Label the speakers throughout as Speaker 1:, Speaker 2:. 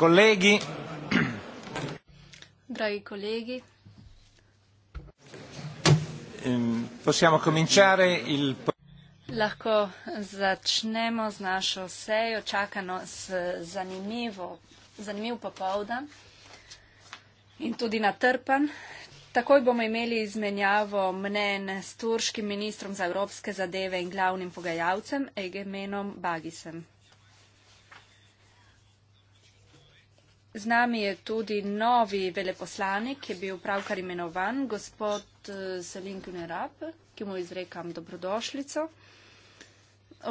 Speaker 1: kolegi.
Speaker 2: Dragi kolegi.
Speaker 1: Ehm, possiamo cominciare il.
Speaker 2: Lahko začnemo z našo sejo, čakano s eh, zanimivo, zanimiv popovdan in tudi natrpan. Takoj bomo imeli izmenjavo mnen s turškim ministrom za evropske zadeve in glavnim pogajalcem Egemenom Bagisem. Z nami je tudi novi veleposlanik, ki je bil pravkar imenovan, gospod eh, Selin Kunerab, ki mu izrekam dobrodošljico.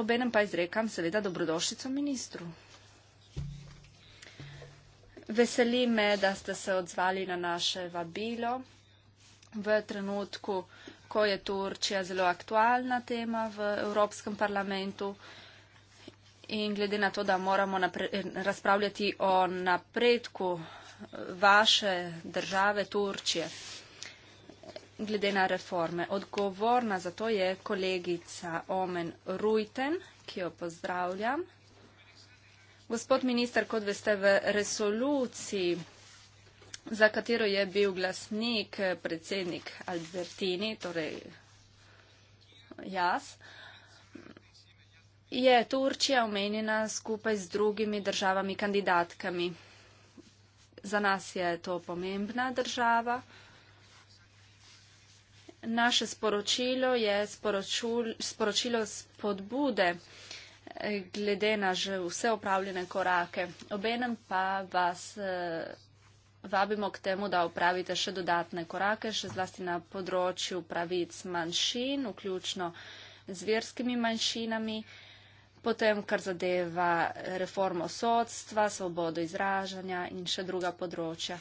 Speaker 2: Obenem pa izrekam seveda dobrodošljico ministru. Veseli me, da ste se odzvali na naše vabilo v trenutku, ko je Turčija zelo aktualna tema v Evropskem parlamentu. In glede na to, da moramo napre, razpravljati o napredku vaše države Turčije, glede na reforme, odgovorna za to je kolegica Omen Rujten, ki jo pozdravljam. Gospod minister, kot veste, v resoluciji, za katero je bil glasnik predsednik Albertini, torej jaz, Je Turčija omenjena skupaj z drugimi državami kandidatkami? Za nas je to pomembna država. Naše sporočilo je sporočul, sporočilo spodbude eh, glede na že vse opravljene korake. Obenem pa vas eh, vabimo k temu, da opravite še dodatne korake, še zlasti na področju pravic manjšin, vključno z verskimi manjšinami potem kar zadeva reformo sodstva, svobodo izražanja in še druga področja.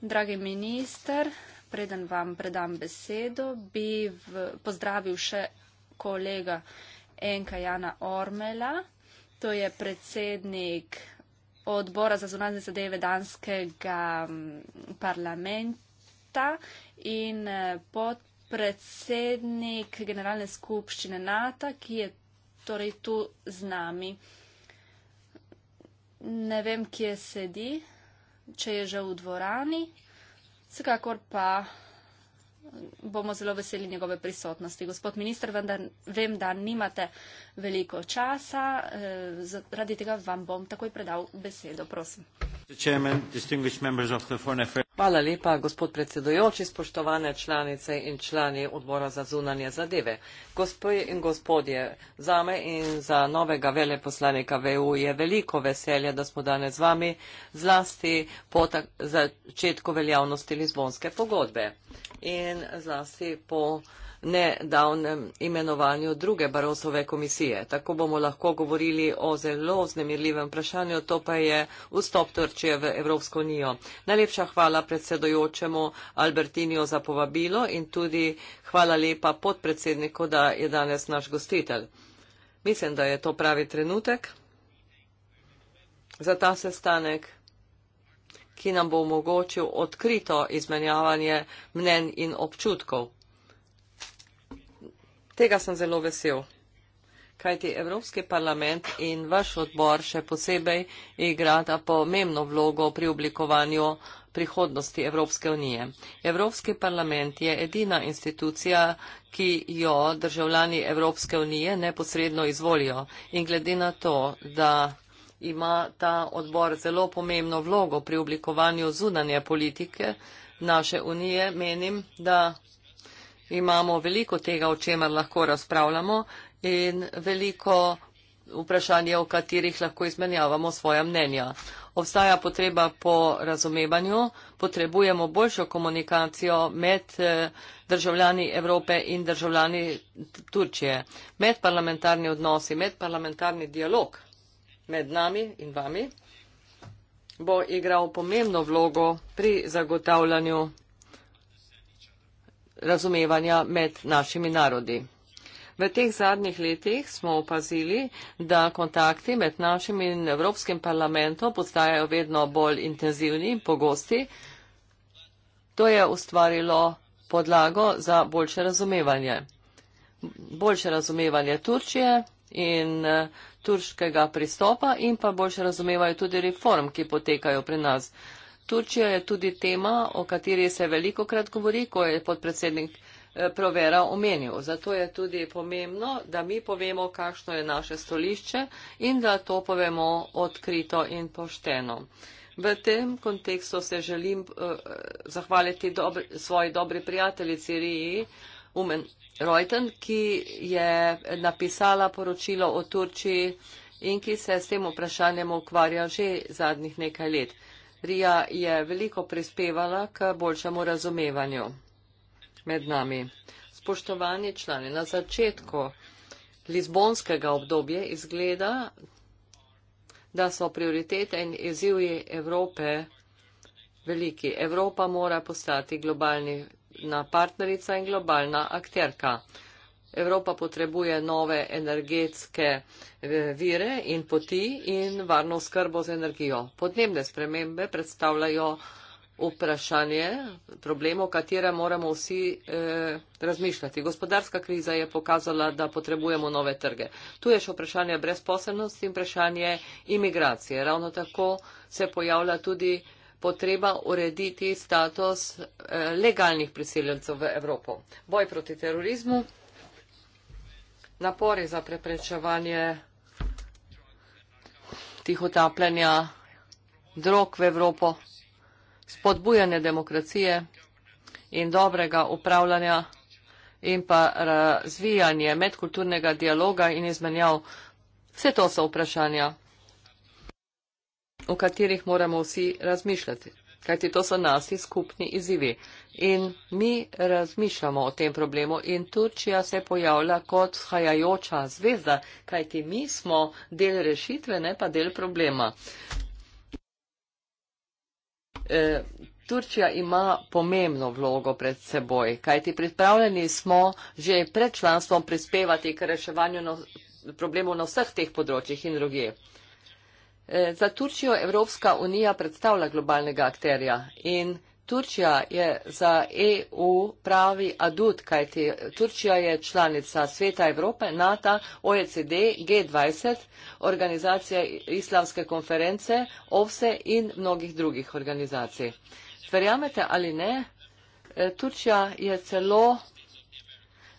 Speaker 2: Dragi minister, preden vam predam besedo, bi v, pozdravil še kolega Enka Jana Ormela, to je predsednik odbora za zunanje zadeve danskega parlamenta in eh, podpredsednik generalne skupščine NATO, ki je torej tu z nami. Ne vem, kje sedi, če je že v dvorani, vsekakor pa bomo zelo veseli njegove prisotnosti. Gospod minister, vendar vem, da nimate veliko časa, eh, zaradi tega vam bom takoj predal besedo. Prosim.
Speaker 3: Hvala lepa, gospod predsedujoči, spoštovane članice in člani odbora za zunanje zadeve. Gospod in gospodje, za me in za novega veleposlanika VU e je veliko veselja, da smo danes z vami zlasti po začetku veljavnosti Lizbonske pogodbe in zlasti po nedavnem imenovanju druge Barosove komisije. Tako bomo lahko govorili o zelo znemirljivem vprašanju, to pa je vstop Turčije v Evropsko unijo. Najlepša hvala predsedojočemu Albertinijo za povabilo in tudi hvala lepa podpredsedniku, da je danes naš gostitelj. Mislim, da je to pravi trenutek za ta sestanek ki nam bo omogočil odkrito izmenjavanje mnen in občutkov. Tega sem zelo vesel, kajti Evropski parlament in vaš odbor še posebej igrata pomembno vlogo pri oblikovanju prihodnosti Evropske unije. Evropski parlament je edina institucija, ki jo državljani Evropske unije neposredno izvolijo in glede na to, da ima ta odbor zelo pomembno vlogo pri oblikovanju zunanje politike naše unije, menim, da imamo veliko tega, o čemer lahko razpravljamo in veliko vprašanje, o katerih lahko izmenjavamo svoja mnenja. Obstaja potreba po razumevanju, potrebujemo boljšo komunikacijo med eh, državljani Evrope in državljani Turčije. Medparlamentarni odnosi, medparlamentarni dialog med nami in vami bo igral pomembno vlogo pri zagotavljanju razumevanja med našimi narodi. V teh zadnjih letih smo opazili, da kontakti med našim in Evropskim parlamentom postajajo vedno bolj intenzivni in pogosti. To je ustvarilo podlago za boljše razumevanje. Boljše razumevanje Turčije in eh, turškega pristopa in pa boljše razumevajo tudi reform, ki potekajo pri nas. Turčija je tudi tema, o kateri se veliko krat govori, ko je podpredsednik eh, provera omenil. Zato je tudi pomembno, da mi povemo, kakšno je naše stolišče in da to povemo odkrito in pošteno. V tem kontekstu se želim uh, zahvaliti dobri, svoji dobri prijateljici Riji Umen Reuten, ki je napisala poročilo o Turčiji in ki se s tem vprašanjem ukvarja že zadnjih nekaj let. Uh, Rija je veliko prispevala k boljšemu razumevanju med nami. Spoštovani člani, na začetku Lizbonskega obdobja izgleda, da so prioritete in izzivi Evrope veliki. Evropa mora postati globalna partnerica in globalna akterka. Evropa potrebuje nove energetske eh, vire in poti in varno skrbo z energijo. Podnebne spremembe predstavljajo vprašanje, problem, o katerem moramo vsi eh, razmišljati. Gospodarska kriza je pokazala, da potrebujemo nove trge. Tu je še vprašanje brezposobnosti in vprašanje imigracije. Ravno tako se pojavlja tudi potreba urediti status eh, legalnih priseljencev v Evropo. Boj proti terorizmu. Mm napori za preprečevanje tihotapljanja drog v Evropo, spodbujanje demokracije in dobrega upravljanja in pa razvijanje medkulturnega dialoga in izmenjav. Vse to so vprašanja, o katerih moramo vsi razmišljati. Kajti to so nasi skupni izzivi. In mi razmišljamo o tem problemu in Turčija se pojavlja kot schajajoča zvezda, kajti mi smo del rešitve, ne pa del problema. E, Turčija ima pomembno vlogo pred seboj, kajti pripravljeni smo že pred članstvom prispevati k reševanju no, problemov na vseh teh področjih in drugih. Eh, za Turčijo Evropska unija predstavlja globalnega akterja in Turčija je za EU pravi adut, kajti Turčija je članica Sveta Evrope, NATO, OECD, G20, organizacije islamske konference, OVSE in mnogih drugih organizacij. Verjamete ali ne, eh, Turčija je celo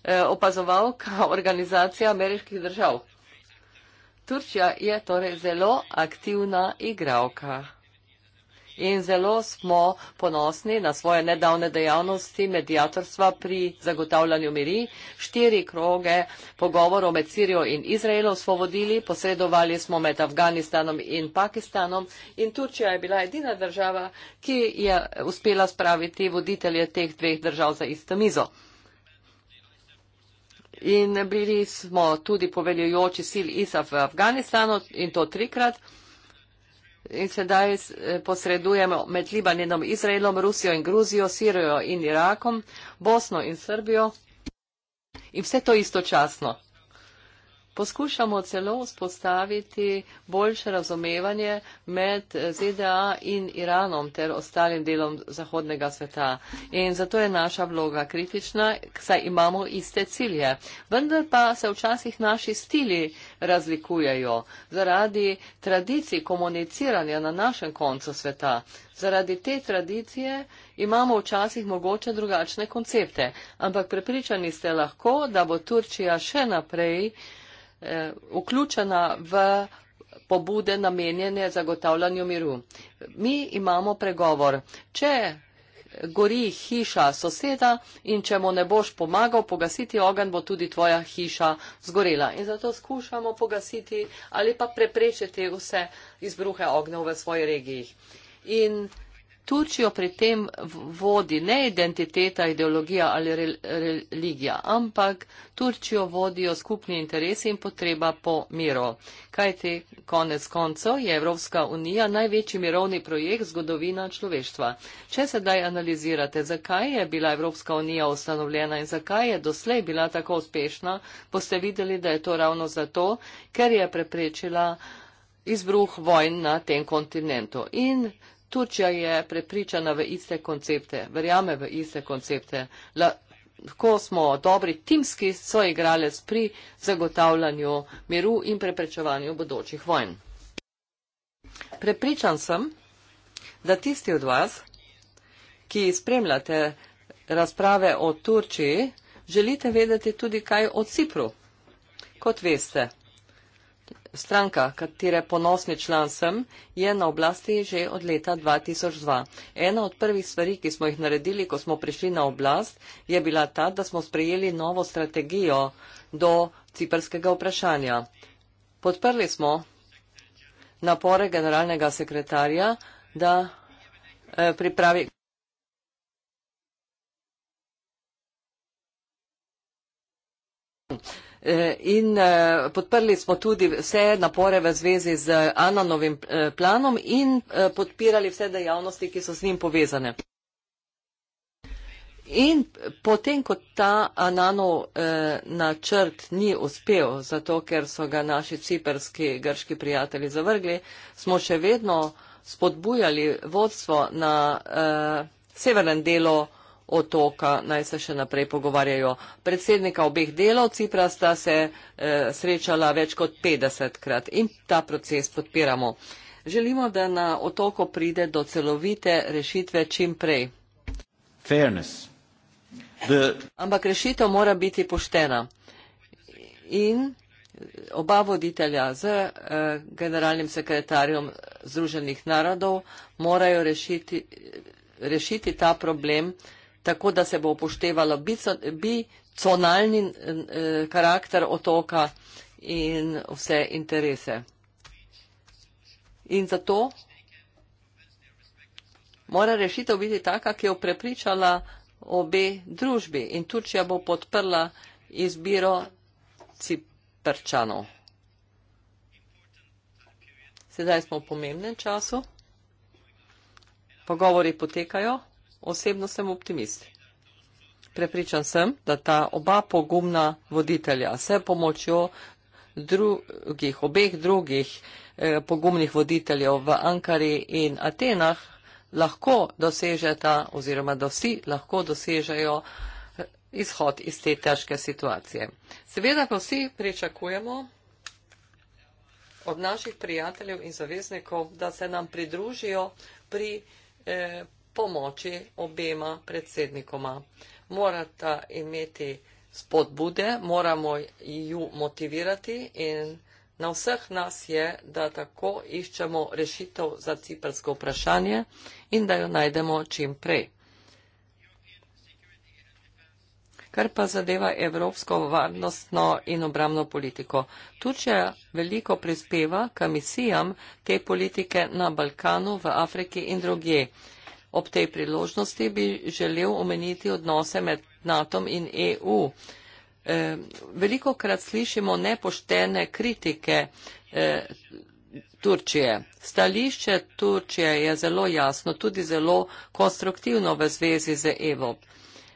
Speaker 3: eh, opazovalka organizacije ameriških držav. Turčija je torej zelo aktivna igralka. In zelo smo ponosni na svoje nedavne dejavnosti medijatorstva pri zagotavljanju miri. Štiri kroge pogovorov med Sirijo in Izraelom smo vodili, posredovali smo med Afganistanom in Pakistanom in Turčija je bila edina država, ki je uspela spraviti voditelje teh dveh držav za isto mizo in bili smo tudi poveljujoči sil ISAF v Afganistanu in to trikrat. In sedaj eh, posredujemo med Libanonom, Izraelom, Rusijo in Gruzijo, Sirijo in Irakom, Bosno in Srbijo. In vse to istočasno poskušamo celo vzpostaviti boljše razumevanje med eh, ZDA in Iranom ter ostalim delom zahodnega sveta. In zato je naša vloga kritična, saj imamo iste cilje. Vendar pa se včasih naši stili razlikujejo zaradi tradicij komuniciranja na našem koncu sveta. Zaradi te tradicije imamo včasih mogoče drugačne koncepte, ampak prepričani ste lahko, da bo Turčija še naprej Eh, vključena v pobude namenjene zagotavljanju miru. Mi imamo pregovor. Če gori hiša soseda in če mu ne boš pomagal pogasiti ogen, bo tudi tvoja hiša zgorela. In zato skušamo pogasiti ali pa preprečiti vse izbruhe ognjev v svoji regiji. In Turčijo pri tem vodi ne identiteta, ideologija ali rel, religija, ampak Turčijo vodijo skupni interesi in potreba po miro. Kaj te konec koncev je Evropska unija največji mirovni projekt zgodovina človeštva. Če sedaj analizirate, zakaj je bila Evropska unija ustanovljena in zakaj je doslej bila tako uspešna, boste videli, da je to ravno zato, ker je preprečila izbruh vojn na tem kontinentu. In Turčija je prepričana v iste koncepte, verjame v iste koncepte. La Ko smo dobri timski soigralec pri zagotavljanju miru in preprečevanju bodočih vojn. Prepričan sem, da tisti od vas, ki spremljate razprave o Turčiji, želite vedeti tudi kaj o Cipru. Kot veste, Stranka, katere ponosni član sem, je na oblasti že od leta 2002. Ena od prvih stvari, ki smo jih naredili, ko smo prišli na oblast, je bila ta, da smo sprejeli novo strategijo do ciperskega vprašanja. Podprli smo napore generalnega sekretarja, da eh, pripravi. in eh, podprli smo tudi vse napore v zvezi z Ananovim eh, planom in eh, podpirali vse dejavnosti, ki so s njim povezane. In potem, ko ta Ananov načrt ni uspel, zato ker so ga naši ciperski grški prijatelji zavrgli, smo še vedno spodbujali vodstvo na severnem delu otoka naj se še naprej pogovarjajo. Predsednika obeh delov Cipra sta se eh, srečala več kot 50krat in ta proces podpiramo. Želimo, da na otoko pride do celovite rešitve čim prej.
Speaker 4: The...
Speaker 3: Ampak rešitev mora biti poštena. In oba voditelja z eh, generalnim sekretarjem Združenih narodov morajo rešiti, rešiti ta problem, tako da se bo upoštevalo bicionalni eh, karakter otoka in vse interese. In zato mora rešitev biti taka, ki je prepričala obe družbi in Turčija bo podprla izbiro Ciprčanov. Sedaj smo v pomembnem času, pogovori potekajo osebno sem optimist. Prepričan sem, da ta oba pogumna voditelja s pomočjo drugih, obeh drugih eh, pogumnih voditeljev v Ankari in Atenah lahko dosežeta oziroma da vsi lahko dosežejo eh, izhod iz te težke situacije. Seveda pa vsi pričakujemo od naših prijateljev in zaveznikov, da se nam pridružijo pri eh, pomoči obema predsednikoma. Morata imeti spodbude, moramo ju motivirati in na vseh nas je, da tako iščemo rešitev za ciprsko vprašanje in da jo najdemo čim prej. kar pa zadeva evropsko varnostno in obramno politiko. Turčija veliko prispeva k misijam te politike na Balkanu, v Afriki in drugje. Ob tej priložnosti bi želel omeniti odnose med NATO-om in EU. E, Veliko krat slišimo nepoštene kritike e, Turčije. Stališče Turčije je zelo jasno, tudi zelo konstruktivno v zvezi z EVO.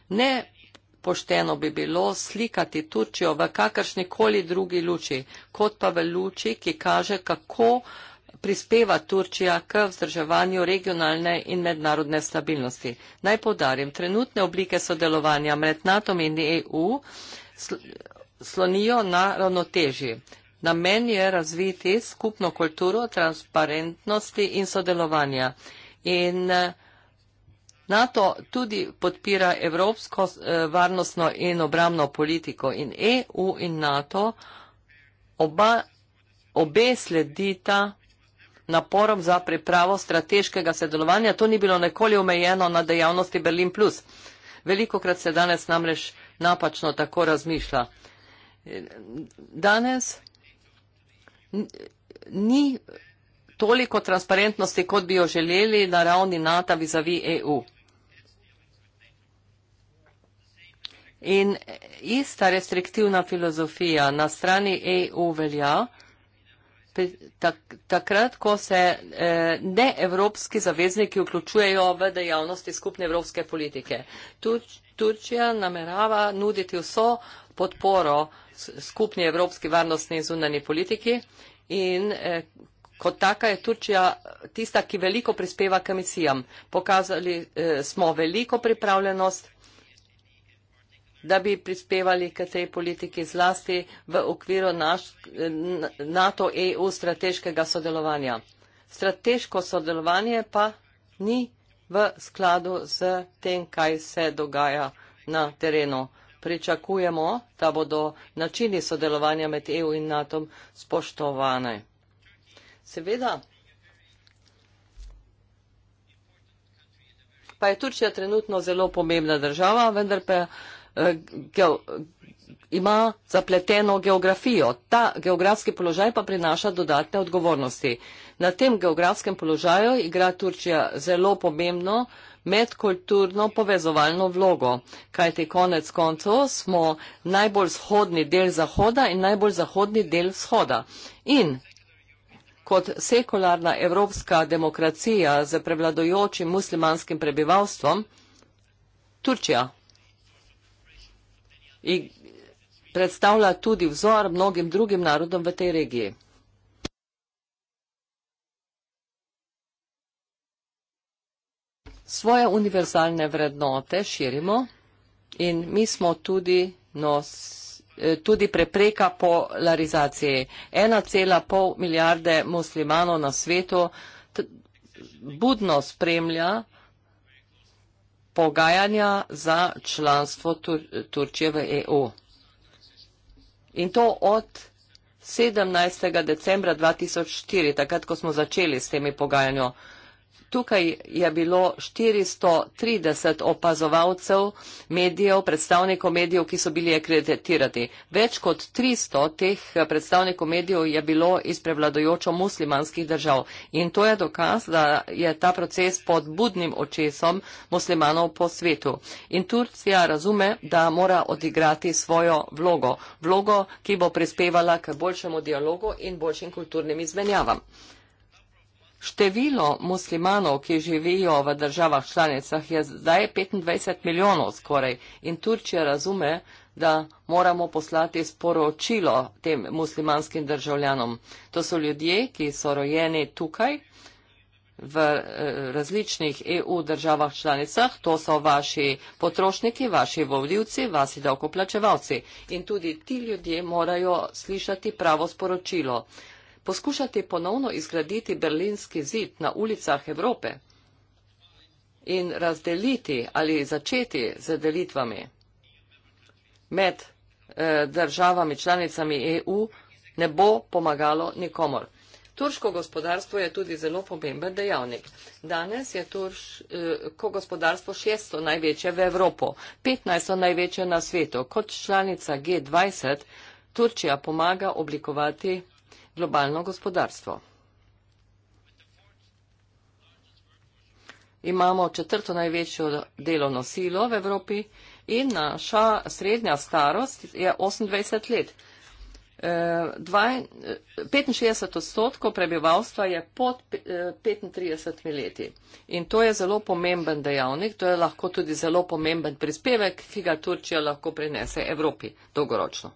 Speaker 3: Nepošteno bi bilo slikati Turčijo v kakršnikoli drugi luči, kot pa v luči, ki kaže, kako prispeva Turčija k vzdrževanju regionalne in mednarodne stabilnosti. Naj podarim, trenutne oblike sodelovanja med NATO in EU sl slonijo na ravnotežji. Namen je razviti skupno kulturo transparentnosti in sodelovanja. In eh, NATO tudi podpira evropsko eh, varnostno in obramno politiko in EU in NATO oba, obe sledita naporom za pripravo strateškega sodelovanja. To ni bilo nekoli omejeno na dejavnosti Berlin Plus. Veliko krat se danes namreč napačno tako razmišlja. Danes ni toliko transparentnosti, kot bi jo želeli na ravni NATO vizavi EU. In ista restriktivna filozofija na strani EU velja, takrat, ko se eh, neevropski zavezniki vključujejo v dejavnosti skupne evropske politike. Turčija namerava nuditi vso podporo skupni evropski varnostni in zunani politiki in eh, kot taka je Turčija tista, ki veliko prispeva k emisijam. Pokazali eh, smo veliko pripravljenost da bi prispevali k tej politiki zlasti v okviru naš, NATO-EU strateškega sodelovanja. Strateško sodelovanje pa ni v skladu z tem, kaj se dogaja na terenu. Pričakujemo, da bodo načini sodelovanja med EU in NATO spoštovane. Seveda pa je Turčija trenutno zelo pomembna država, vendar pa je E, geo, ima zapleteno geografijo. Ta geografski položaj pa prinaša dodatne odgovornosti. Na tem geografskem položaju igra Turčija zelo pomembno medkulturno povezovalno vlogo, kajti konec koncev smo najbolj vzhodni del Zahoda in najbolj zahodni del vzhoda. In kot sekularna evropska demokracija z prevladojočim muslimanskim prebivalstvom, Turčija in predstavlja tudi vzor mnogim drugim narodom v tej regiji. Svoje univerzalne vrednote širimo in mi smo tudi nos eh, tudi prepreka polarizacije. 1,5 milijarde muslimanov na svetu budno spremlja pogajanja za članstvo Tur Turčije v EU. In to od 17. decembra 2004, takrat, ko smo začeli s temi pogajanjami. Tukaj je bilo 430 opazovalcev medijev, predstavnikov medijev, ki so bili akreditirati. Več kot 300 teh eh, predstavnikov medijev je bilo iz prevladojočo muslimanskih držav. In to je dokaz, da je ta proces pod budnim očesom muslimanov po svetu. In Turcija razume, da mora odigrati svojo vlogo, vlogo, ki bo prispevala k boljšemu dialogu in boljšim kulturnim izmenjavam. Število muslimanov, ki živijo v državah članicah, je zdaj 25 milijonov skoraj in Turčija razume, da moramo poslati sporočilo tem muslimanskim državljanom. To so ljudje, ki so rojeni tukaj v eh, različnih EU državah članicah, to so vaši potrošniki, vaši vodilci, vasi davkoplačevalci. In tudi ti ljudje morajo slišati pravo sporočilo poskušati ponovno izgraditi berlinski zid na ulicah Evrope in razdeliti ali začeti z delitvami med eh, državami članicami EU ne bo pomagalo nikomor. Turško gospodarstvo je tudi zelo pomemben dejavnik. Danes je turško eh, gospodarstvo šesto največje v Evropo, petnajsto največje na svetu. Kot članica G20 Turčija pomaga oblikovati globalno gospodarstvo. Imamo četrto največjo delovno silo v Evropi in naša srednja starost je 28 let. 65 eh, eh, odstotkov prebivalstva je pod 35 eh, leti in to je zelo pomemben dejavnik, to je lahko tudi zelo pomemben prispevek, ki ga Turčija lahko prinese Evropi dolgoročno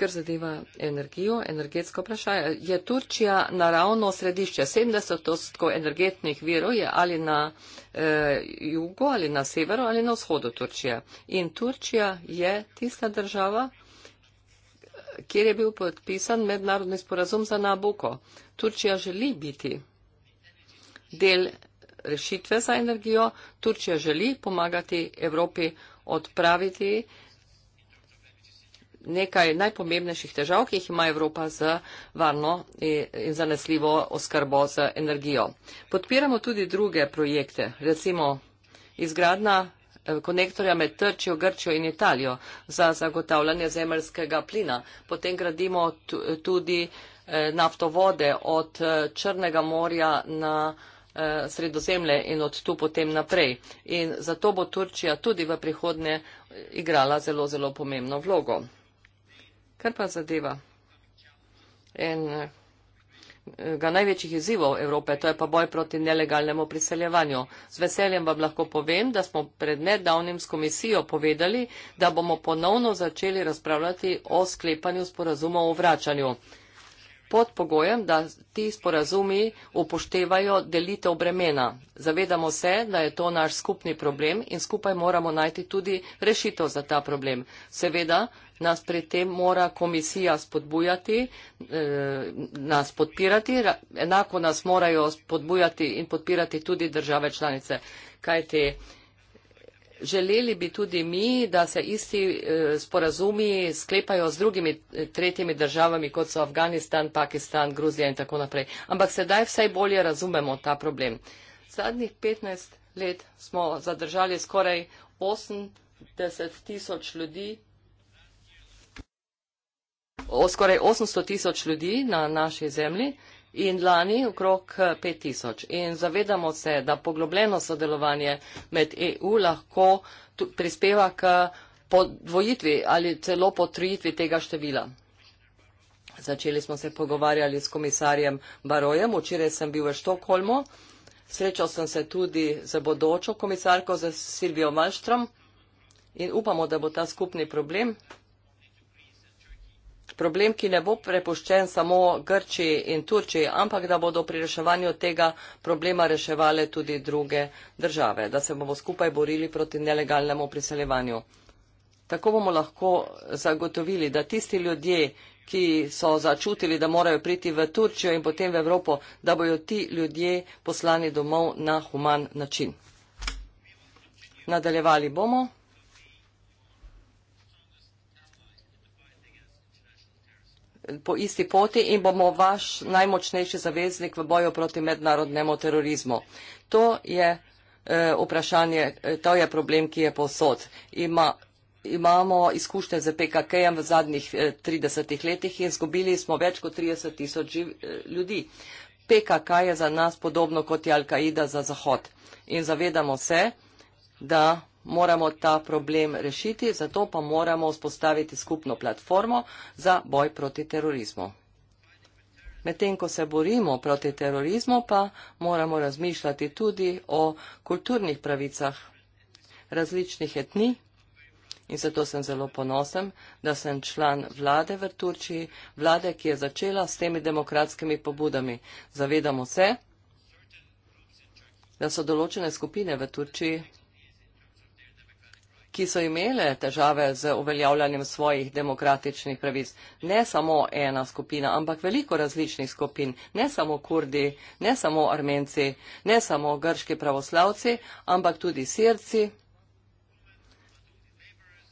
Speaker 3: kar zadeva energijo, energetsko vprašanje. Je Turčija naravno središče? 70% energetnih virov je ali na eh, jugu, ali na severu, ali na vzhodu Turčije. In Turčija je tista država, kjer je bil podpisan mednarodni sporazum za Nabuko. Turčija želi biti del rešitve za energijo. Turčija želi pomagati Evropi odpraviti eh, nekaj najpomembnejših težav, ki jih ima Evropa z varno in zanesljivo oskrbo z energijo. Podpiramo tudi druge projekte, recimo izgradna eh, konektorja med Trčjo, Grčjo in Italijo za zagotavljanje zemljskega plina. Potem gradimo tudi eh, naftovode od eh, Črnega morja na sredozemlje in od tu potem naprej. In zato bo Turčija tudi v prihodnje igrala zelo, zelo pomembno vlogo. Kar pa zadeva en eh, ga največjih izzivov Evrope, to je pa boj proti nelegalnemu priseljevanju. Z veseljem vam lahko povem, da smo pred nedavnim s komisijo povedali, da bomo ponovno začeli razpravljati o sklepanju sporazuma o vračanju pod pogojem, da ti sporazumi upoštevajo delitev bremena. Zavedamo se, da je to naš skupni problem in skupaj moramo najti tudi rešitev za ta problem. Seveda nas pri tem mora komisija spodbujati, eh, nas podpirati, enako nas morajo spodbujati in podpirati tudi države članice. Kaj te? Želeli bi tudi mi, da se isti eh, sporazumi sklepajo z drugimi eh, tretjimi državami, kot so Afganistan, Pakistan, Gruzija in tako naprej. Ampak sedaj vsaj bolje razumemo ta problem. Zadnjih 15 let smo zadržali skoraj 80 tisoč ljudi. O skoraj 800 tisoč ljudi na naši zemlji in lani okrog 5000. Eh, in zavedamo se, da poglobljeno sodelovanje med EU lahko prispeva k podvojitvi ali celo potrojitvi tega števila. Začeli smo se pogovarjali s komisarjem Barojem, včeraj sem bil v Štokholmu, srečal sem se tudi z bodočo komisarko, z Silvijo Malštrom in upamo, da bo ta skupni problem problem, ki ne bo prepuščen samo Grčiji in Turčiji, ampak da bodo pri reševanju tega problema reševali tudi druge države, da se bomo skupaj borili proti nelegalnemu priseljevanju. Tako bomo lahko zagotovili, da tisti ljudje, ki so začutili, da morajo priti v Turčijo in potem v Evropo, da bojo ti ljudje poslani domov na human način. Nadaljevali bomo. po isti poti in bomo vaš najmočnejši zaveznik v boju proti mednarodnemu terorizmu. To je eh, vprašanje, eh, to je problem, ki je posod. Ima, imamo izkušnje z PKK-jem v zadnjih 30 eh, letih in zgubili smo več kot 30 tisoč ljudi. PKK je za nas podobno kot je Al-Qaida za Zahod. In zavedamo se, da moramo ta problem rešiti, zato pa moramo vzpostaviti skupno platformo za boj proti terorizmu. Medtem, ko se borimo proti terorizmu, pa moramo razmišljati tudi o kulturnih pravicah različnih etni in zato sem zelo ponosen, da sem član vlade v Turčiji, vlade, ki je začela s temi demokratskimi pobudami. Zavedamo se, da so določene skupine v Turčiji ki so imele težave z uveljavljanjem svojih demokratičnih pravic. Ne samo ena skupina, ampak veliko različnih skupin, ne samo kurdi, ne samo armenci, ne samo grški pravoslavci, ampak tudi sirci,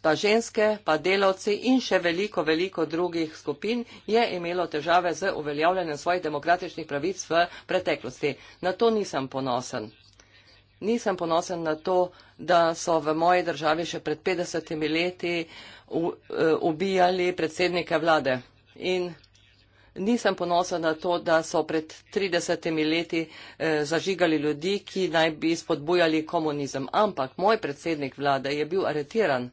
Speaker 3: pa ženske, pa delavci in še veliko, veliko drugih skupin je imelo težave z uveljavljanjem svojih demokratičnih pravic v preteklosti. Na to nisem ponosen nisem ponosen na to, da so v moji državi še pred 50 leti e, ubijali predsednike vlade. In nisem ponosen na to, da so pred 30 leti e, zažigali ljudi, ki naj bi spodbujali komunizem. Ampak moj predsednik vlade je bil aretiran.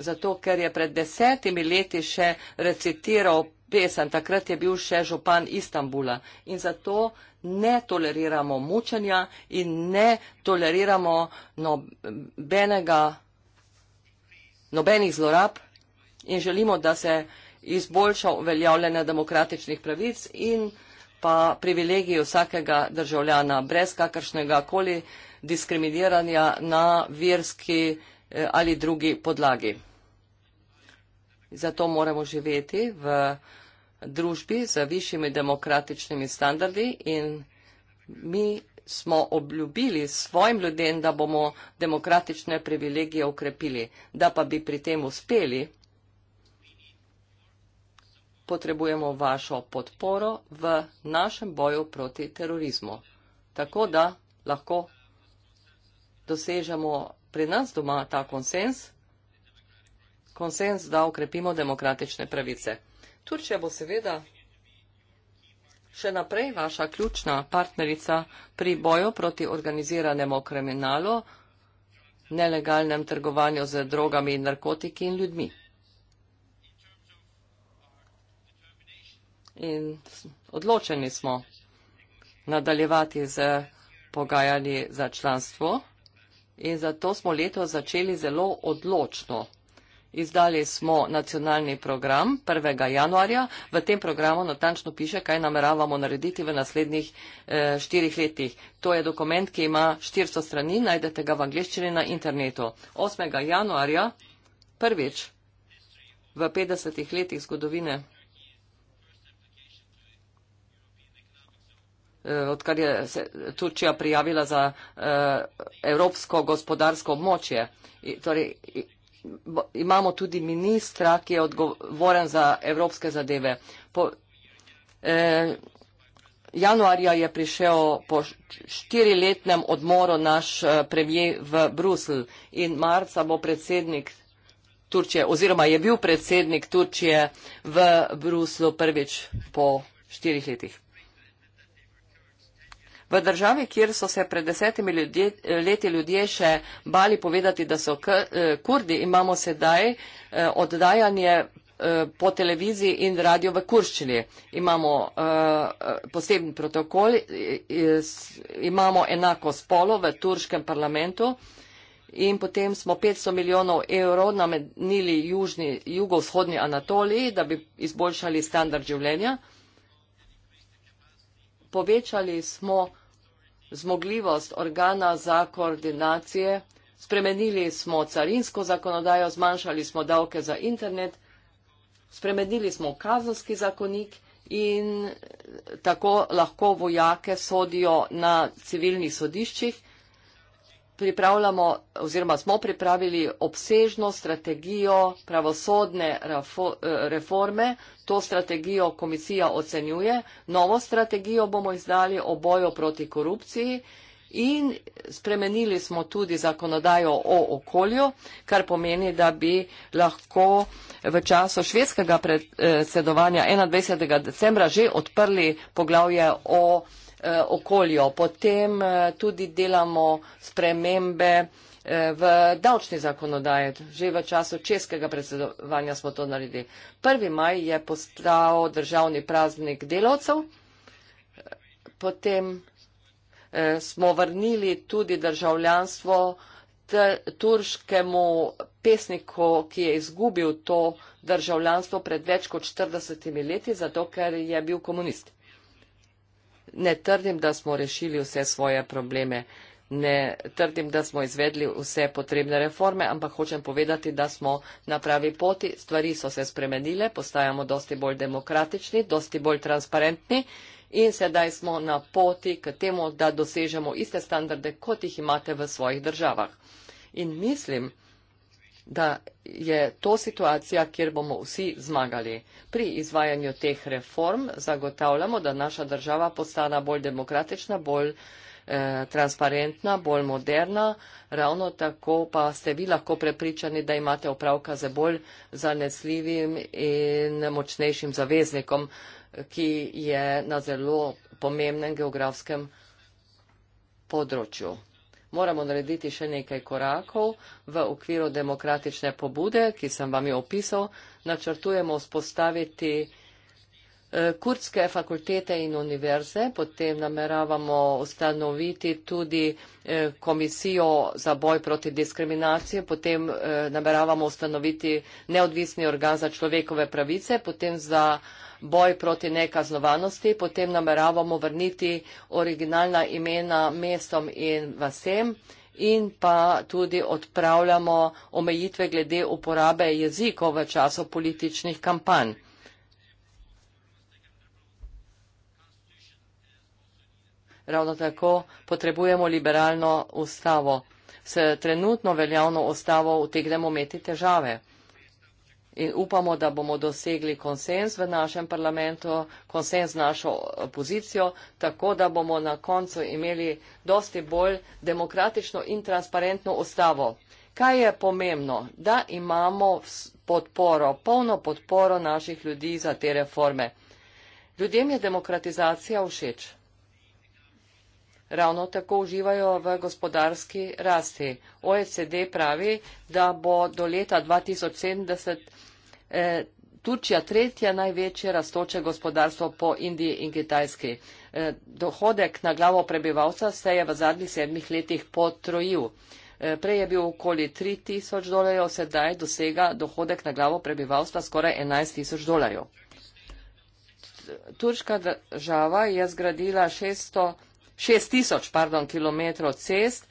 Speaker 3: Zato, ker je pred desetimi leti še recitiral pesem, takrat je bil še župan Istanbula in zato ne toleriramo mučenja in ne toleriramo nobenega, nobenih zlorab in želimo, da se izboljša uveljavljanje demokratičnih pravic in pa privilegij vsakega državljana brez kakršnega koli diskriminiranja na verski eh, ali drugi podlagi. Zato moramo živeti v državljanju družbi z višjimi demokratičnimi standardi in mi smo obljubili svojim ljudem, da bomo demokratične privilegije ukrepili. Da pa bi pri tem uspeli, potrebujemo vašo podporo v našem boju proti terorizmu. Tako da lahko dosežemo pri nas doma ta konsens, konsens, da ukrepimo demokratične pravice. Turčija bo seveda še naprej vaša ključna partnerica pri boju proti organiziranemu kriminalu, nelegalnem trgovanju z drogami in narkotiki in ljudmi. In odločeni smo nadaljevati z pogajanji za članstvo in zato smo leto začeli zelo odločno izdali smo nacionalni program 1. januarja. V tem programu natančno piše, kaj nameravamo narediti v naslednjih eh, štirih letih. To je dokument, ki ima 400 strani, najdete ga v angliščini na internetu. 8. januarja, prvič v 50 letih zgodovine. Eh, odkar je se Turčija prijavila za uh, evropsko gospodarsko območje. I, torej, imamo tudi ministra, ki je odgovoren za evropske zadeve. Po, eh, januarja je prišel po štiriletnem odmoru naš eh, premijer v Brusel in marca bo predsednik Turčije, oziroma je bil predsednik Turčije v Bruslu prvič po štirih letih. V državi, kjer so se pred desetimi ljudje, leti ljudje še bali povedati, da so eh, kurdi, imamo sedaj eh, oddajanje eh, po televiziji in radio v kurščini. Imamo posebni protokol, imamo enako spolo v turškem parlamentu. In potem smo 500 milijonov evrov namenili jugovzhodni Anatoliji, da bi izboljšali standard življenja. Povečali smo zmogljivost organa za koordinacije, spremenili smo carinsko zakonodajo, zmanjšali smo davke za internet, spremenili smo kazanski zakonik in tako lahko vojake sodijo na civilnih sodiščih pripravljamo oziroma smo pripravili obsežno strategijo pravosodne eh, reforme. To strategijo komisija ocenjuje. Novo strategijo bomo izdali o boju proti korupciji in spremenili smo tudi zakonodajo o okolju, kar pomeni, da bi lahko v času švedskega predsedovanja 21. decembra že odprli poglavje o okolju Eh, okolju. Potem eh, tudi delamo spremembe eh, v davčni zakonodaji. Že v času českega predsedovanja smo to naredili. 1. maj je postal državni praznik delovcev, potem smo vrnili tudi državljanstvo turškemu pesniku, ki je izgubil to državljanstvo pred več kot 40 leti, zato ker je bil komunist ne trdim, da smo rešili vse svoje probleme, ne trdim, da smo izvedli vse potrebne reforme, ampak hočem povedati, da smo na pravi poti, stvari so se spremenile, postajamo dosti bolj demokratični, dosti bolj transparentni. In sedaj smo na poti k temu, da dosežemo iste standarde, kot jih imate v svojih državah. In mislim, da je to situacija, kjer bomo vsi zmagali. Pri izvajanju teh reform zagotavljamo, da naša država postane bolj demokratična, bolj eh, transparentna, bolj moderna, ravno tako pa ste vi lahko prepričani, da imate opravka z bolj zanesljivim in močnejšim zaveznikom, ki je na zelo pomembnem geografskem področju moramo narediti še nekaj korakov v okviru demokratične pobude, ki sem vam jo opisal. Načrtujemo spostaviti eh, kurdske fakultete in univerze, potem nameravamo ustanoviti tudi eh, komisijo za boj proti diskriminaciji, potem eh, nameravamo ustanoviti neodvisni organ za človekove pravice, potem za boj proti nekaznovanosti, potem nameravamo vrniti originalna imena mestom in vasem in pa tudi odpravljamo omejitve glede uporabe jezikov v času političnih kampanj. Ravno tako potrebujemo liberalno ustavo. S trenutno veljavno ustavo utegnemo imeti težave. In upamo, da bomo dosegli konsens v našem parlamentu, konsens z našo opozicijo, tako da bomo na koncu imeli dosti bolj demokratično in transparentno ustavo. Kaj je pomembno? Da imamo podporo, polno podporo naših ljudi za te reforme. Ljudem je demokratizacija všeč ravno tako uživajo v gospodarski rasti. OECD pravi, da bo do leta 2070 eh, Turčija tretja največje rastoče gospodarstvo po Indiji in Kitajski. Eh, dohodek na glavo prebivalca se je v zadnjih sedmih letih potrojil. Eh, prej je bil okoli 3000 dolarjev, sedaj dosega dohodek na glavo prebivalstva skoraj 11000 dolarjev. Turška država je zgradila 600 šest tisoč, pardon, kilometrov cest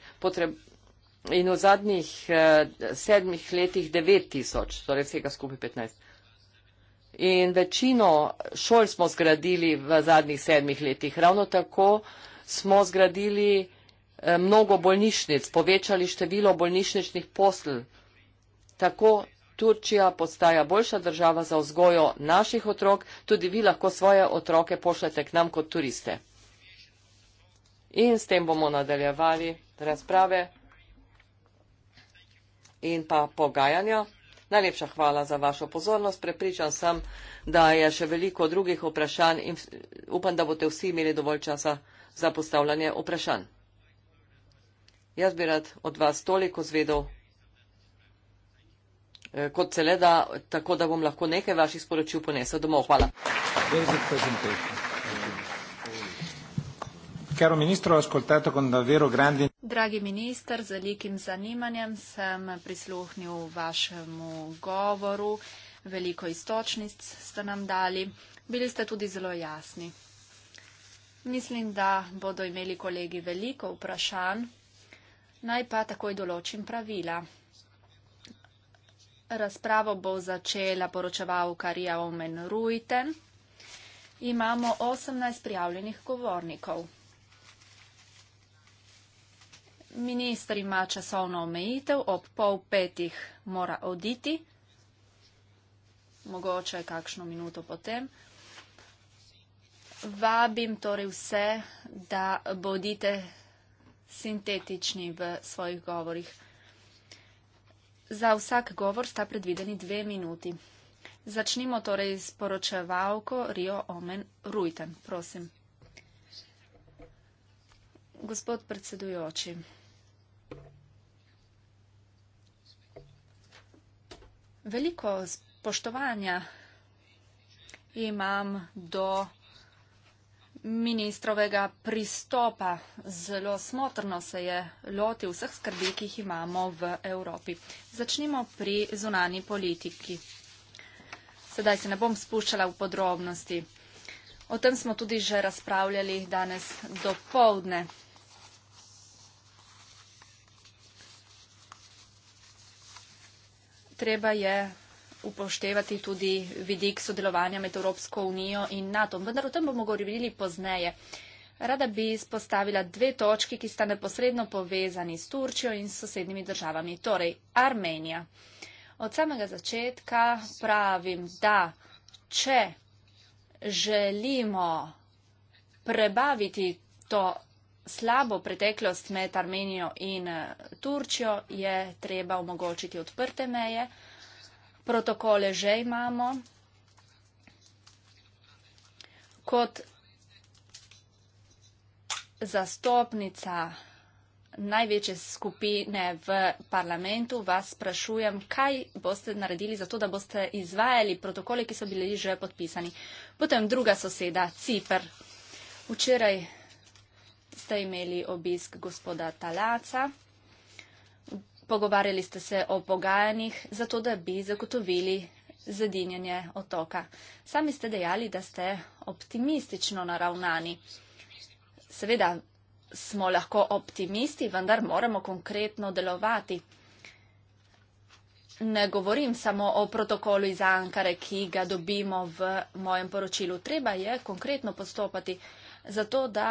Speaker 3: in v zadnjih eh, sedmih letih devet tisoč, torej vsega skupaj petnajst. In večino šol smo zgradili v zadnjih sedmih letih. Ravno tako smo zgradili eh, mnogo bolnišnic, povečali število bolnišničnih posl. Tako Turčija postaja boljša država za vzgojo naših otrok, tudi vi lahko svoje otroke pošljete k nam kot turiste. In s tem bomo nadaljevali razprave in pa pogajanja. Najlepša hvala za vašo pozornost. Prepričan sem, da je še veliko drugih vprašanj in upam, da boste vsi imeli dovolj časa za postavljanje vprašanj. Jaz bi rad od vas toliko zvedel, eh, kot celeda, tako da bom lahko nekaj vaših sporočil ponesel domov. Hvala.
Speaker 1: Hvala. Caro ministro, ascoltato con davvero grande.
Speaker 2: Dragi minister, z velikim zanimanjem sem prisluhnil vašemu govoru. Veliko istočnic ste nam dali. Bili ste tudi zelo jasni. Mislim, da bodo imeli kolegi veliko vprašanj. Naj pa takoj določim pravila. Razpravo bo začela poročevalka Ria Omen Ruiten. Imamo 18 prijavljenih govornikov. Minister ima časovno omejitev, ob pol petih mora oditi, mogoče kakšno minuto potem. Vabim torej vse, da bodite sintetični v svojih govorih. Za vsak govor sta predvideni dve minuti. Začnimo torej s poročevalko Rio Omen Rujten, prosim. Gospod predsedujoči. Veliko spoštovanja imam do ministrovega pristopa. Zelo smotrno se je loti vseh skrbi, ki jih imamo v Evropi. Začnimo pri zunani politiki. Sedaj se ne bom spuščala v podrobnosti. O tem smo tudi že razpravljali danes do povdne. treba je upoštevati tudi vidik sodelovanja med Evropsko unijo in NATO. Vendar o tem bomo govorili pozneje. Rada bi izpostavila dve točki, ki sta neposredno povezani s Turčijo in sosednjimi državami, torej Armenija. Od samega začetka pravim, da če želimo prebaviti to slabo preteklost med Armenijo in eh, Turčjo, je treba omogočiti odprte meje. Protokole že imamo. Kot zastopnica največje skupine v parlamentu vas sprašujem, kaj boste naredili za to, da boste izvajali protokole, ki so bili že podpisani. Potem druga soseda, Cipr. Včeraj ste imeli obisk gospoda Talaca, pogovarjali ste se o pogajanjih, zato da bi zagotovili zadinjanje otoka. Sami ste dejali, da ste optimistično naravnani. Seveda smo lahko optimisti, vendar moramo konkretno delovati. Ne govorim samo o protokolu iz Ankare, ki ga dobimo v mojem poročilu. Treba je konkretno postopati, zato da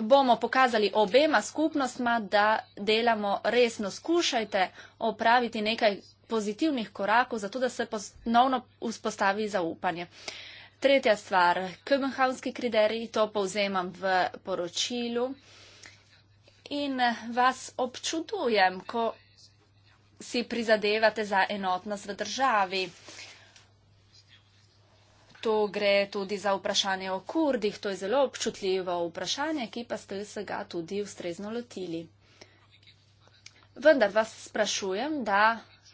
Speaker 2: bomo pokazali obema skupnostma, da delamo resno. Skušajte opraviti nekaj pozitivnih korakov, zato da se ponovno vzpostavi zaupanje. Tretja stvar, Köbenhavnski kriteriji, to povzemam v poročilu. In vas občudujem, ko si prizadevate za enotnost v državi. Uh, To gre tudi za vprašanje o kurdih, to je zelo občutljivo vprašanje, ki pa ste se ga tudi ustrezno lotili. Vendar vas sprašujem, da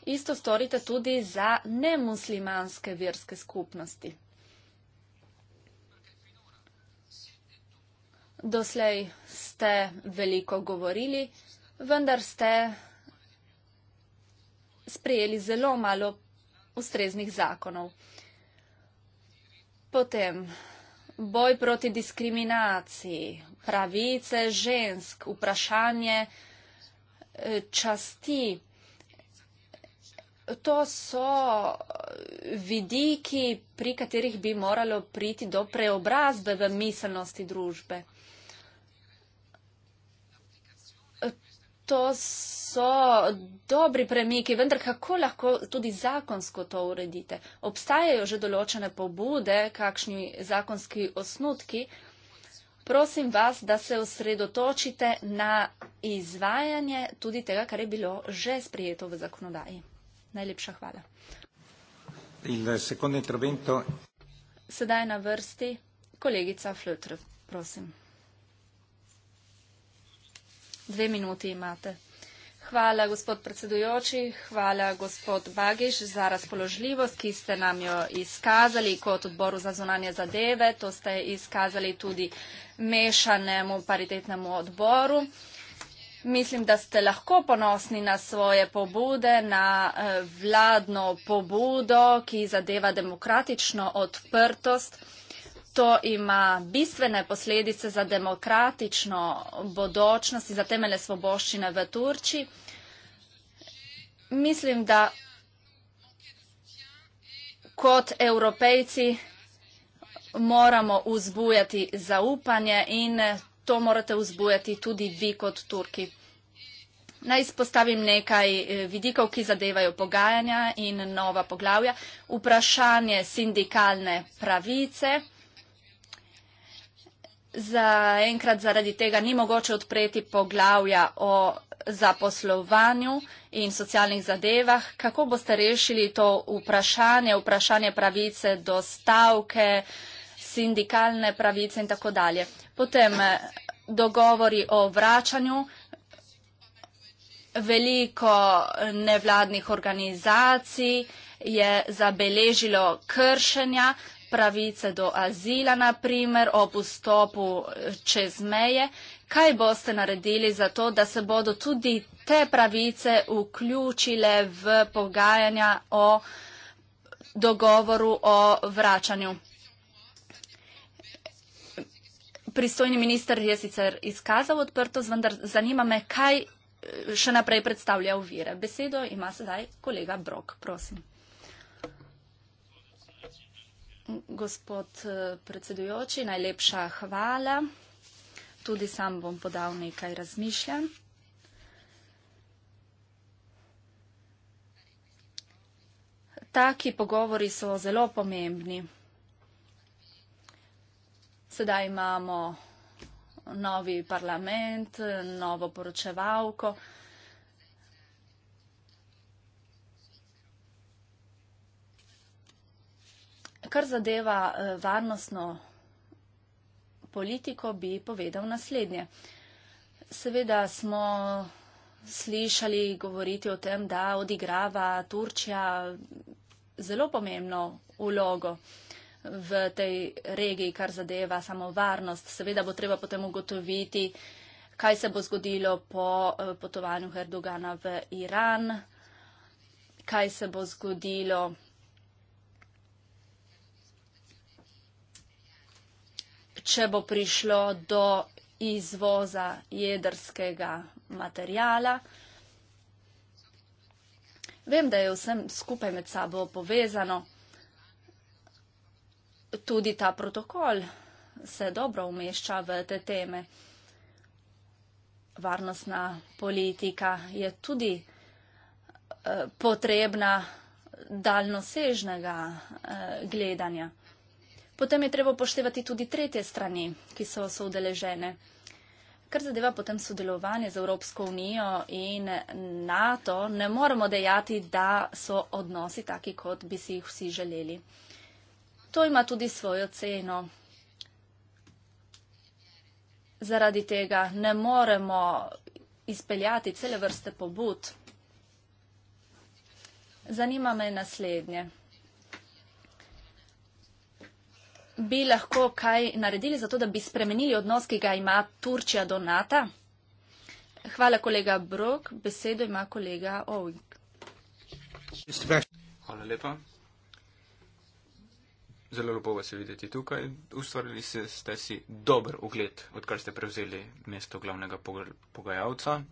Speaker 2: isto storite tudi za nemuslimanske verske skupnosti. Doslej ste veliko govorili, vendar ste sprejeli zelo malo ustreznih zakonov. Potem boj proti diskriminaciji, pravice žensk, vprašanje e, časti. To so vidiki, pri katerih bi moralo priti do preobrazbe v miselnosti družbe. to so dobri premiki, vendar kako lahko tudi zakonsko to uredite? Obstajajo že določene pobude, kakšni zakonski osnutki. Prosim vas, da se osredotočite na izvajanje tudi tega, kar je bilo že sprijeto v zakonodaji. Najlepša hvala. Sedaj na vrsti kolegica Flutr. Prosim. Dve minuti imate. Hvala, gospod predsedujoči, hvala, gospod Bagiš, za razpoložljivost, ki ste nam jo izkazali kot odboru za zunanje zadeve. To ste izkazali tudi mešanemu paritetnemu odboru. Mislim, da ste lahko ponosni na svoje pobude, na eh, vladno pobudo, ki zadeva demokratično odprtost. To ima bistvene posledice za demokratično bodočnost in za temelje svoboščine v Turčiji. Mislim, da kot evropejci moramo vzbujati zaupanje in to morate vzbujati tudi vi kot Turki. Naj izpostavim nekaj eh, vidikov, ki zadevajo pogajanja in nova poglavja. Vprašanje sindikalne pravice zaenkrat zaradi tega ni mogoče odpreti poglavja o zaposlovanju in socialnih zadevah. Kako boste rešili to vprašanje, vprašanje pravice do stavke, sindikalne pravice in tako dalje? Potem eh, dogovori o vračanju. Veliko eh, nevladnih organizacij je zabeležilo kršenja pravice do azila, naprimer, ob vstopu eh, čez meje. Kaj boste naredili za to, da se bodo tudi te pravice vključile v pogajanja o dogovoru o vračanju? Pristojni minister je sicer izkazal odprtost, vendar zanima me, kaj eh, še naprej predstavlja uvire. Besedo ima sedaj kolega Brok. Prosim. Gospod eh, predsedujoči, najlepša hvala. Tudi sam bom podal nekaj razmišljanj. Taki pogovori so zelo pomembni. Sedaj imamo novi parlament, novo poročevalko. Kar zadeva eh, varnostno politiko, bi povedal naslednje. Seveda smo slišali govoriti o tem, da odigrava Turčja zelo pomembno ulogo v tej regiji, kar zadeva samo varnost. Seveda bo treba potem ugotoviti, kaj se bo zgodilo po eh, potovanju Erdogana v Iran, kaj se bo zgodilo. če bo prišlo do izvoza jedrskega materijala. Vem, da je vsem skupaj med sabo povezano. Tudi ta protokol se dobro umešča v te teme. Varnostna politika je tudi eh, potrebna daljnosežnega eh, gledanja. Potem je treba upoštevati tudi tretje strani, ki so soudeležene. Kar zadeva potem sodelovanje z Evropsko unijo in NATO, ne moremo dejati, da so odnosi taki, kot bi si jih vsi želeli. To ima tudi svojo ceno. Zaradi tega ne moremo izpeljati cele vrste pobud. Zanima me naslednje. bi lahko kaj naredili za to, da bi spremenili odnos, ki ga ima Turčija do NATO? Hvala, kolega Brok. Besedo ima kolega Ovig.
Speaker 5: Hvala lepa. Zelo lepo vas je videti tukaj. Ustvarili ste, ste si dober ugled, odkar ste prevzeli mesto glavnega pogajalca.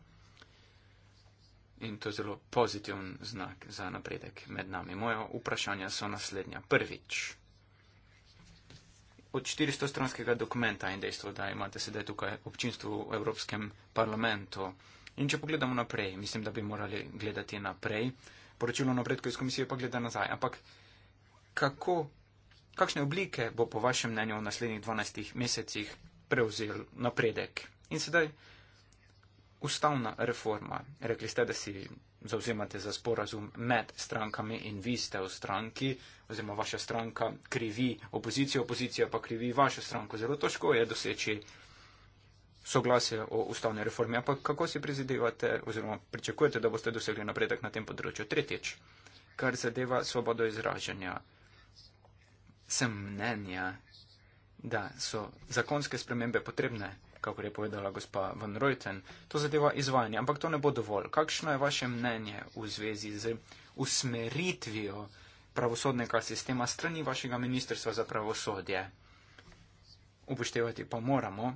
Speaker 5: In to je zelo pozitiven znak za napredek med nami. Moje vprašanja so naslednja. Prvič od 400 stranskega dokumenta in dejstvo, da imate sedaj tukaj občinstvo v Evropskem parlamentu. In če pogledamo naprej, mislim, da bi morali gledati naprej, poročilo napredko iz komisije pa gleda nazaj. Ampak kako, kakšne oblike bo po vašem mnenju v naslednjih 12 mesecih prevzel napredek? In sedaj ustavna reforma. Rekli ste, da si zauzemate za sporazum med strankami in vi ste v stranki, oziroma vaša stranka krivi opozicijo, opozicija pa krivi vašo stranko. Zelo težko je doseči soglasje o ustavni reformi, ampak kako si prizadevate oziroma pričakujete, da boste dosegli napredek na tem področju? Tretjič, kar zadeva svobodo izražanja, sem mnenja, da so zakonske spremembe potrebne kakor je povedala gospa Van Reuten, to zadeva izvajanje, ampak to ne bo dovolj. Kakšno je vaše mnenje v zvezi z usmeritvijo pravosodnega sistema strani vašega ministrstva za pravosodje? Upoštevati pa moramo,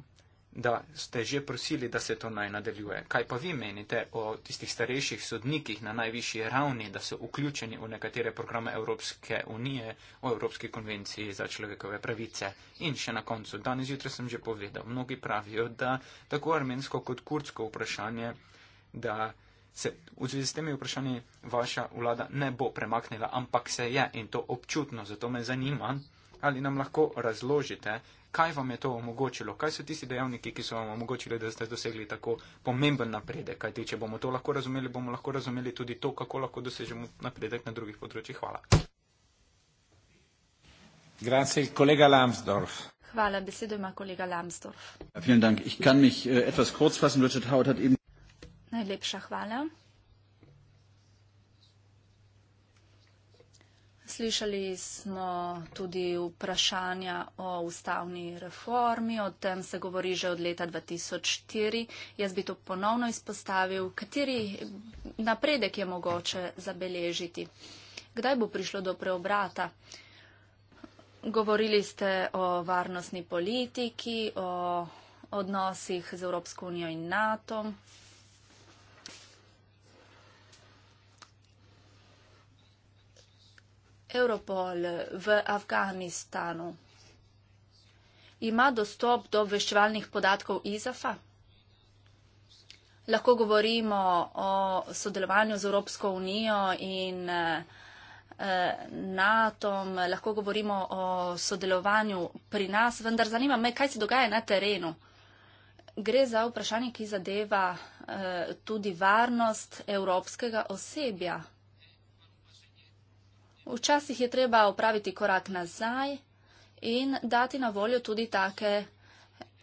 Speaker 5: da ste že prosili, da se to naj nadaljuje. Kaj pa vi menite o tistih starejših sodnikih na najvišji ravni, da so vključeni v nekatere programe Evropske unije, o Evropski konvenciji za človekove pravice? In še na koncu, danes jutro sem že povedal, mnogi pravijo, da tako armensko kot kurdsko vprašanje, da se v zvezi s temi vprašanji vaša vlada ne bo premaknila, ampak se je in to občutno, zato me zanima. Ali nam lahko razložite, kaj vam je to omogočilo, kaj so tisti dejavniki, ki so vam omogočili, da ste dosegli tako pomemben napredek. Kajti, če bomo to lahko razumeli, bomo lahko razumeli tudi to, kako lahko dosežemo napredek na
Speaker 1: drugih področjih. Hvala. Grazie, kolega Lambsdorff.
Speaker 2: Hvala, besedo ima kolega Lambsdorff.
Speaker 1: Ja, äh,
Speaker 2: Najlepša hvala. Slišali smo tudi vprašanja o ustavni reformi, o tem se govori že od leta 2004. Jaz bi to ponovno izpostavil, kateri napredek je mogoče zabeležiti. Kdaj bo prišlo do preobrata? Govorili ste o varnostni politiki, o odnosih z Evropsko unijo in NATO. Europol v Afganistanu. Ima dostop do obveščevalnih podatkov ISAF-a? Lahko govorimo o sodelovanju z Evropsko unijo in eh, NATO, lahko govorimo o sodelovanju pri nas, vendar zanima me, kaj se dogaja na terenu. Gre za vprašanje, ki zadeva eh, tudi varnost evropskega osebja. Včasih je treba opraviti korak nazaj in dati na voljo tudi take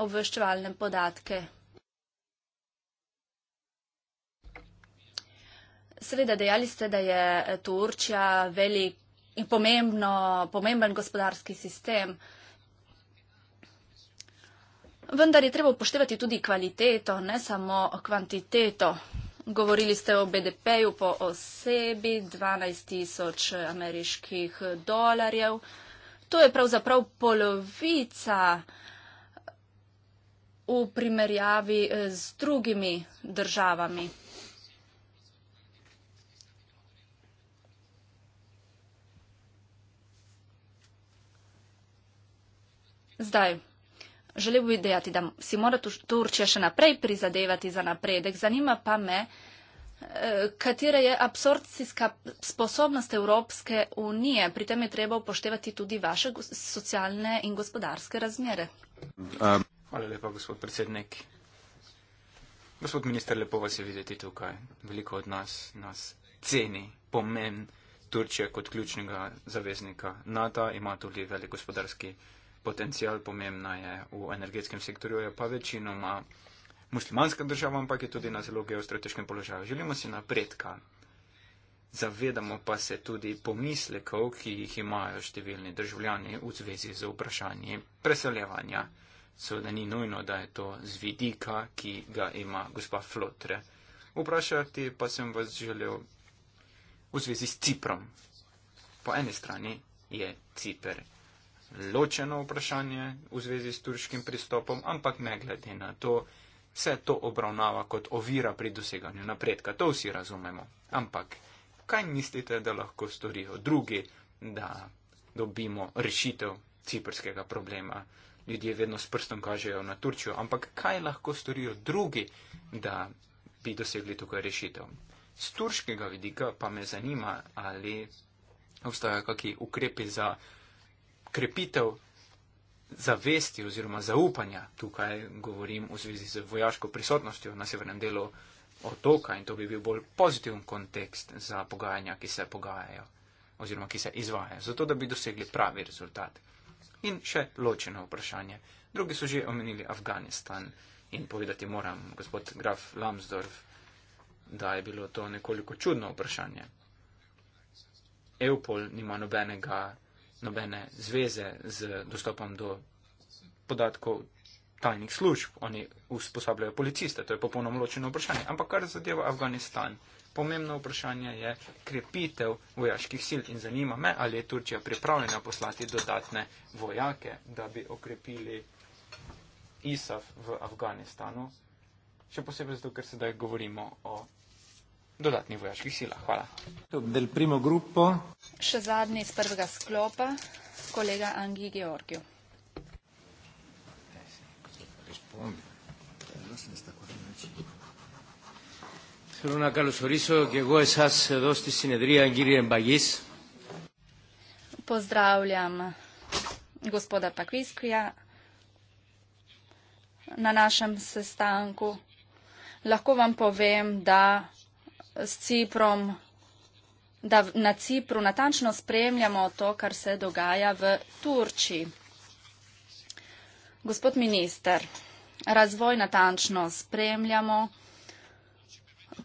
Speaker 2: obveščevalne podatke. Seveda dejali ste, da je Turčja velik in pomembno, pomemben gospodarski sistem, vendar je treba upoštevati tudi kvaliteto, ne samo kvantiteto. Govorili ste o BDP-ju po osebi, 12 tisoč eh, ameriških dolarjev. To je pravzaprav polovica eh, v primerjavi eh, z drugimi državami. Zdaj, želel bi dejati, da si mora Turčija še naprej prizadevati za napredek. Zanima pa me, eh, katera je absorpcijska sposobnost Evropske unije. Pri tem je treba upoštevati tudi vaše socialne in gospodarske razmere.
Speaker 5: Um. Hvala lepa, gospod predsednik. Gospod minister, lepo vas je videti tukaj. Veliko od nas nas ceni pomen Turčije kot ključnega zaveznika NATO. Ima tudi velik gospodarski potencijal pomembna je v energetskem sektorju, je pa večinoma muslimanska država, ampak je tudi na zelo geostrateškem položaju. Želimo si napredka. Zavedamo pa se tudi pomislekov, ki jih imajo številni državljani v zvezi z vprašanji preseljevanja. Seveda ni nujno, da je to z vidika, ki ga ima gospa Flotre. Vprašati pa sem vas želel v zvezi s Ciprom. Po eni strani je Ciper ločeno vprašanje v zvezi s turškim pristopom, ampak ne glede na to, se to obravnava kot ovira pri doseganju napredka. To vsi razumemo. Ampak kaj mislite, da lahko storijo drugi, da dobimo rešitev ciprskega problema? Ljudje vedno s prstom kažejo na Turčijo, ampak kaj lahko storijo drugi, da bi dosegli tukaj rešitev? Z turškega vidika pa me zanima, ali obstajajo kakšni ukrepi za krepitev zavesti oziroma zaupanja. Tukaj govorim v zvezi z vojaško prisotnostjo na severnem delu otoka in to bi bil bolj pozitiven kontekst za pogajanja, ki se pogajajo oziroma ki se izvajajo, zato da bi dosegli pravi rezultat. In še ločeno vprašanje. Drugi so že omenili Afganistan in povedati moram, gospod Graf Lambsdorff, da je bilo to nekoliko čudno vprašanje. Eupol nima nobenega nobene zveze z dostopom do podatkov tajnih služb. Oni usposabljajo policiste, to je popolnoma ločeno vprašanje. Ampak kar zadeva Afganistan, pomembno vprašanje je krepitev vojaških sil in zanima me, ali je Turčija pripravljena poslati dodatne vojake, da bi okrepili ISAF v Afganistanu. Še posebej zato, ker sedaj govorimo o dodatnih vojaških silah. Hvala.
Speaker 1: Del primo grupo.
Speaker 2: Še zadnji iz prvega sklopa, kolega Angi Georgiju. Pozdravljam gospoda Pakviskija na našem sestanku. Lahko vam povem, da s Ciprom, da na Cipru natančno spremljamo to, kar se dogaja v Turčiji. Gospod minister, razvoj natančno spremljamo,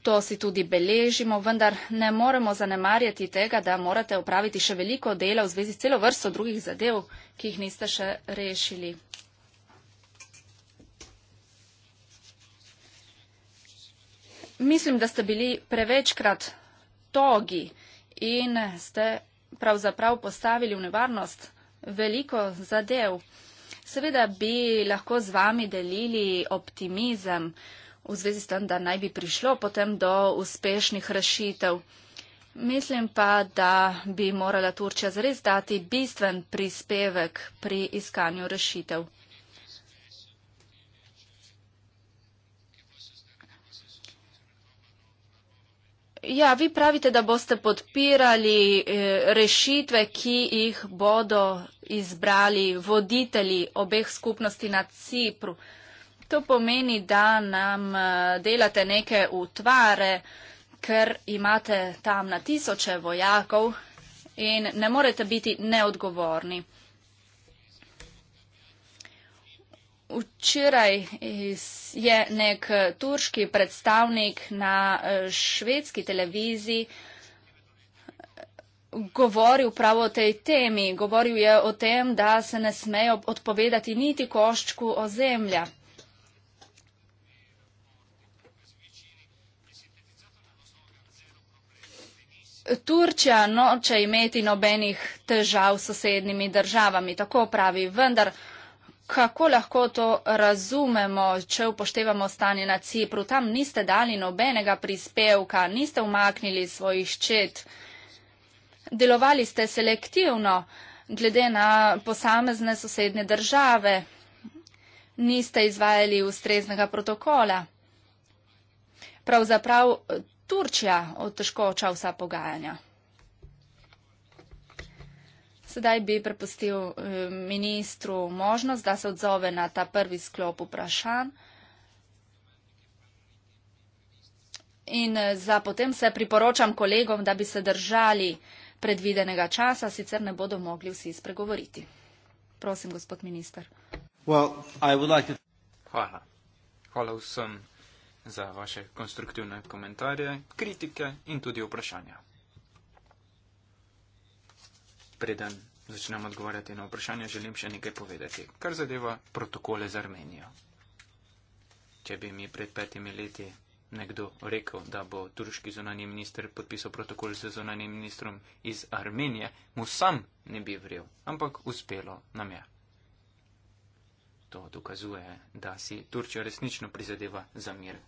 Speaker 2: to si tudi beležimo, vendar ne moremo zanemarjati tega, da morate upraviti še veliko dela v zvezi s celo vrsto drugih zadev, ki jih niste še rešili. mislim, da ste bili prevečkrat togi in ste pravzaprav postavili v nevarnost veliko zadev. Seveda bi lahko z vami delili optimizem v zvezi s tem, da naj bi prišlo potem do uspešnih rešitev. Mislim pa, da bi morala Turčja zres dati bistven prispevek pri iskanju rešitev. Ja, vi pravite, da boste podpirali eh, rešitve, ki jih bodo izbrali voditelji obeh skupnosti na Cipru. To pomeni, da nam eh, delate neke utvare, ker imate tam na tisoče vojakov in ne morete biti neodgovorni. včeraj je nek eh, turški predstavnik na eh, švedski televiziji eh, govoril prav o tej temi. Govoril je o tem, da se ne smejo odpovedati niti koščku o zemlja. Turčja noče imeti nobenih težav s sosednjimi državami, tako pravi, vendar kako lahko to razumemo, če upoštevamo stanje na Cipru? Tam niste dali nobenega prispevka, niste umaknili svojih ščet. Delovali ste selektivno glede na posamezne sosednje države. Niste izvajali ustreznega protokola. Pravzaprav Turčija otežkoča vsa pogajanja. Sedaj bi prepustil eh, ministru možnost, da se odzove na ta prvi sklop vprašanj in eh, za potem se priporočam kolegom, da bi se držali predvidenega časa, sicer ne bodo mogli vsi spregovoriti. Prosim, gospod minister.
Speaker 5: Well, like to... Hvala. Hvala vsem za vaše konstruktivne komentarje, kritike in tudi vprašanja preden začnem odgovarjati na vprašanje, želim še nekaj povedati, kar zadeva protokole z Armenijo. Če bi mi pred petimi leti nekdo rekel, da bo turški zunani minister podpisal protokol z zunanim ministrom iz Armenije, mu sam ne bi vril, ampak uspelo nam je. To dokazuje, da si Turčija resnično prizadeva za mir.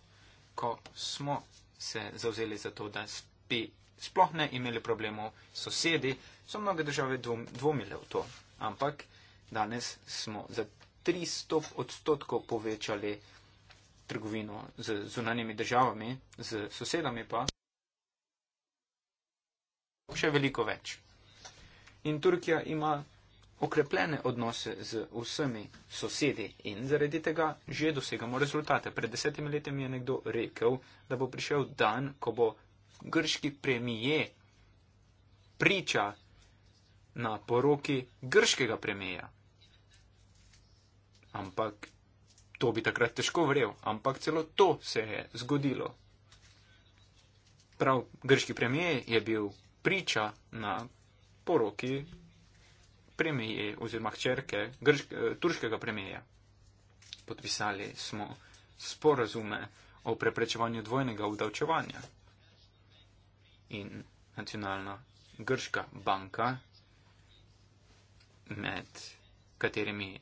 Speaker 5: Ko smo se zauzeli za to, da bi sploh ne imeli problemov s sosedi, so mnoge države dvom, dvomile v to. Ampak danes smo za 300 odstotkov povečali trgovino z zunanjimi državami, z sosedami pa še veliko več. In Turkija ima okrepljene odnose z vsemi sosedi in zaradi tega že dosegamo rezultate. Pred desetimi leti mi je nekdo rekel, da bo prišel dan, ko bo grški premije priča na poroki grškega premijeja. Ampak to bi takrat težko vrel, ampak celo to se je zgodilo. Prav grški premijej je bil priča na poroki premijeje oziroma hčerke grš, eh, turškega premijeja. Podpisali smo sporazume o preprečevanju dvojnega obdavčevanja. In nacionalna grška banka med katerimi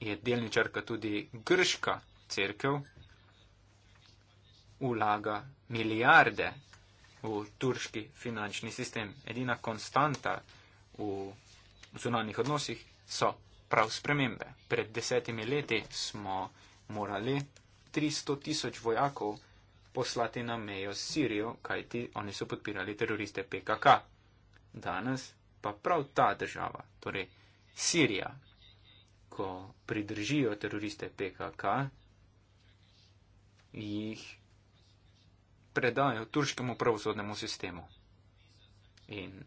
Speaker 5: je delničarka tudi grška crkv, vlaga milijarde v turški finančni sistem. Edina konstanta v zunanih odnosih so prav spremembe. Pred desetimi leti smo morali 300 tisoč vojakov poslati na mejo s Sirijo, kajti oni so podpirali teroriste PKK. Danes pa prav ta država, torej Sirija, ko pridržijo teroriste PKK, jih predajo turškemu pravosodnemu sistemu. In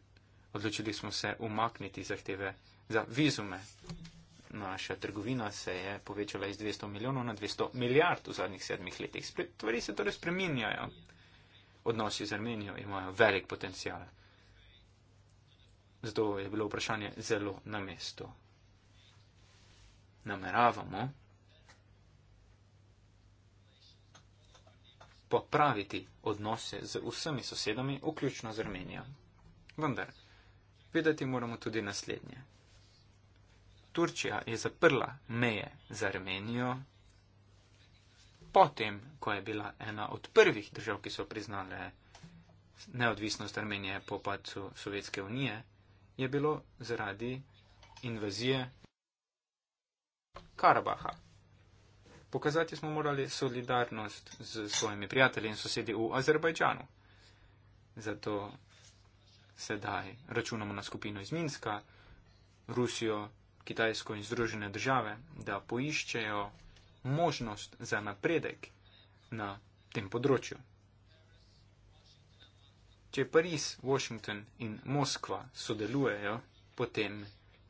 Speaker 5: odločili smo se umakniti zahteve za vizume. Naša trgovina se je povečala iz 200 milijonov na 200 milijard v zadnjih sedmih letih. Stvari se torej spreminjajo. Odnosi z Armenijo imajo velik potencial. Zato je bilo vprašanje zelo na mestu. Nameravamo popraviti odnose z vsemi sosedami, vključno z Armenijo. Vendar, vedeti moramo tudi naslednje. Turčija je zaprla meje z Armenijo, potem, ko je bila ena od prvih držav, ki so priznale neodvisnost Armenije po padcu Sovjetske unije, je bilo zaradi invazije Karabaha. Pokazati smo morali solidarnost z svojimi prijatelji in sosedi v Azerbajdžanu. Zato sedaj računamo na skupino iz Minska, Rusijo, Kitajsko in Združene države, da poiščejo možnost za napredek na tem področju če Pariz, Washington in Moskva sodelujejo, potem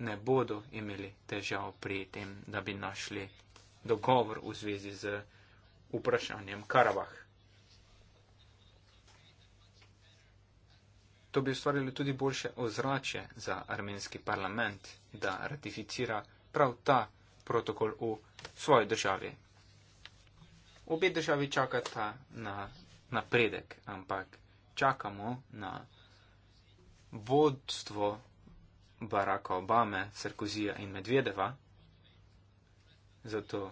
Speaker 5: ne bodo imeli težav pri tem, da bi našli dogovor v zvezi z vprašanjem Karavah. To bi ustvarili tudi boljše ozrače za armenski parlament, da ratificira prav ta protokol v svoji državi. Obe državi čakata na napredek, ampak čakamo na vodstvo Baracka Obame, Sarkozija in Medvedeva, zato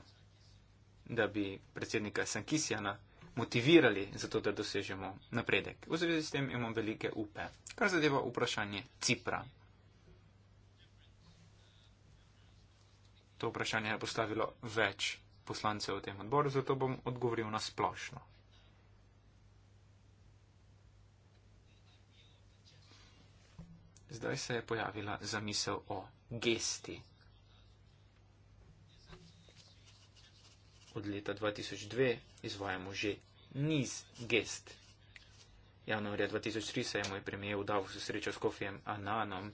Speaker 5: da bi predsednika Sankisjana motivirali za to, da dosežemo napredek. V zvezi s tem imam velike upe, kar zadeva vprašanje Cipra. To vprašanje je postavilo več poslancev v tem odboru, zato bom odgovoril na splošno. Zdaj se je pojavila zamisel o gesti. Od leta 2002 izvajamo že niz gest. Januarja 2003 se je moj premijer vdal v susrečo s kofijem Ananom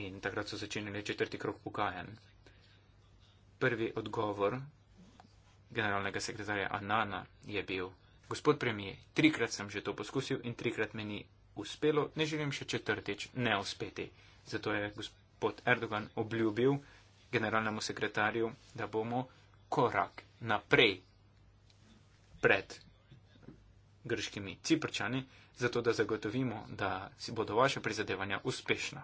Speaker 5: in takrat so začenili četrti krok pogajanj. Prvi odgovor generalnega sekretarja Anana je bil, gospod premijer, trikrat sem že to poskusil in trikrat me ni uspelo, ne želim še četrtič ne uspeti. Zato je gospod Erdogan obljubil generalnemu sekretarju, da bomo korak naprej pred grškimi ciprčani, zato da zagotovimo, da si bodo vaše prizadevanja uspešna.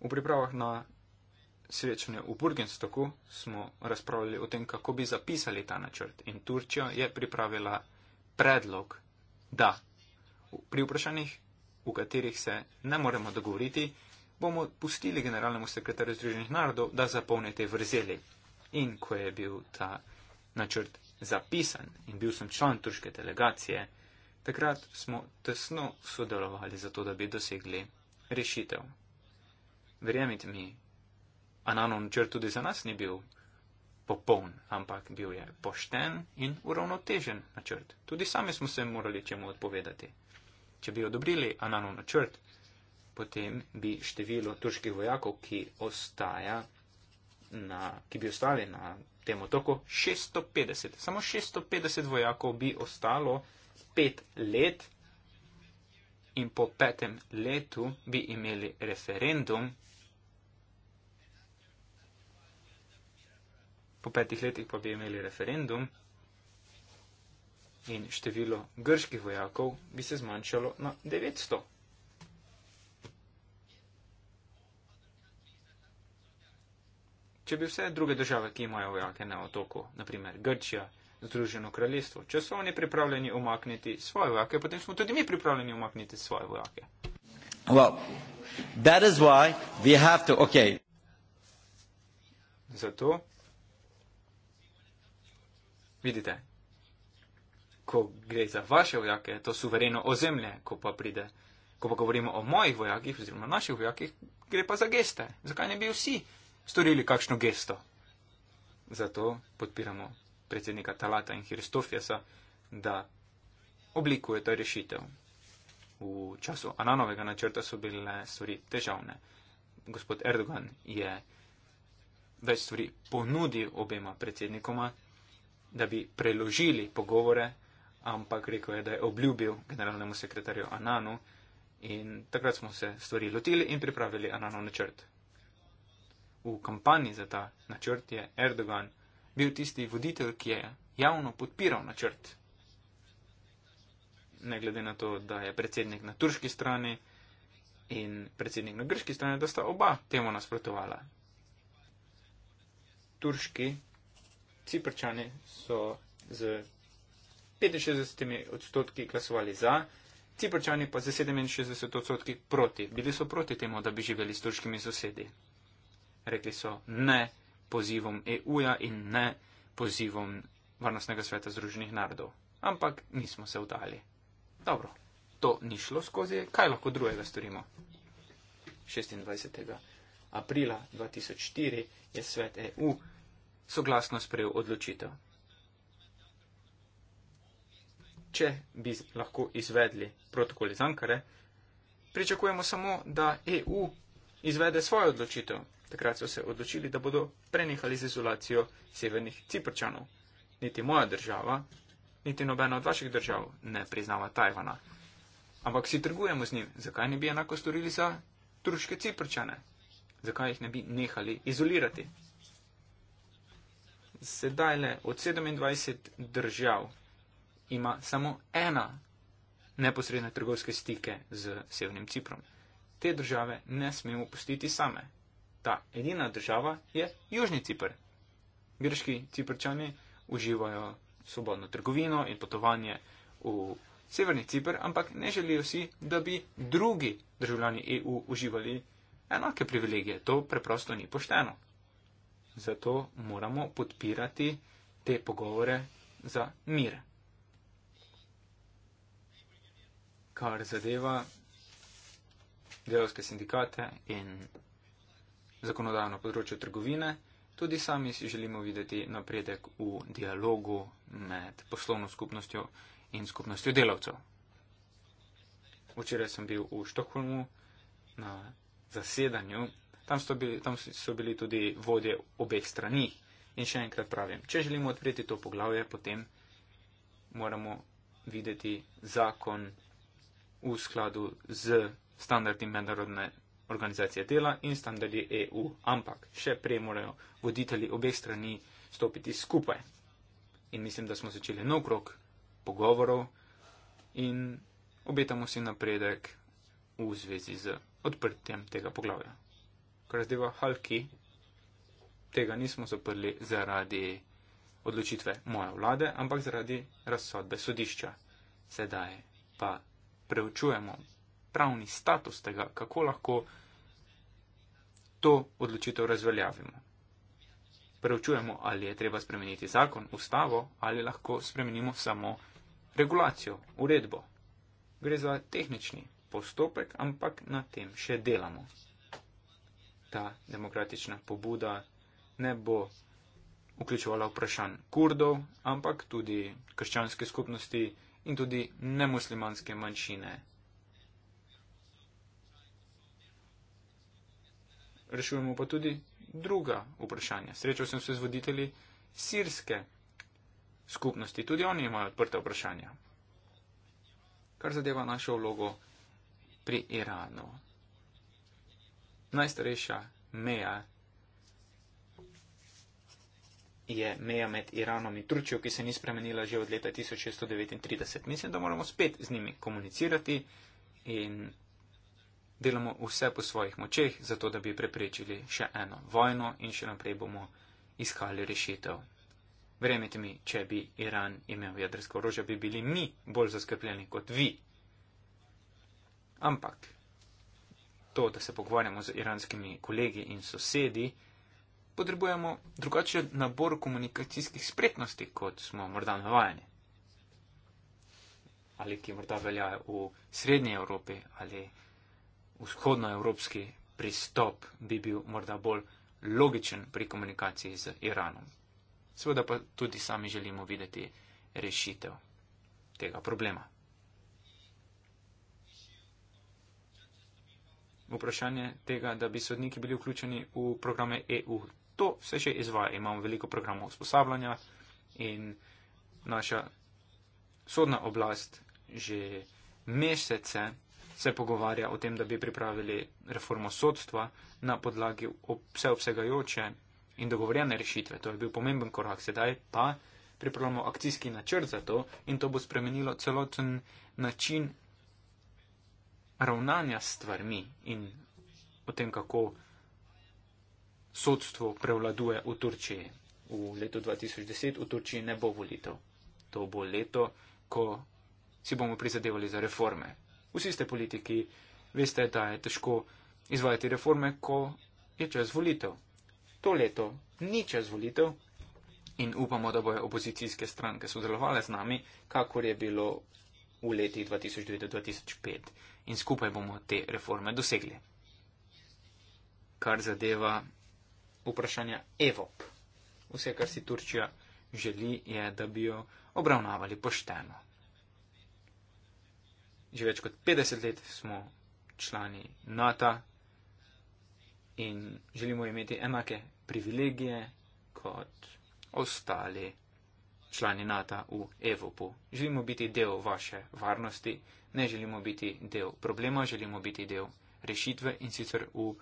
Speaker 5: V pripravah na srečanje v Burgenstoku smo razpravljali o tem, kako bi zapisali ta načrt in Turčija je pripravila predlog da pri vprašanjih, v katerih se ne moremo dogovoriti, bomo pustili generalnemu sekretarju Združenih narodov, da zapolne te vrzeli. In ko je bil ta načrt zapisan in bil sem član turške delegacije, takrat smo tesno sodelovali za to, da bi dosegli rešitev. Verjemite mi, Ananov načrt tudi za nas ni bil popoln, ampak bil je pošten in uravnotežen načrt. Tudi sami smo se morali čemu odpovedati. Če bi odobrili Ananov načrt, potem bi število turških vojakov, ki, na, ki bi ostali na tem otoku, 650. Samo 650 vojakov bi ostalo pet let in po petem letu bi imeli referendum po petih letih pa bi imeli referendum in število grških vojakov bi se zmanjšalo na 900. Če bi vse druge države, ki imajo vojake na otoku, naprimer Grčija, Združeno kraljestvo, če so oni pripravljeni umakniti svoje vojake, potem smo tudi mi pripravljeni umakniti svoje vojake.
Speaker 4: Well, that is why we have to, okay.
Speaker 5: Zato Vidite, ko gre za vaše vojake, je to suvereno ozemlje, ko pa pride, ko pa govorimo o mojih vojakih oziroma naših vojakih, gre pa za geste. Zakaj ne bi vsi storili kakšno gesto? Zato podpiramo predsednika Talata in Hristofjasa, da oblikuje ta rešitev. V času Ananovega načrta so bile stvari težavne. Gospod Erdogan je več stvari ponudil obema predsednikoma, da bi preložili pogovore, ampak rekel je, da je obljubil generalnemu sekretarju Ananu in takrat smo se stvari lotili in pripravili Ananov načrt. V kampanji za ta načrt je Erdogan bil tisti voditelj, ki je javno podpiral načrt. Ne glede na to, da je predsednik na turški strani in predsednik na grški strani, da sta oba temu nasprotovala. Turški Ciprčani so z 65 odstotki glasovali za, Ciprčani pa z 67 odstotki proti. Bili so proti temu, da bi živeli s turškimi sosedi. Rekli so ne pozivom EU-ja in ne pozivom Varnostnega sveta Združenih narodov. Ampak nismo se vdali. Dobro, to ni šlo skozi, kaj lahko drugega storimo? 26. aprila 2004 je svet EU soglasno sprejel odločitev. Če bi lahko izvedli protokol iz Ankare, pričakujemo samo, da EU izvede svojo odločitev. Takrat so se odločili, da bodo prenehali z izolacijo severnih ciprčanov. Niti moja država, niti nobena od vaših držav ne priznava Tajvana. Ampak si trgujemo z njim. Zakaj ne bi enako storili za turške ciprčane? Zakaj jih ne bi nehali izolirati? sedaj le od 27 držav ima samo ena neposredne trgovske stike z Severnim Ciprom. Te države ne smemo pustiti same. Ta edina država je Južni Cipr. Grški ciprčani uživajo svobodno trgovino in potovanje v Severni Cipr, ampak ne želijo si, da bi drugi državljani EU uživali enake privilegije. To preprosto ni pošteno. Zato moramo podpirati te pogovore za mir. Kar zadeva delovske sindikate in zakonodajno področje trgovine, tudi sami si želimo videti napredek v dialogu med poslovno skupnostjo in skupnostjo delavcev. Včeraj sem bil v Štokholmu na zasedanju Tam so, bili, tam so bili tudi vodje obeh strani. In še enkrat pravim, če želimo odpreti to poglavje, potem moramo videti zakon v skladu z standardi mednarodne organizacije dela in standardi EU. Ampak še prej morajo voditelji obeh strani stopiti skupaj. In mislim, da smo začeli nov krok pogovorov in obetamo si napredek v zvezi z odprtjem tega poglavja kar zdaj v Halki, tega nismo zaprli zaradi odločitve moje vlade, ampak zaradi razsodbe sodišča. Sedaj pa preučujemo pravni status tega, kako lahko to odločitev razveljavimo. Preučujemo, ali je treba spremeniti zakon, ustavo, ali lahko spremenimo samo regulacijo, uredbo. Gre za tehnični postopek, ampak na tem še delamo ta demokratična pobuda ne bo vključevala vprašanj kurdov, ampak tudi krščanske skupnosti in tudi nemuslimanske manjšine. Rešujemo pa tudi druga vprašanja. Srečal sem se z voditelji sirske skupnosti, tudi oni imajo odprta vprašanja. Kar zadeva našo vlogo pri Iranu najstarejša meja je meja med Iranom in Turčijo, ki se ni spremenila že od leta 1639. Mislim, da moramo spet z njimi komunicirati in delamo vse po svojih močeh, zato da bi preprečili še eno vojno in še naprej bomo iskali rešitev. Verjemite mi, če bi Iran imel jedrsko orožje, bi bili mi bolj zaskrbljeni kot vi. Ampak to, da se pogovarjamo z iranskimi kolegi in sosedi, potrebujemo drugačen nabor komunikacijskih spretnosti, kot smo morda navajeni. Ali ki morda velja v srednji Evropi ali vzhodnoevropski pristop bi bil morda bolj logičen pri komunikaciji z Iranom. Seveda pa tudi sami želimo videti rešitev tega problema. vprašanje tega, da bi sodniki bili vključeni v programe EU. To se še izvaja. Imamo veliko programov usposabljanja in naša sodna oblast že mesece se pogovarja o tem, da bi pripravili reformo sodstva na podlagi vseobsegajoče in dogovorjene rešitve. To je bil pomemben korak. Sedaj pa pripravljamo akcijski načrt za to in to bo spremenilo celoten način ravnanja s stvarmi in o tem, kako sodstvo prevladuje v Turčiji. V letu 2010 v Turčiji ne bo volitev. To bo leto, ko si bomo prizadevali za reforme. Vsi ste politiki, veste, da je težko izvajati reforme, ko je čas volitev. To leto ni čas volitev in upamo, da bojo opozicijske stranke sodelovale z nami, kakor je bilo v letih 2009-2005 in skupaj bomo te reforme dosegli. Kar zadeva vprašanja Evop. Vse, kar si Turčija želi, je, da bi jo obravnavali pošteno. Že več kot 50 let smo člani NATO in želimo imeti enake privilegije kot ostali člani NATO v Evropu. Želimo biti del vaše varnosti, ne želimo biti del problema, želimo biti del rešitve in sicer v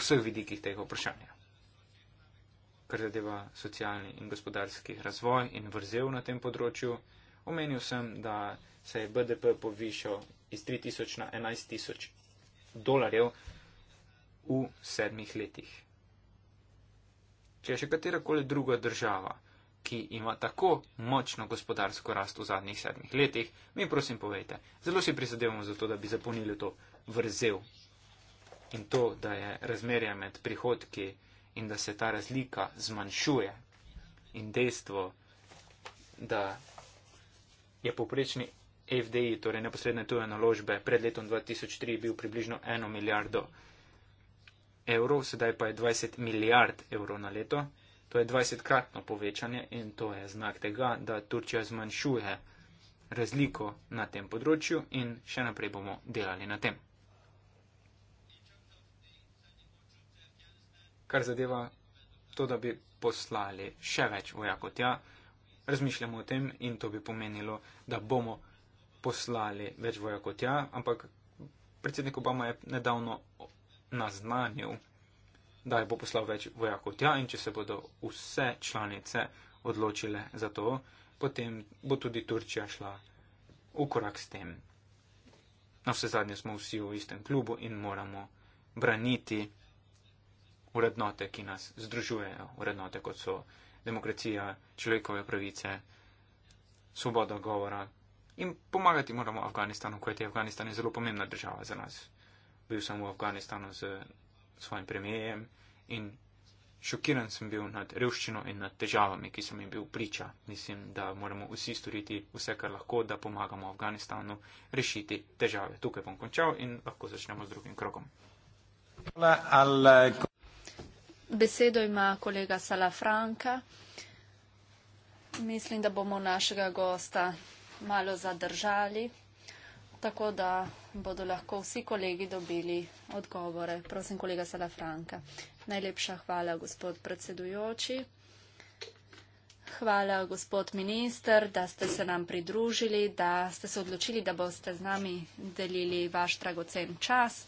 Speaker 5: vseh vidikih tega vprašanja. Kar zadeva socialni in gospodarski razvoj in vrzel na tem področju, omenil sem, da se je BDP povišal iz 3000 na 11000 dolarjev v sedmih letih. Če je še katera koli druga država ki ima tako močno gospodarsko rast v zadnjih sedmih letih, mi prosim povejte, zelo si prizadevamo za to, da bi zapolnili to vrzel in to, da je razmerje med prihodki in da se ta razlika zmanjšuje in dejstvo, da je poprečni FDI, torej neposredne tuje naložbe, pred letom 2003 bil približno eno milijardo evrov, sedaj pa je 20 milijard evrov na leto. To je 20-kratno povečanje in to je znak tega, da Turčija zmanjšuje razliko na tem področju in še naprej bomo delali na tem. Kar zadeva to, da bi poslali še več vojakov tja, razmišljamo o tem in to bi pomenilo, da bomo poslali več vojakov tja, ampak predsednik Obama je nedavno naznanil, da je bo poslal več vojakov tja in če se bodo vse članice odločile za to, potem bo tudi Turčija šla v korak s tem. Na vse zadnje smo vsi v istem klubu in moramo braniti urednote, ki nas združujejo, urednote kot so demokracija, človekove pravice, svoboda govora in pomagati moramo Afganistanu, kajti Afganistan je zelo pomembna država za nas. Bil sem v Afganistanu z svojim premijejem in šokiran sem bil nad revščino in nad težavami, ki sem jim bil priča. Mislim, da moramo vsi storiti vse, kar lahko, da pomagamo Afganistanu rešiti težave. Tukaj bom končal in lahko začnemo z drugim krokom.
Speaker 2: Besedo ima kolega Sala Franka. Mislim, da bomo našega gosta malo zadržali tako da bodo lahko vsi kolegi dobili odgovore. Prosim, kolega Salafranka. Najlepša hvala, gospod predsedujoči. Hvala, gospod minister, da ste se nam pridružili, da ste se odločili, da boste z nami delili vaš dragocen čas,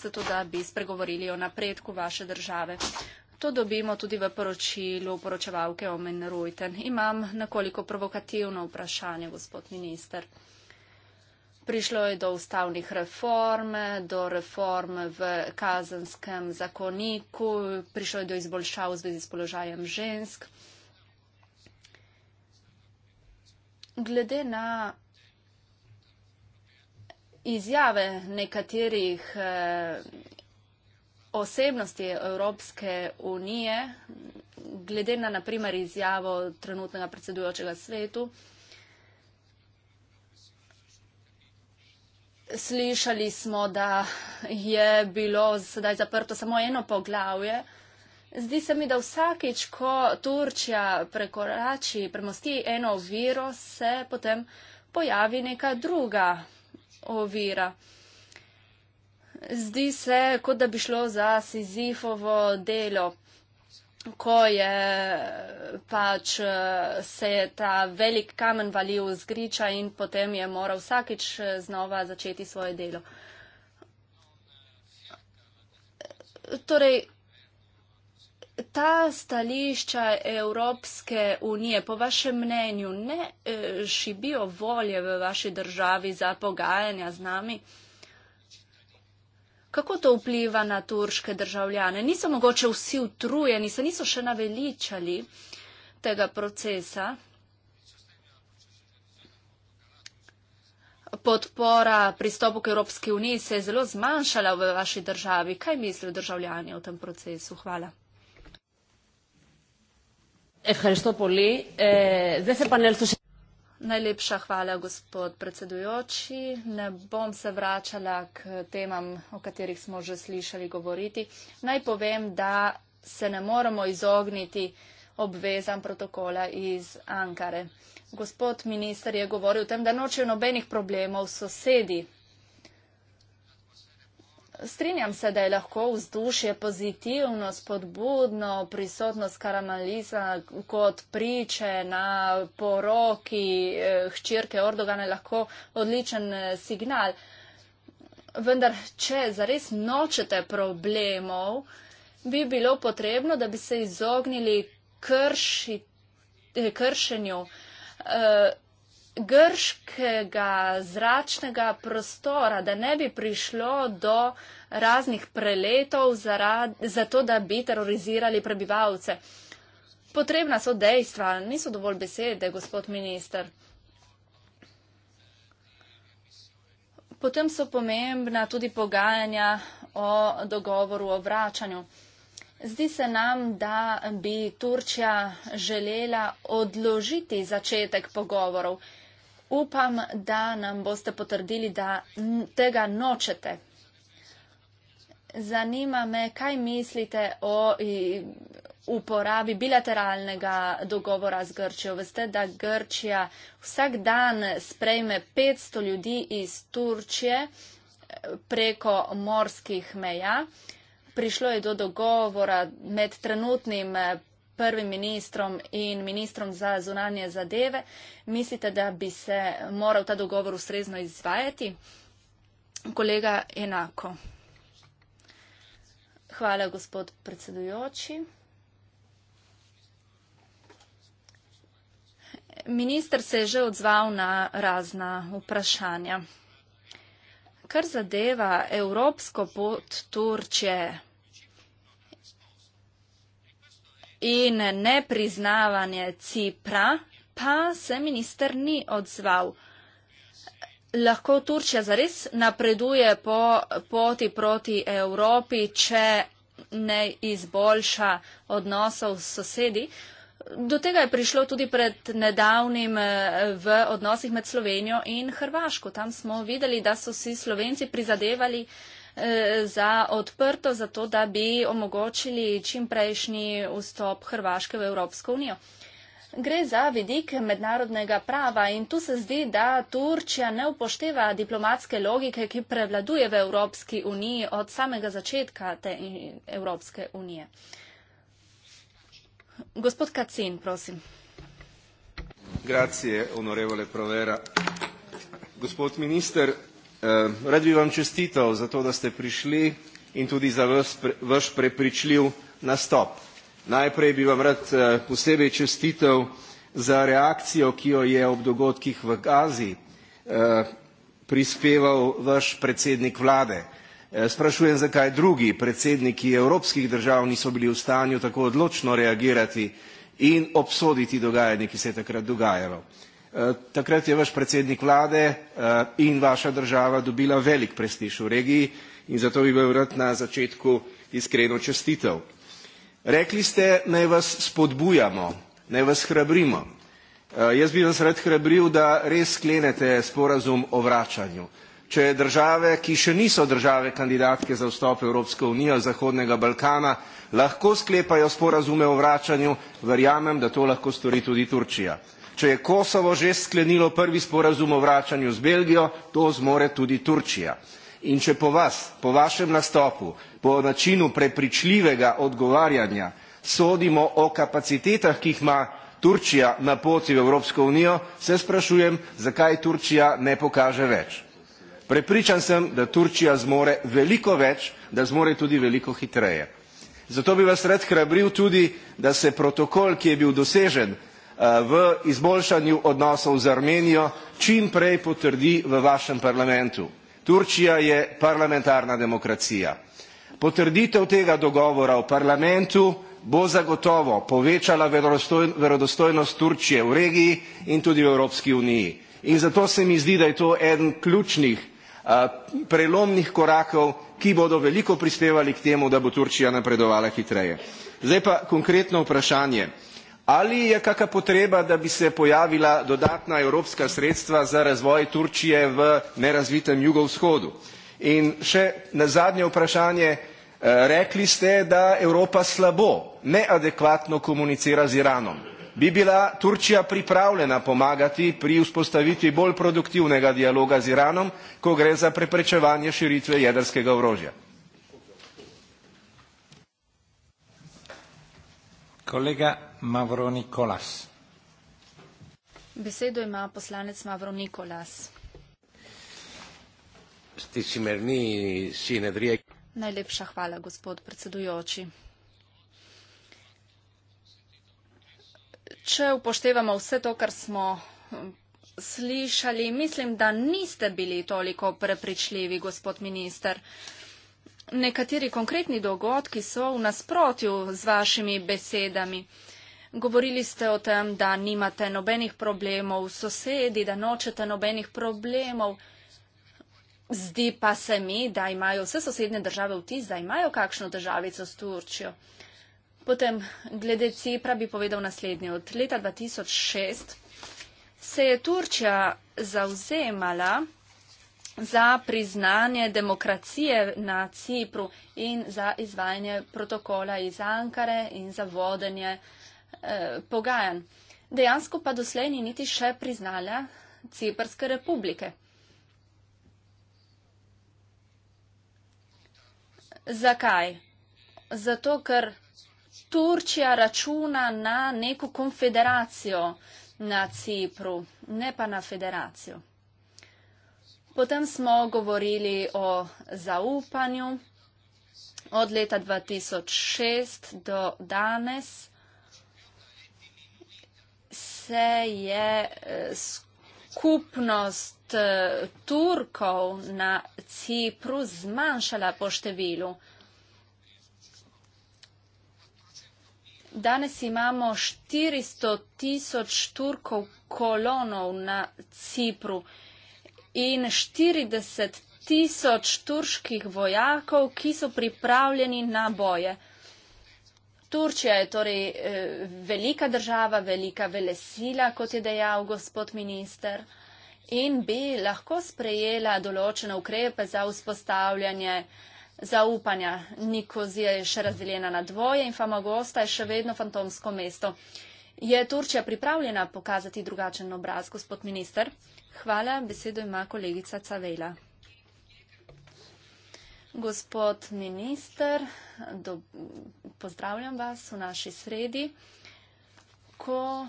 Speaker 2: zato da bi spregovorili o napredku vaše države. To dobimo tudi v poročilu poročevalke Omen Rujten. Imam nekoliko provokativno vprašanje, gospod minister. Prišlo je do ustavnih reform, do reform v kazenskem zakoniku, prišlo je do izboljšav v zvezi s položajem žensk. Glede na izjave nekaterih eh, osebnosti Evropske unije, glede na naprimer izjavo trenutnega predsedujočega svetu, Slišali smo, da je bilo sedaj zaprto samo eno poglavje. Zdi se mi, da vsakič, ko Turčja prekorači, premosti eno oviro, se potem pojavi neka druga ovira. Zdi se, kot da bi šlo za Sizifovo delo ko je pač se je ta velik kamen valil z griča in potem je moral vsakič znova začeti svoje delo. Torej, ta stališča Evropske unije, po vašem mnenju, ne eh, šibijo volje v vaši državi za pogajanja z nami? Uh, kako to vpliva na turške državljane? Niso mogoče vsi utrujeni, se niso še naveličali tega procesa. Podpora pristopu k Evropski uniji se je zelo zmanjšala v vaši državi. Kaj mislijo državljani o tem procesu? Hvala. Zdaj se pa ne slušam. Najlepša hvala, gospod predsedujoči. Ne bom se vračala k temam, o katerih smo že slišali govoriti. Naj povem, da se ne moremo izogniti obvezam protokola iz Ankare. Gospod minister je govoril o tem, da nočejo nobenih problemov s sosedi Strinjam se, da je lahko vzdušje pozitivno, spodbudno, prisotnost Karamalisa kot priče na poroki eh, hčirke Ordogane lahko odličen eh, signal. Vendar, če zares nočete problemov, bi bilo potrebno, da bi se izognili krši, eh, kršenju. Uh, grškega zračnega prostora, da ne bi prišlo do raznih preletov, zato da bi terorizirali prebivalce. Potrebna so dejstva, niso dovolj besede, gospod minister. Potem so pomembna tudi pogajanja o dogovoru o vračanju. Zdi se nam, da bi Turčja želela odložiti začetek pogovorov. Upam, da nam boste potrdili, da tega nočete. Zanima me, kaj mislite o uporabi bilateralnega dogovora z Grčijo. Veste, da Grčija vsak dan sprejme 500 ljudi iz Turčije eh, preko morskih meja. Prišlo je do dogovora med trenutnim eh, prvim ministrom in ministrom za zunanje zadeve. Mislite, da bi se moral ta dogovor ustrezno izvajati? Kolega, enako. Hvala, gospod predsedujoči. Minister se je že odzval na razna vprašanja. Kar zadeva evropsko pot Turčije, in nepriznavanje Cipra, pa se minister ni odzval. Lahko Turčja zares napreduje po poti proti Evropi, če ne izboljša odnosov s sosedi. Do tega je prišlo tudi pred nedavnim eh, v odnosih med Slovenijo in Hrvaško. Tam smo videli, da so si Slovenci prizadevali uh, Eh, za odprto, zato da bi omogočili čim prejšnji vstop Hrvaške v Evropsko unijo. Gre za vidik mednarodnega prava in tu se zdi, da Turčija ne upošteva diplomatske logike, ki prevladuje v Evropski uniji od samega začetka te Evropske unije. Gospod Kacin, prosim.
Speaker 6: Grazie, onorevole Provera. Gospod minister, Eh, rad bi vam čestital za to, da ste prišli in tudi za vaš prepričljiv nastop. Najprej bi vam rad eh, posebej čestital za reakcijo, ki jo je ob dogodkih v Gazi eh, prispeval vaš predsednik vlade. Sprašujem, zakaj drugi predsedniki evropskih držav niso bili v stanju tako odločno reagirati in obsoditi dogajanje, ki se je takrat dogajalo. Eh, takrat je vaš predsednik vlade eh, in vaša država dobila velik prestiž v regiji in zato bi vam rad na začetku iskreno čestital. Rekli ste, naj vas spodbujamo, naj vas hrabrimo. Eh, jaz bi vas rad hrabril, da res sklenete sporazum o vračanju. Če države, ki še niso države kandidatke za vstop v Evropsko unijo Zahodnega Balkana, lahko sklepajo sporazume o vračanju, verjamem, da to lahko stori tudi Turčija. Če je Kosovo že sklenilo prvi sporazum o vračanju z Belgijo, to zmore tudi Turčija. In če po vas, po vašem nastopu, po načinu prepričljivega odgovarjanja sodimo o kapacitetah, ki jih ima Turčija na poti v Evropsko unijo, se sprašujem, zakaj Turčija ne pokaže več. Prepričan sem, da Turčija zmore veliko več, da zmore tudi veliko hitreje. Zato bi vas rad hrabril tudi, da se protokol, ki je bil dosežen v izboljšanju odnosov z Armenijo čim prej potrdi v vašem parlamentu. Turčija je parlamentarna demokracija. Potrditev tega dogovora v parlamentu bo zagotovo povečala verodostojnost Turčije v regiji in tudi v Evropski uniji. In zato se mi zdi, da je to eden ključnih prelomnih korakov, ki bodo veliko prispevali k temu, da bo Turčija napredovala hitreje. Zdaj pa konkretno vprašanje ali je kakšna potreba, da bi se pojavila dodatna evropska sredstva za razvoj Turčije v nerazvitem jugovzhodu? In še na zadnje vprašanje, eh, rekli ste, da Evropa slabo, neadekvatno komunicira z Iranom. Bi bila Turčija pripravljena pomagati pri vzpostavitvi bolj produktivnega dialoga z Iranom, ko gre za preprečevanje širitve jedrskega
Speaker 1: orožja? Kolega Mavro Nikolas.
Speaker 2: Besedo ima poslanec Mavro Nikolas. Najlepša hvala, gospod predsedujoči. Če upoštevamo vse to, kar smo hm, slišali, mislim, da niste bili toliko prepričljivi, gospod minister nekateri konkretni dogodki so v nasprotju z vašimi besedami. Govorili ste o tem, da nimate nobenih problemov s sosedi, da nočete nobenih problemov. Zdi pa se mi, da imajo vse sosednje države vtis, da imajo kakšno državico s Turčjo. Potem, glede Cipra bi povedal naslednje. Od leta 2006 se je Turčja zauzemala za priznanje demokracije na Cipru in za izvajanje protokola iz Ankare in za vodenje eh, pogajanj. Dejansko pa doslej ni niti še priznala Ciprske republike. Zakaj? Zato, ker Turčija računa na neko konfederacijo na Cipru, ne pa na federacijo. Potem smo govorili o zaupanju od leta 2006 do danes. Se je eh, skupnost eh, Turkov na Cipru zmanjšala po številu. Danes imamo 400 tisoč Turkov kolonov na Cipru in 40 tisoč turških vojakov, ki so pripravljeni na boje. Turčija je torej eh, velika država, velika velesila, kot je dejal gospod minister, in bi lahko sprejela določene ukrepe za vzpostavljanje zaupanja. Nikozija je še razdeljena na dvoje in Famagosta je še vedno fantomsko mesto. Je Turčija pripravljena pokazati drugačen obraz, gospod minister? Hvala. Besedo ima kolegica Cavela. Gospod minister, do, pozdravljam vas v naši sredi. Ko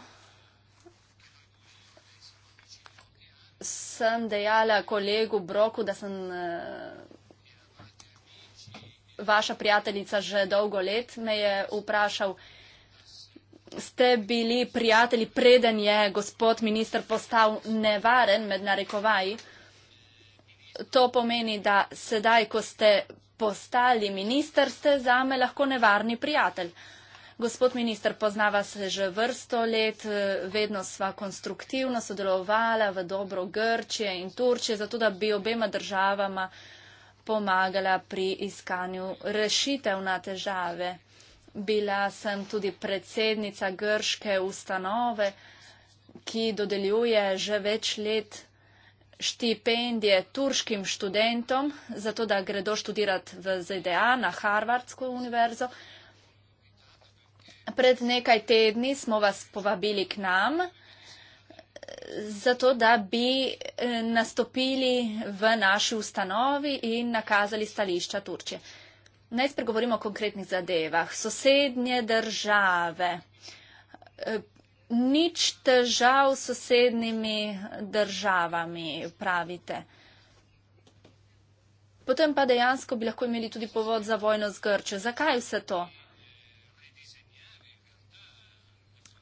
Speaker 2: sem dejala kolegu Broku, da sem eh, vaša prijateljica že dolgo let, me je vprašal, ste bili prijatelji, preden je gospod minister postal nevaren med narekovaji. To pomeni, da sedaj, ko ste postali minister, ste zame lahko nevarni prijatelj. Gospod minister, poznava se že vrsto let, vedno sva konstruktivno sodelovala v dobro Grčije in Turčije, zato da bi obema državama pomagala pri iskanju rešitev na težave. Bila sem tudi predsednica grške ustanove, ki dodeljuje že več let štipendije turškim študentom, zato da gredo študirati v ZDA na Harvardsko univerzo. Pred nekaj tedni smo vas povabili k nam, zato da bi eh, nastopili v naši ustanovi in nakazali stališča Turčije. Naj spregovorimo o konkretnih zadevah. Sosednje države. E, nič težav s sosednjimi državami, pravite. Potem pa dejansko bi lahko imeli tudi povod za vojno z Grče. Zakaj vse to?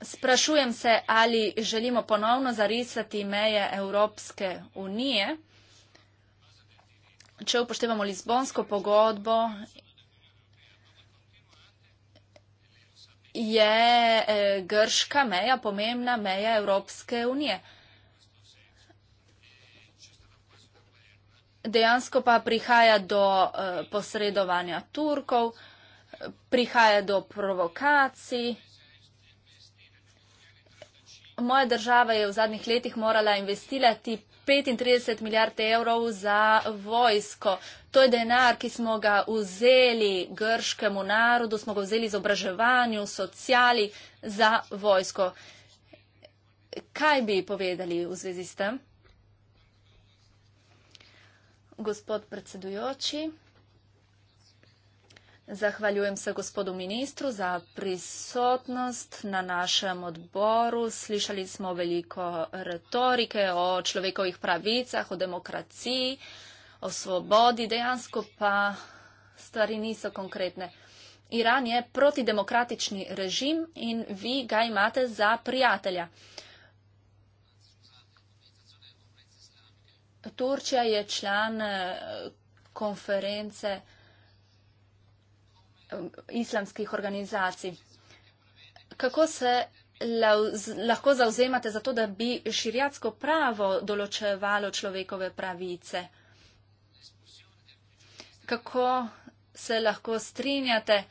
Speaker 2: Sprašujem se, ali želimo ponovno zarisati meje Evropske unije, če upoštevamo Lizbonsko pogodbo je eh, grška meja pomembna meja Evropske unije. Dejansko pa prihaja do eh, posredovanja Turkov, prihaja do provokacij. Moja država je v zadnjih letih morala investirati 35 milijard evrov za vojsko. To je denar, ki smo ga vzeli grškemu narodu, smo ga vzeli izobraževanju, sociali za vojsko. Kaj bi povedali v zvezi s tem? Gospod predsedujoči. Zahvaljujem se gospodu ministru za prisotnost na našem odboru. Slišali smo veliko retorike o človekovih pravicah, o demokraciji, o svobodi, dejansko pa stvari niso konkretne. Iran je protidemokratični režim in vi ga imate za prijatelja. Turčija je član eh, konference islamskih organizacij. Kako se lahko zauzemate za to, da bi širjatsko pravo določevalo človekove pravice? Kako se lahko strinjate e,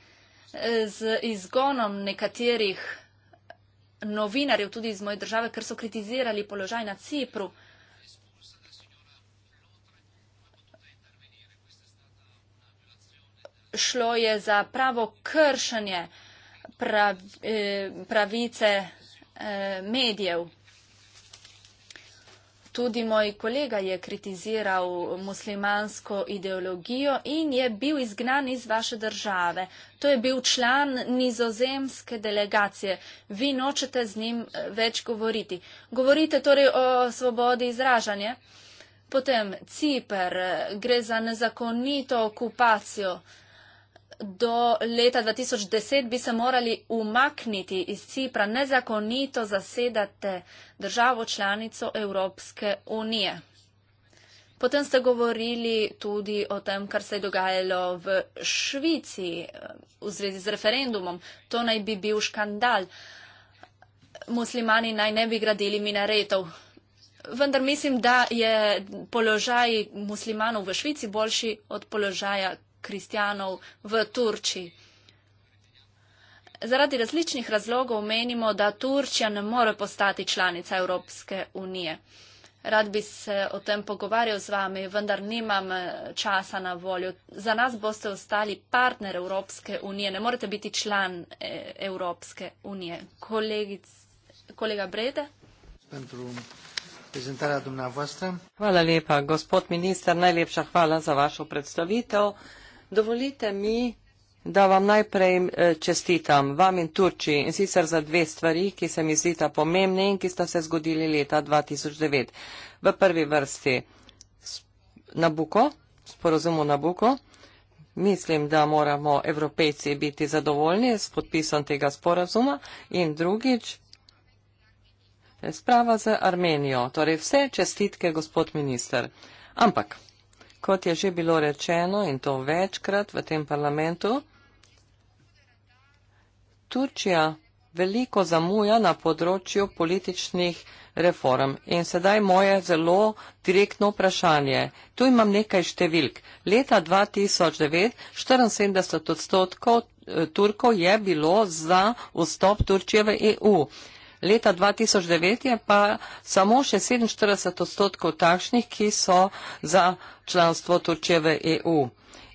Speaker 2: z izgonom nekaterih novinarjev tudi iz moje države, ker so kritizirali položaj na Cipru? šlo je za pravo kršenje eh, pravice eh, medijev. Tudi moj kolega je kritiziral muslimansko ideologijo in je bil izgnan iz vaše države. To je bil član nizozemske delegacije. Vi nočete z njim eh, več govoriti. Govorite torej o svobodi izražanja. Potem Ciper gre za nezakonito okupacijo do leta 2010 bi se morali umakniti iz Cipra, nezakonito zasedate državo članico Evropske unije. Potem ste govorili tudi o tem, kar se je dogajalo v Švici eh, v zvezi z referendumom. To naj bi bil škandal. Muslimani naj ne bi gradili minaretov. Vendar mislim, da je položaj muslimanov v Švici boljši od položaja kristijanov v Turčiji. Zaradi različnih razlogov menimo, da Turčija ne more postati članica Evropske unije. Rad bi se o tem pogovarjal z vami, vendar nimam eh, časa na voljo. Za nas boste ostali partner Evropske unije, ne morete biti član eh, Evropske unije. Kolegic, kolega Brede.
Speaker 3: Hvala lepa, gospod minister, najlepša hvala za vašo predstavitev. Dovolite mi, da vam najprej eh, čestitam, vam in Turčiji, in sicer za dve stvari, ki se mi zdita pomembne in ki sta se zgodili leta 2009. V prvi vrsti Nabuko, sporozumu Nabuko. Mislim, da moramo evropejci biti zadovoljni s podpisom tega sporazuma in drugič eh, sprava z Armenijo. Torej vse čestitke, gospod minister. Ampak Kot je že bilo rečeno in to večkrat v tem parlamentu, Turčija veliko zamuja na področju političnih reform. In sedaj moje zelo direktno vprašanje. Tu imam nekaj številk. Leta 2009 74 odstotkov eh, Turkov je bilo za vstop Turčije v EU leta 2009 je pa samo še 47 odstotkov takšnih, ki so za članstvo Turčije v EU.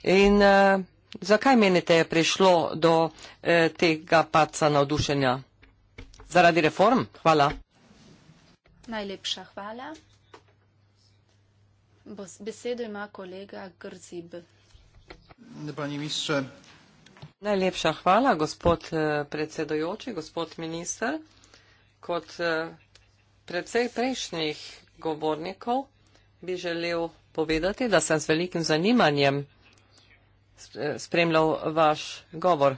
Speaker 3: In eh, zakaj menite, je prišlo do eh, tega paca navdušenja? Zaradi reform? Hvala.
Speaker 2: Najlepša hvala. Besedo ima kolega Grzib.
Speaker 3: Najlepša hvala, gospod eh, predsedojoči, gospod minister kot eh, predvsej prejšnjih govornikov bi želel povedati, da sem z velikim zanimanjem eh, spremljal vaš govor,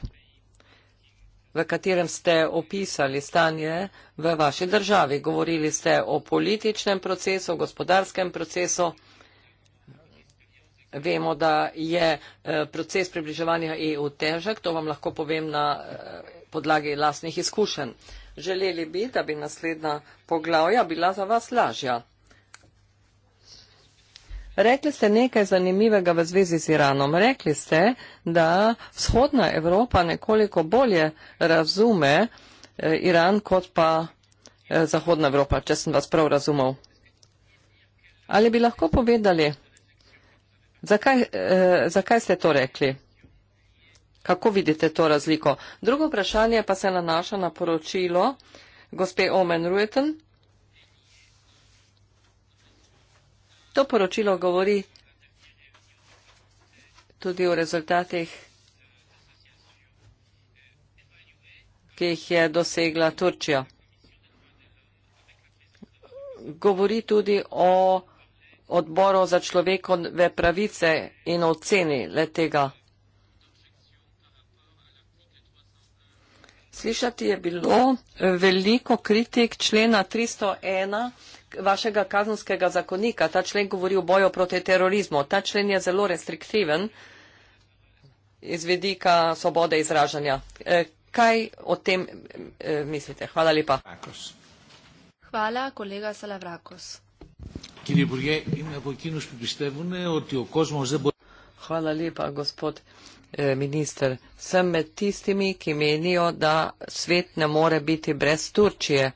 Speaker 3: v katerem ste opisali stanje v vaši državi. Govorili ste o političnem procesu, o gospodarskem procesu. Vemo, da je eh, proces približevanja EU težak, to vam lahko povem na podlagi lastnih izkušenj. Želeli bi, da bi naslednja poglavja bila za vas lažja. Rekli ste nekaj zanimivega v zvezi z Iranom. Rekli ste, da vzhodna Evropa nekoliko bolje razume eh, Iran kot pa eh, zahodna Evropa, če sem vas prav razumel. Ali bi lahko povedali, zakaj, eh, zakaj ste to rekli? Kako vidite to razliko? Drugo vprašanje pa se nanaša na poročilo gospe Omen Rueten. To poročilo govori tudi o rezultatih, ki jih je dosegla Turčija. Govori tudi o odboru za človekove pravice in oceni le tega. Slišati je bilo eh, veliko kritik člena 301 vašega kazenskega zakonika. Ta člen govori o boju proti terorizmu. Ta člen je zelo restriktiven iz vedika svobode izražanja. Eh, kaj o tem eh, mislite? Hvala lepa.
Speaker 2: Hvala, kolega Salavrakos.
Speaker 3: Hvala lepa, gospod. Eh, minister, sem med tistimi, ki menijo, da svet ne more biti brez Turčije.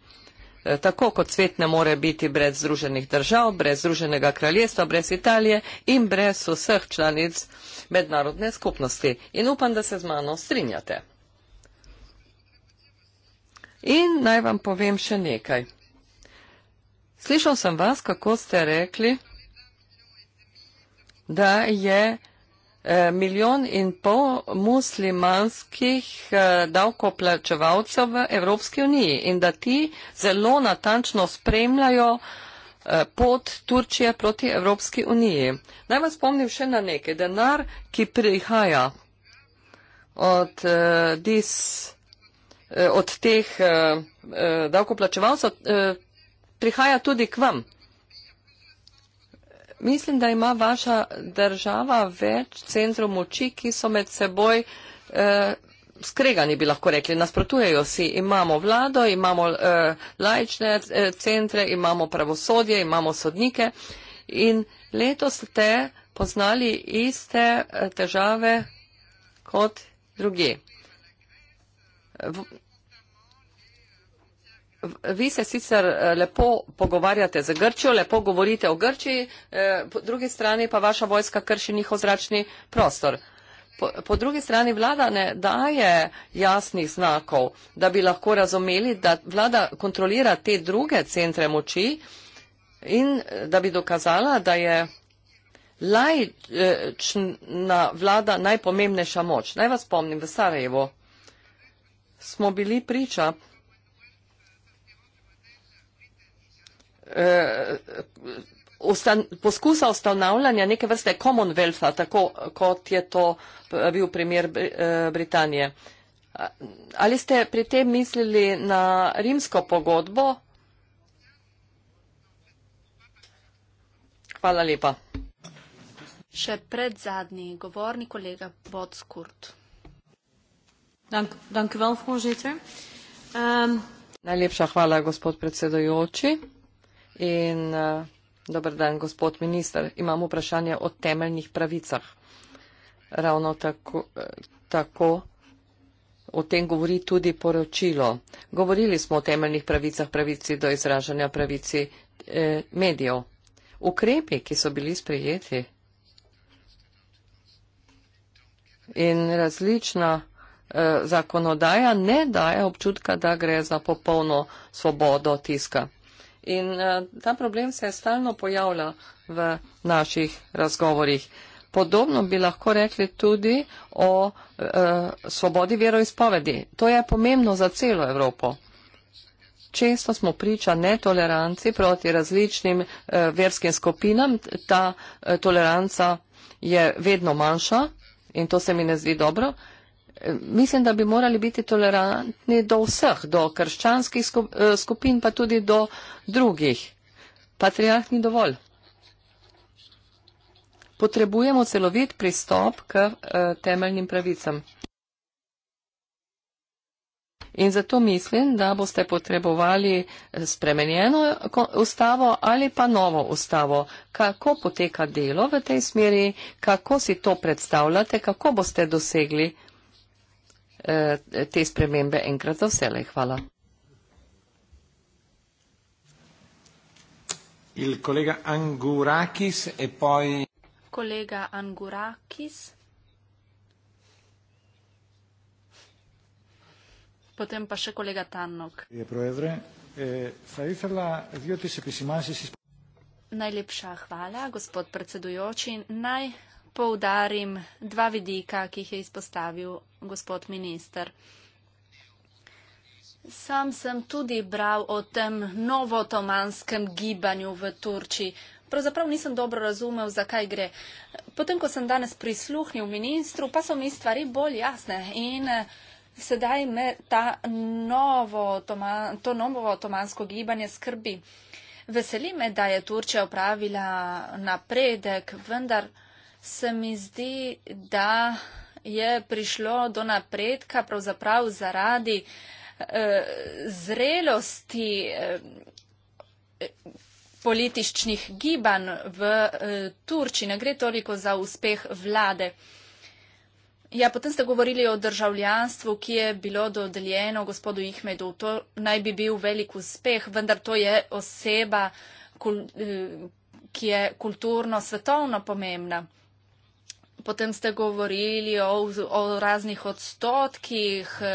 Speaker 3: Eh, tako kot svet ne more biti brez Združenih držav, brez Združenega kraljestva, brez Italije in brez vseh članic mednarodne skupnosti. In upam, da se z mano strinjate. In naj vam povem še nekaj. Slišal sem vas, kako ste rekli, da je Eh, milijon in pol muslimanskih eh, davkoplačevalcev v Evropski uniji in da ti zelo natančno spremljajo eh, pot Turčije proti Evropski uniji. Naj vas spomnim še na nekaj. Denar, ki prihaja od, uh, dis, od teh uh, davkoplačevalcev, uh, prihaja tudi k vam mislim, da ima vaša država več centrov moči, ki so med seboj eh, skregani, bi lahko rekli, nasprotujejo si. Imamo vlado, imamo eh, lajčne eh, centre, imamo pravosodje, imamo sodnike in letos ste poznali iste eh, težave kot drugi. V, Vi se sicer eh, lepo pogovarjate z Grčijo, lepo govorite o Grčiji, eh, po drugi strani pa vaša vojska krši njihov zračni prostor. Po, po drugi strani vlada ne daje jasnih znakov, da bi lahko razumeli, da vlada kontrolira te druge centre moči in eh, da bi dokazala, da je lajčna vlada najpomembnejša moč. Naj vas spomnim, v Sarajevo smo bili priča ustan, eh, poskusa ustanavljanja neke vrste Commonwealtha, tako kot je to eh, bil primer eh, Britanije. Ali ste pri tem mislili na rimsko pogodbo? Hvala lepa.
Speaker 2: Še pred zadnji govorni kolega Bodskurt.
Speaker 3: Dank, dank vel, um. Ehm, Najlepša hvala, gospod predsedojoči. In uh, dober dan, gospod minister. Imam vprašanje o temeljnih pravicah. Ravno tako, eh, tako o tem govori tudi poročilo. Govorili smo o temeljnih pravicah, pravici do izražanja, pravici eh, medijev. Ukrepi, ki so bili sprejeti in različna eh, zakonodaja ne daje občutka, da gre za popolno svobodo tiska. In uh, ta problem se je stalno pojavljal v naših razgovorih. Podobno bi lahko rekli tudi o uh, svobodi veroizpovedi. To je pomembno za celo Evropo. Često smo priča netoleranci proti različnim uh, verskim skupinam. Ta uh, toleranca je vedno manjša in to se mi ne zdi dobro. Uh, mislim, da bi morali biti tolerantni do vseh, do krščanskih eh, skupin, pa tudi do drugih. Patriarh ni dovolj. Potrebujemo celovit pristop k eh, temeljnim pravicam. In zato mislim, da boste potrebovali eh, spremenjeno ustavo ali pa novo ustavo. Kako poteka delo v tej smeri, kako si to predstavljate, kako boste dosegli. Eh, te spremembe enkrat za vse. Hvala.
Speaker 1: Il kolega Angurakis e poi...
Speaker 2: Kolega Angurakis. Potem pa še kolega Tannok. Najlepša hvala, gospod predsedujoči. Naj poudarim dva vidika, ki jih je izpostavil gospod minister. Sam sem tudi bral o tem novotomanskem gibanju v Turčiji. Pravzaprav nisem dobro razumel, zakaj gre. Potem, ko sem danes prisluhnil ministru, pa so mi stvari bolj jasne in eh, sedaj me ta novo, to novotomansko gibanje skrbi. Veseli me, da je Turčija upravila napredek, vendar se mi zdi, da je prišlo do napredka pravzaprav zaradi eh, zrelosti eh, političnih gibanj v eh, Turčiji. Ne gre toliko za uspeh vlade. Ja, potem ste govorili o državljanstvu, ki je bilo dodeljeno gospodu Ihmedu. To naj bi bil velik uspeh, vendar to je oseba, kul, eh, ki je kulturno, svetovno pomembna potem ste govorili o, o raznih odstotkih eh,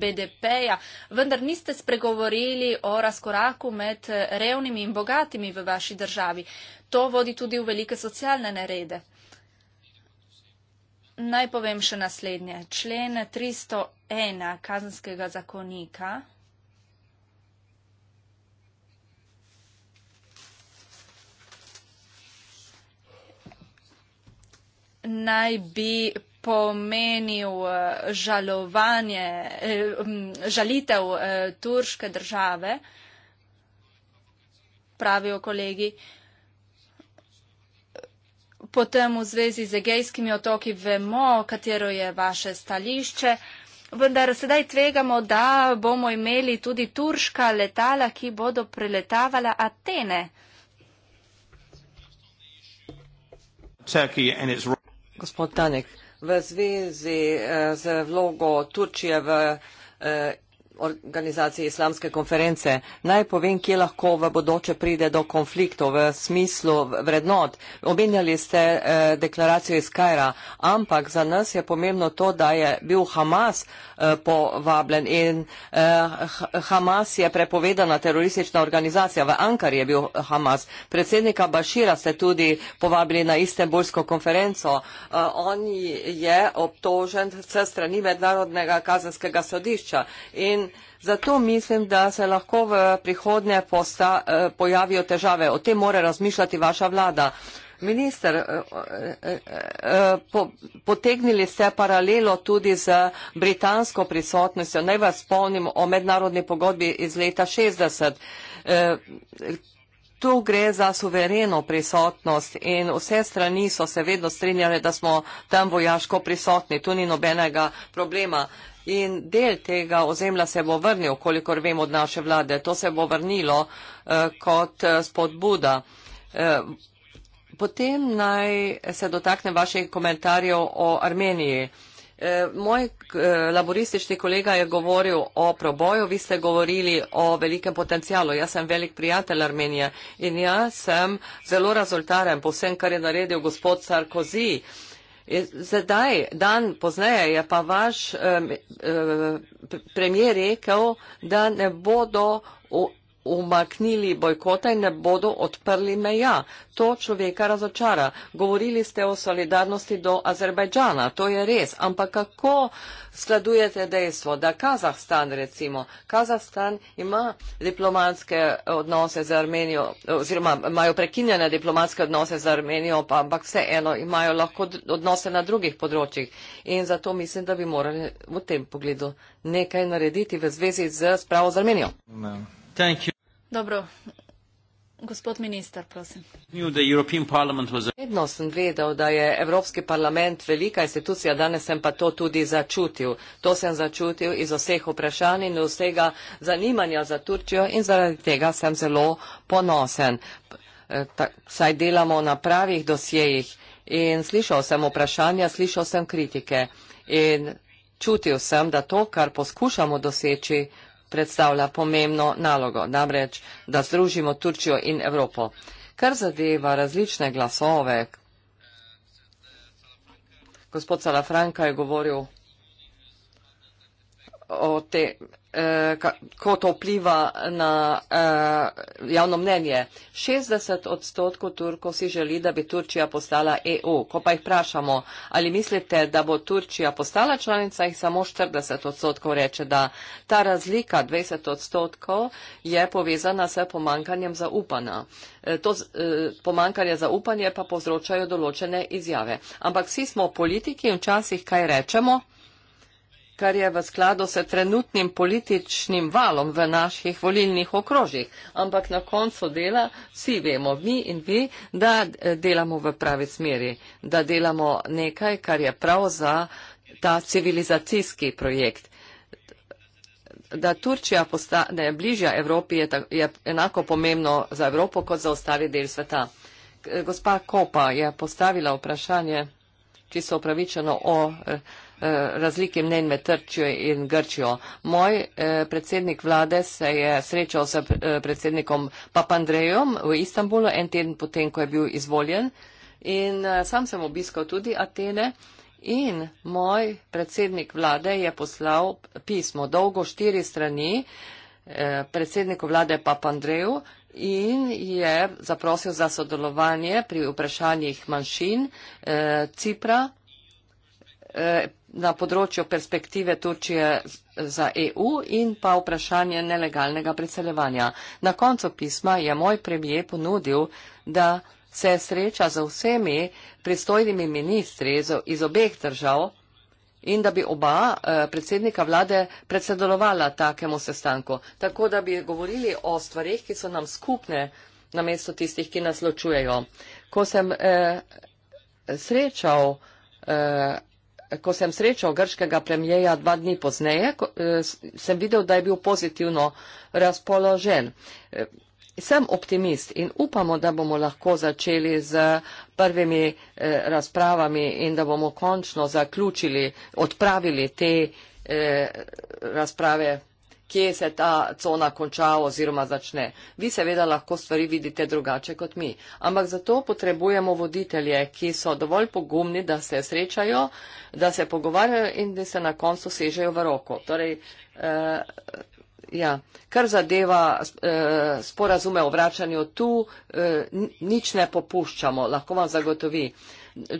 Speaker 2: BDP-ja, vendar niste spregovorili o razkoraku med eh, revnimi in bogatimi v vaši državi. To vodi tudi v velike socialne nerede. Naj povem še naslednje. Člen 301 kazenskega zakonika. naj bi pomenil eh, žalovanje, eh, žalitev eh, turške države, pravijo kolegi. Potem v zvezi z egejskimi otoki vemo, katero je vaše stališče, vendar sedaj tvegamo, da bomo imeli tudi turška letala, ki bodo preletavala Atene.
Speaker 3: Turkey and its Gospod Tanek, v zvezi eh, z vlogo Turčije v eh, organizacije islamske konference. Naj povem, kje lahko v bodoče pride do konfliktov v smislu vrednot. Omenjali ste eh, deklaracijo iz Kajra, ampak za nas je pomembno to, da je bil Hamas eh, povabljen in eh, Hamas je prepovedana teroristična organizacija. V Ankari je bil Hamas. Predsednika Bašira ste tudi povabili na istembulsko konferenco. Eh, on je obtožen strani mednarodnega kazenskega sodišča. In zato mislim, da se lahko v prihodnje posta, eh, pojavijo težave. O tem mora razmišljati vaša vlada. Minister, eh, eh, potegnili ste paralelo tudi z britansko prisotnostjo. Naj vas spomnim o mednarodni pogodbi iz leta 60. Tu gre za suvereno prisotnost in vse strani so se vedno strinjale, da smo tam vojaško prisotni. Tu ni nobenega problema in del tega ozemlja se bo vrnil, kolikor vem od naše vlade. To se bo vrnilo eh, kot eh, spodbuda. Eh, potem naj se dotaknem vaših komentarjev o Armeniji. Moj laboristični kolega je govoril o proboju, vi ste govorili o velikem potencijalu. Jaz sem velik prijatelj Armenije in jaz sem zelo razoltaren po vsem, kar je naredil gospod Sarkozy. Zdaj, dan pozneje je pa vaš premijer rekel, da ne bodo vsega, umaknili bojkota in ne bodo odprli meja. To človeka razočara. Govorili ste o solidarnosti do Azerbajdžana, to je res, ampak kako skladujete dejstvo, da Kazahstan recimo, Kazahstan ima diplomatske odnose z Armenijo, oziroma imajo prekinjene diplomatske odnose z Armenijo, pa, ampak vseeno imajo lahko odnose na drugih področjih. In zato mislim, da bi morali v tem pogledu nekaj narediti v zvezi z spravo z Armenijo. Ne.
Speaker 2: Dobro. Gospod minister, prosim. Vedno
Speaker 3: sem vedel, da je Evropski parlament velika institucija, danes sem pa to tudi začutil. To sem začutil iz vseh vprašanj in vsega zanimanja za Turčijo in zaradi tega sem zelo ponosen. E, saj delamo na pravih dosjejih in slišal sem vprašanja, slišal sem kritike in čutil sem, da to, kar poskušamo doseči, predstavlja pomembno nalogo, namreč, da združimo Turčijo in Evropo. Kar zadeva različne glasove, gospod Salafranka je govoril, o te, eh, kako to vpliva na eh, javno mnenje. 60 odstotkov Turkov si želi, da bi Turčija postala EU. Ko pa jih vprašamo, ali mislite, da bo Turčija postala članica, jih samo 40 odstotkov reče, da ta razlika 20 odstotkov je povezana s pomankanjem zaupanja. Eh, to pomankanje zaupanja pa povzročajo določene izjave. Ampak vsi smo politiki in včasih kaj rečemo, kar je v skladu s trenutnim političnim valom v naših volilnih okrožjih. Ampak na koncu dela vsi vemo, mi in vi, da eh, delamo v pravi smeri, da delamo nekaj, kar je prav za ta civilizacijski projekt. Da Turčija postane bližja Evropi je, tako, je enako pomembno za Evropo kot za ostali del sveta. Gospa Kopa je postavila vprašanje, čisto upravičeno o eh, razlike mnen med Trčjo in Grčjo. Moj eh, predsednik vlade se je srečal s eh, predsednikom Papandrejom v Istanbulu en teden potem, ko je bil izvoljen in eh, sam sem obiskal tudi Atene. In moj predsednik vlade je poslal pismo dolgo štiri strani predsedniku vlade Papandreju in je zaprosil za sodelovanje pri vprašanjih manjšin Cipra, na področju perspektive Turčije za EU in pa vprašanje nelegalnega preseljevanja. Na koncu pisma je moj premije ponudil, da se sreča z vsemi pristojnimi ministri iz obeh držav in da bi oba eh, predsednika vlade predsedolovala takemu sestanku. Tako da bi govorili o stvarih, ki so nam skupne na mesto tistih, ki nas ločujejo. Ko sem eh, srečal eh, ko sem srečal grškega premijeja dva dni pozneje, ko, eh, sem videl, da je bil pozitivno razpoložen. Eh, sem optimist in upamo, da bomo lahko začeli z prvimi eh, razpravami in da bomo končno zaključili, odpravili te eh, razprave kje se ta cona konča oziroma začne. Vi seveda lahko stvari vidite drugače kot mi, ampak zato potrebujemo voditelje, ki so dovolj pogumni, da se srečajo, da se pogovarjajo in da se na koncu sežejo v roko. Torej, eh, ja, kar zadeva eh, sporazume o vračanju, tu eh, nič ne popuščamo, lahko vam zagotovi.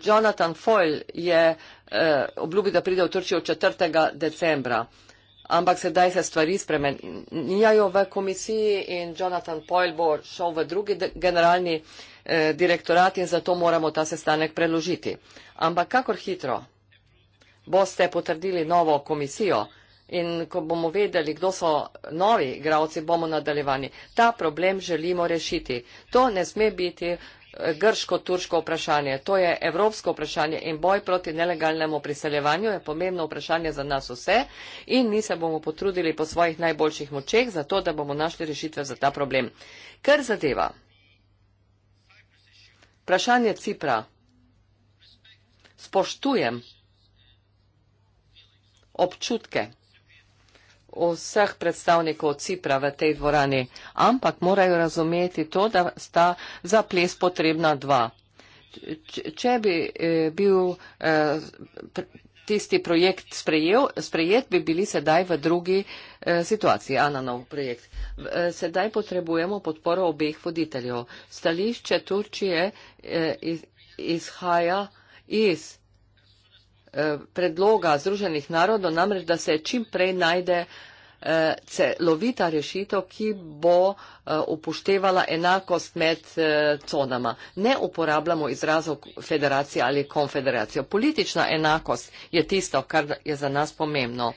Speaker 3: Jonathan Foyle je eh, obljubil, da pride v Turčijo 4. decembra. Eh, ampak sedaj se stvari spremenjajo v komisiji in Jonathan Poyle bo šel v drugi generalni eh, direktorat in zato moramo ta sestanek preložiti. Ampak kakor hitro boste potrdili novo komisijo in ko bomo vedeli, kdo so novi igravci, bomo nadaljevani. Ta problem želimo rešiti. To ne sme biti grško-turško vprašanje. To je evropsko vprašanje in boj proti nelegalnemu priseljevanju je pomembno vprašanje za nas vse in mi se bomo potrudili po svojih najboljših močeh za to, da bomo našli rešitve za ta problem. Kar zadeva? Vprašanje Cipra. Spoštujem občutke vseh predstavnikov Cipra v tej dvorani, ampak morajo razumeti to, da sta za ples potrebna dva. Če bi eh, bil eh, tisti projekt sprejel, sprejet, bi bili sedaj v drugi eh, situaciji, a na nov projekt. Sedaj potrebujemo podporo obeh voditeljev. Stališče Turčije izhaja iz predloga Združenih narodov, namreč da se čim prej najde eh, celovita rešitev, ki bo eh, upoštevala enakost med eh, conama. Ne uporabljamo izrazov federacije ali konfederacijo. Politična enakost je tisto, kar je za nas pomembno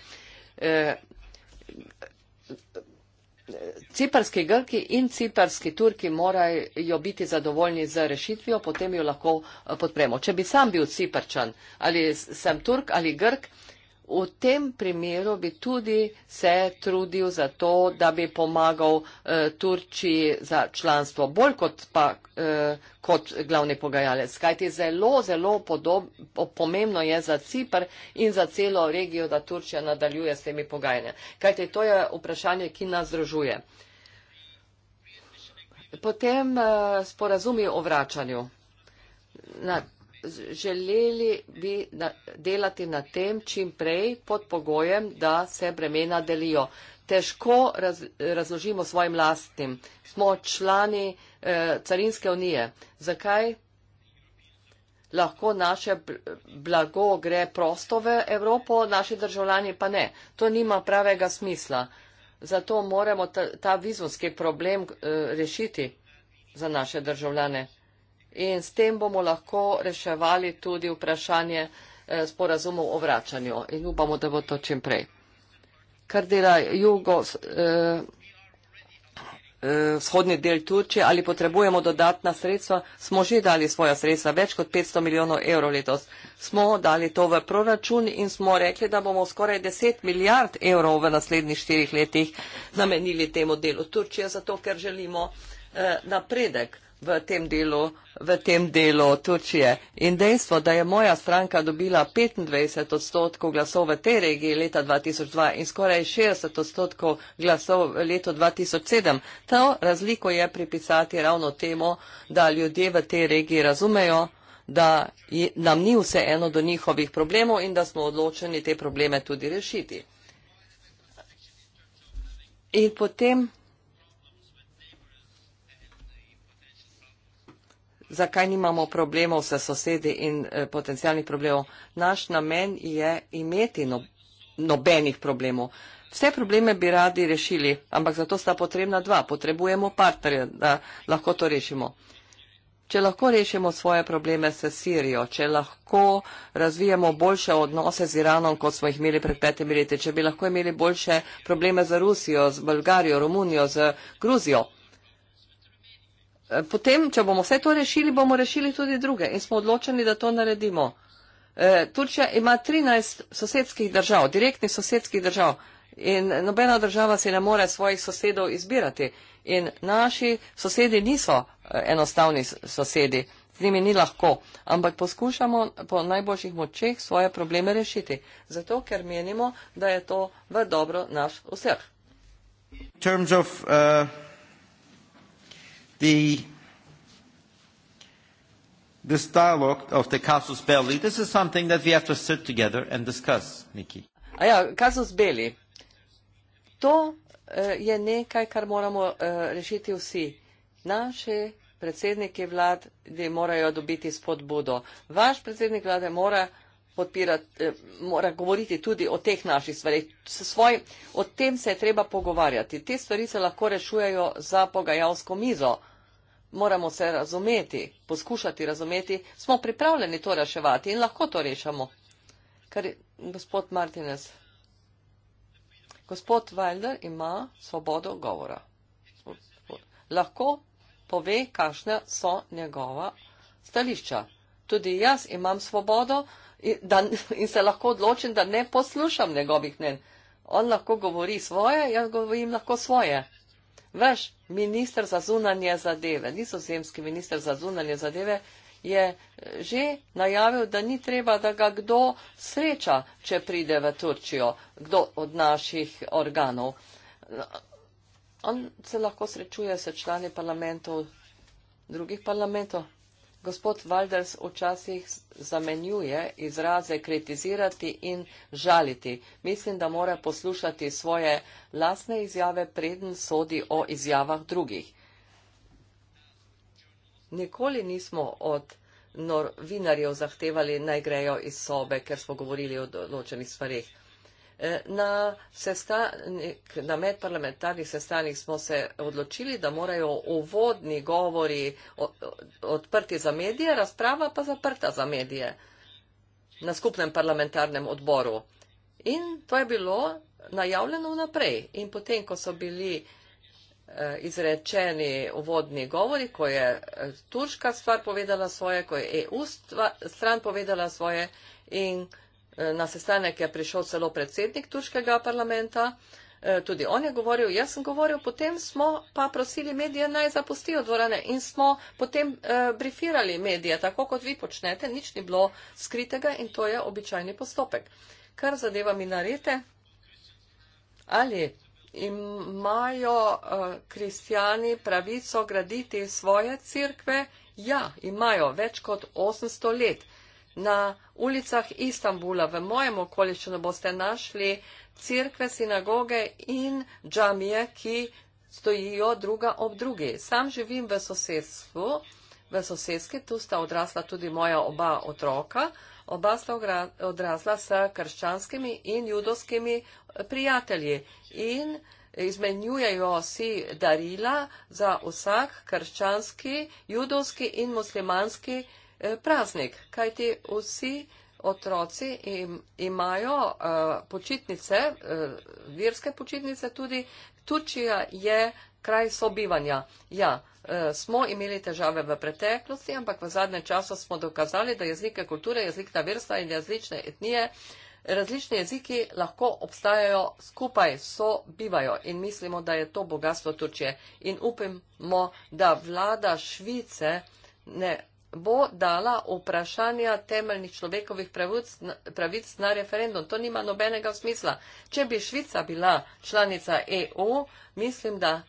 Speaker 3: ciprski grki in ciprski turki morajo biti zadovoljni z rešitvijo, potem jo lahko eh, podpremo. Če bi sam bil ciprčan ali sem turk ali grk, V tem primeru bi tudi se trudil za to, da bi pomagal eh, Turčiji za članstvo, bolj kot, pa, eh, kot glavni pogajalec. Kajti zelo, zelo podob, pomembno je za Cipr in za celo regijo, da Turčija nadaljuje s temi pogajanji. Kajti to je vprašanje, ki nas združuje. Potem eh, sporazumi o vračanju. Na želeli bi na, delati na tem čim prej pod pogojem, da se bremena delijo. Težko raz, razložimo svojim lastnim. Smo člani eh, carinske unije. Zakaj lahko naše blago gre prosto v Evropo, naši državljani pa ne? To nima pravega smisla. Zato moramo ta, ta vizumski problem eh, rešiti za naše državljane in s tem bomo lahko reševali tudi vprašanje eh, sporazumov o vračanju in upamo, da bo to čim prej. Kar dela jugo, eh, eh, vzhodni del Turčije, ali potrebujemo dodatna sredstva, smo že dali svoja sredstva, več kot 500 milijonov evrov letos. Smo dali to v proračun in smo rekli, da bomo skoraj 10 milijard evrov v naslednjih štirih letih namenili temu delu Turčije, zato ker želimo napredek v tem delu, v tem delu Turčije. In dejstvo, da je moja stranka dobila 25 odstotkov glasov v tej regiji leta 2002 in skoraj 60 odstotkov glasov v letu 2007. To razliko je pripisati ravno temu, da ljudje v tej regiji razumejo, da nam ni vse eno do njihovih problemov in da smo odločeni te probleme tudi rešiti. In potem zakaj nimamo problemov s sosedi in eh, potencijalnih problemov. Naš namen je imeti no, nobenih problemov. Vse probleme bi radi rešili, ampak zato sta potrebna dva. Potrebujemo partnerja, da lahko to rešimo. Če lahko rešimo svoje probleme s Sirijo, če lahko razvijemo boljše odnose z Iranom, kot smo jih imeli pred petimi leti, če bi lahko imeli boljše probleme z Rusijo, z Bolgarijo, Romunijo, z Gruzijo, Eh, potem, če bomo vse to rešili, bomo rešili tudi druge in smo odločeni, da to naredimo. Eh, Turčija ima 13 sosedskih držav, direktnih sosedskih držav in nobena država si ne more svojih sosedov izbirati in naši sosedi niso eh, enostavni sosedi, z njimi ni lahko, ampak poskušamo po najboljših močeh svoje probleme rešiti, zato ker menimo, da je to v dobro naš vseh.
Speaker 4: In terms of uh, the this dialogue of the casus belli, this is something that we have to sit together and discuss, Niki.
Speaker 3: Ah, ja, casus belli. To uh, je nekaj, kar moramo uh, rešiti vsi. Naši predsedniki vlad morajo dobiti spodbudo. Vaš predsednik vlade mora podpirati, eh, mora govoriti tudi o teh naših stvarih. Svoj, o tem se je treba pogovarjati. Te stvari se lahko rešujejo za pogajalsko mizo. Moramo se razumeti, poskušati razumeti. Smo pripravljeni to reševati in lahko to rešamo. Kar, gospod Martinez, gospod Wilder ima svobodo govora. Lahko pove, kakšne so njegova stališča. Tudi jaz imam svobodo in, da, in se lahko odločim, da ne poslušam njegovih mnen. On lahko govori svoje, jaz govorim lahko svoje. Veš, ministr za zunanje zadeve, nizozemski ministr za zunanje zadeve, je eh, že najavil, da ni treba, da ga kdo sreča, če pride v Turčijo, kdo od naših organov. On se lahko srečuje s člani parlamentov, drugih parlamentov, Gospod Valders včasih zamenjuje izraze kritizirati in žaliti. Mislim, da mora poslušati svoje lasne izjave, preden sodi o izjavah drugih. Nikoli nismo od novinarjev zahtevali, naj grejo iz sobe, ker smo govorili o določenih stvarih. Eh, na sestanek, na medparlamentarnih sestanjih smo se odločili, da morajo uvodni govori odprti za medije, razprava pa zaprta za medije na skupnem parlamentarnem odboru. In to je bilo najavljeno vnaprej. In potem, ko so bili eh, izrečeni uvodni govori, ko je eh, turška stvar povedala svoje, ko je EU stran povedala svoje in vsega, Eh, na sestanek je prišel celo predsednik turškega parlamenta, eh, tudi on je govoril, jaz sem govoril, potem smo pa prosili medije naj zapustijo dvorane in smo potem eh, brifirali medije, tako kot vi počnete, nič ni bilo skritega in to je običajni postopek. Kar zadeva minarete, ali imajo kristijani pravico graditi svoje cirkve? Ja, imajo več kot 800 let. Na ulicah Istanbula, v mojem okoliščinu, no, boste našli cerkve, sinagoge in džamije, ki stojijo druga ob drugi. Sam živim v sosedstvu, v sosedski, tu sta odrasla tudi moja oba otroka. Oba sta odrasla s krščanskimi in judovskimi eh, prijatelji in izmenjujejo si darila za vsak krščanski, judovski in muslimanski prijatelj. Eh, praznik, kajti vsi otroci im, imajo uh, počitnice, uh, verske počitnice tudi. Turčija je kraj sobivanja. Ja, uh, smo imeli težave v preteklosti, ampak v zadnjem času smo dokazali, da jezike kulture, jezikna vrsta in različne etnije, različni jeziki lahko obstajajo skupaj, sobivajo in mislimo, da je to bogatstvo Turčije. In upimo, da vlada Švice ne bo dala vprašanja temeljnih človekovih pravic, pravic na referendum. To nima nobenega smisla. Če bi Švica bila članica EU, mislim, da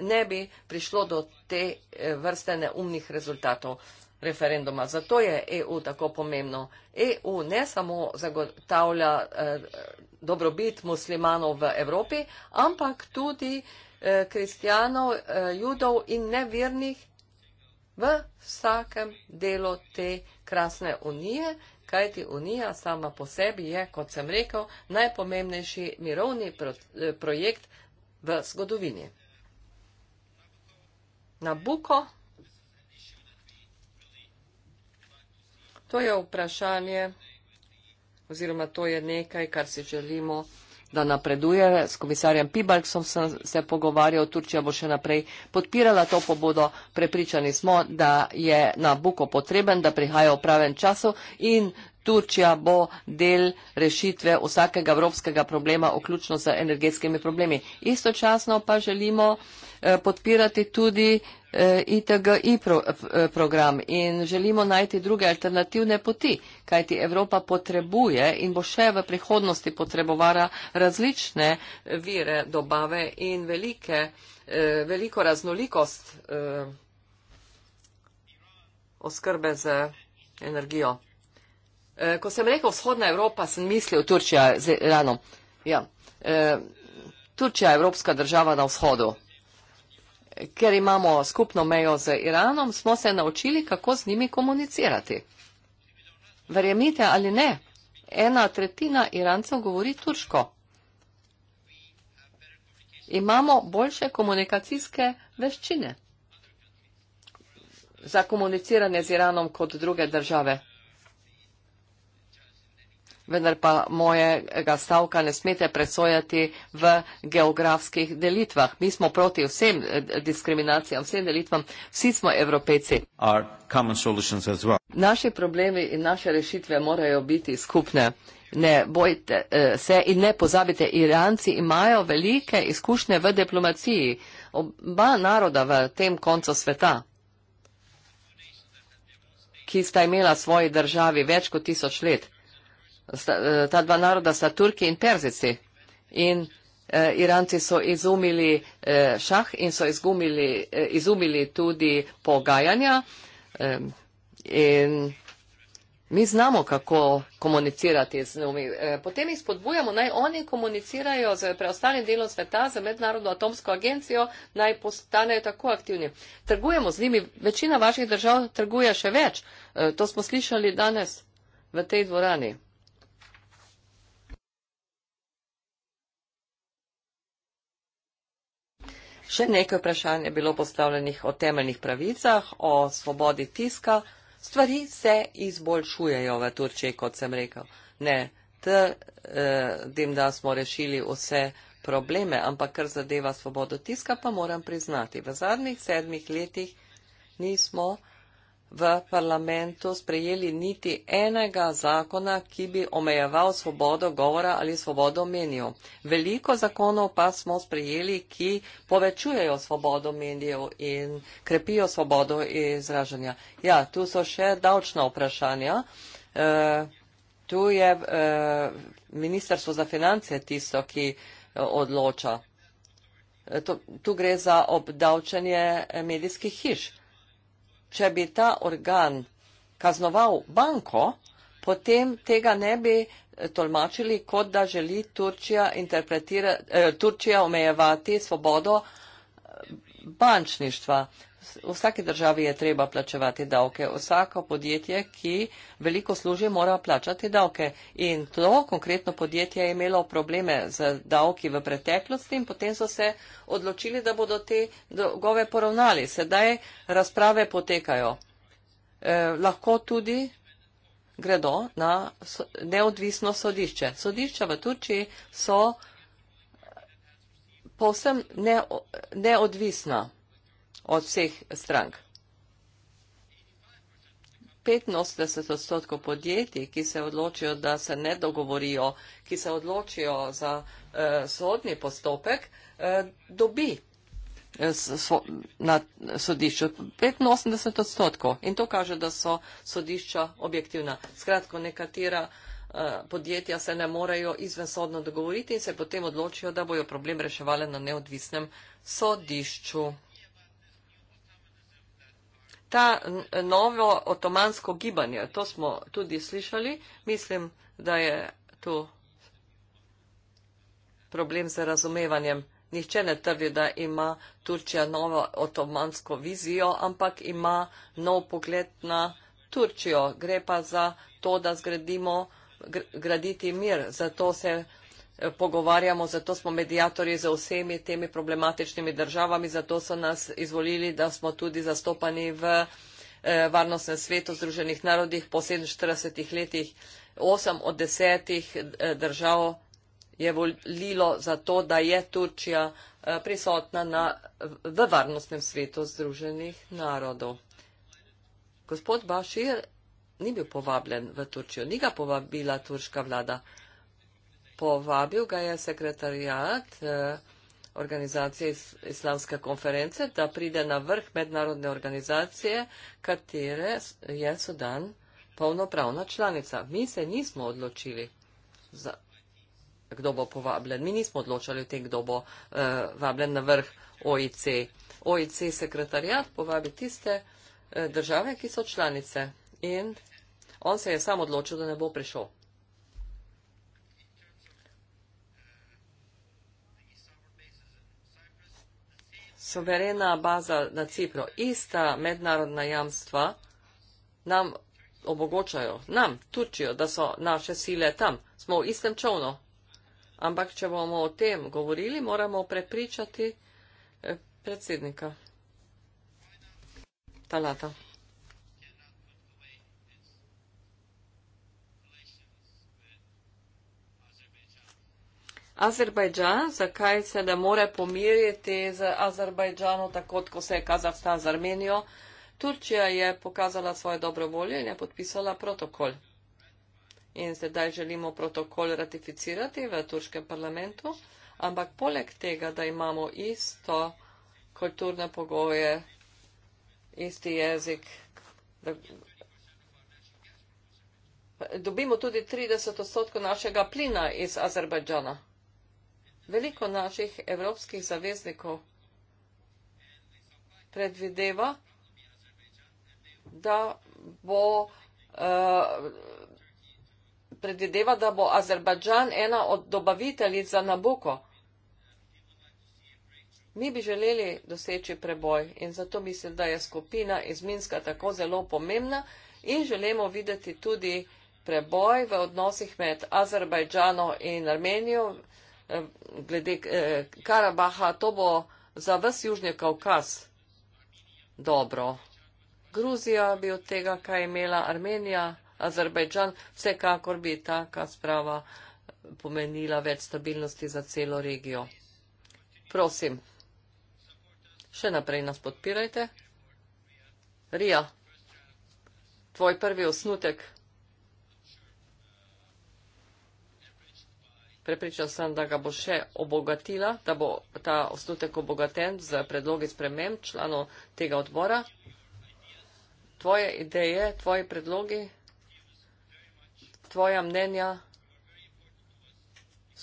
Speaker 3: ne bi prišlo do te eh, vrste neumnih rezultatov referenduma. Zato je EU tako pomembno. EU ne samo zagotavlja eh, dobrobit muslimanov v Evropi, ampak tudi eh, kristijanov, eh, judov in nevernih v vsakem delu te krasne unije, kajti unija sama po sebi je, kot sem rekel, najpomembnejši mirovni eh, projekt v zgodovini. Nabuko. To je vprašanje oziroma to je nekaj, kar si želimo da napreduje. S komisarjem Pibalksom sem se pogovarjal, Turčija bo še naprej podpirala to pobudo. Prepričani smo, da je na Buko potreben, da prihaja v pravem času in Turčija bo del rešitve vsakega evropskega problema, vključno z energetskimi problemi. Istočasno pa želimo eh, podpirati tudi ITGI eh, eh, program in želimo najti druge alternativne poti, kajti Evropa potrebuje in bo še v prihodnosti potrebovala različne vire dobave in velike, veliko raznolikost oskrbe z energijo. Eh, ko sem rekel vzhodna Evropa, sem mislil Turčija z Iranom. Ja. Eh, Turčija je evropska država na vzhodu. Ker imamo skupno mejo z Iranom, smo se naučili, kako z njimi komunicirati. Verjemite ali ne, ena tretjina Irancev govori turško. Imamo boljše komunikacijske veščine za komuniciranje z Iranom kot druge države vendar pa mojega stavka ne smete presojati v geografskih delitvah. Mi smo proti vsem eh, diskriminacijam, vsem delitvam, vsi smo evropejci. Well. Naši problemi in naše rešitve morajo biti skupne. Ne bojte eh, se in ne pozabite, Iranci imajo velike izkušnje v diplomaciji oba naroda v tem koncu sveta ki sta imela svoji državi več kot tisoč let sta, eh, ta dva naroda sta Turki in Perzici. In eh, Iranci so izumili eh, šah in so izgumili, eh, izumili tudi pogajanja. Eh, in mi znamo, kako komunicirati z njimi. Eh, potem jih spodbujamo, naj oni komunicirajo z preostalim delom sveta, z mednarodno atomsko agencijo, naj postanejo tako aktivni. Trgujemo z njimi, večina vaših držav trguje še več. Eh, to smo slišali danes v tej dvorani. Še nekaj vprašanj je bilo postavljenih o temeljnih pravicah, o svobodi tiska. Stvari se izboljšujejo v Turčiji, kot sem rekel. Ne, tem, eh, da smo rešili vse probleme, ampak kar zadeva svobodo tiska, pa moram priznati. V zadnjih sedmih letih nismo v parlamentu sprejeli niti enega zakona, ki bi omejeval svobodo govora ali svobodo menijo. Veliko zakonov pa smo sprejeli, ki povečujejo svobodo menijev in krepijo svobodo izražanja. Ja, tu so še davčna vprašanja. E, tu je e, Ministrstvo za finance tisto, ki e, odloča. E, to, tu gre za obdavčanje medijskih hiš če bi ta organ kaznoval banko, potem tega ne bi eh, tolmačili, kot da želi Turčija, eh, Turčija omejevati svobodo eh, bančništva vsaki državi je treba plačevati davke. Vsako podjetje, ki veliko služi, mora plačati davke. In to konkretno podjetje je imelo probleme z davki v preteklosti in potem so se odločili, da bodo te dolgove poravnali. Sedaj razprave potekajo. Eh, lahko tudi gredo na so, neodvisno sodišče. Sodišča v Turčiji so povsem ne, neodvisna od vseh strank. 85 odstotkov podjetij, ki se odločijo, da se ne dogovorijo, ki se odločijo za uh, sodni postopek, uh, dobi eh, so, na sodišču. 85 odstotkov. In to kaže, da so sodišča objektivna. Skratko, nekatera uh, podjetja se ne morejo izvensodno dogovoriti in se potem odločijo, da bojo problem reševali na neodvisnem sodišču ta novo otomansko gibanje, to smo tudi slišali, mislim, da je tu problem z razumevanjem. Nihče ne trdi, da ima Turčija novo otomansko vizijo, ampak ima nov pogled na Turčijo. Gre pa za to, da zgradimo, graditi mir. Zato se pogovarjamo, zato smo medijatorji z vsemi temi problematičnimi državami, zato so nas izvolili, da smo tudi zastopani v eh, varnostnem svetu Združenih narodih po 47 letih. Osem od desetih eh, držav je volilo za to, da je Turčija eh, prisotna na, v varnostnem svetu Združenih narodov. Gospod Bašir ni bil povabljen v Turčijo, ni ga povabila turška vlada povabil ga je sekretarijat eh, organizacije Islamske konference, da pride na vrh mednarodne organizacije, katere je Sudan polnopravna članica. Mi se nismo odločili, za, kdo bo povabljen. Mi nismo odločali o tem, kdo bo uh, vabljen na vrh OIC. OIC sekretarijat povabi tiste uh, države, ki so članice. In on se je sam odločil, da ne bo prišel. suverena baza na Cipru, ista mednarodna jamstva nam obogočajo, nam tučijo, da so naše sile tam. Smo v istem čovnu. Ampak, če bomo o tem govorili, moramo prepričati eh, predsednika. Talata. Azerbajdžan, zakaj se ne more pomiriti z Azerbajdžanom, tako kot se je Kazahstan z Armenijo. Turčija je pokazala svoje dobro volje in je podpisala protokol. In zdaj želimo protokol ratificirati v turškem parlamentu, ampak poleg tega, da imamo isto kulturne pogoje, isti jezik, da dobimo tudi 30 odstotkov našega plina iz Azerbajdžana. Veliko naših evropskih zaveznikov predvideva, da bo, uh, predvideva, da bo Azerbajdžan ena od dobaviteljic za Nabuko. Mi bi želeli doseči preboj in zato mislim, da je skupina iz Minska tako zelo pomembna in želimo videti tudi preboj v odnosih med Azerbajdžano in Armenijo. Eh, glede eh, Karabaha, to bo za vas Južni Kaukaz dobro. Gruzija bi od tega, kaj je imela Armenija, Azerbajdžan, vsekakor bi taka sprava eh, pomenila več stabilnosti za celo regijo. Prosim, še naprej nas podpirajte. Rija, tvoj prvi osnutek. Prepričan sem, da ga bo še obogatila, da bo ta osnutek obogaten z predlogi sprememb članov tega odbora. Tvoje ideje, tvoji predlogi, tvoja mnenja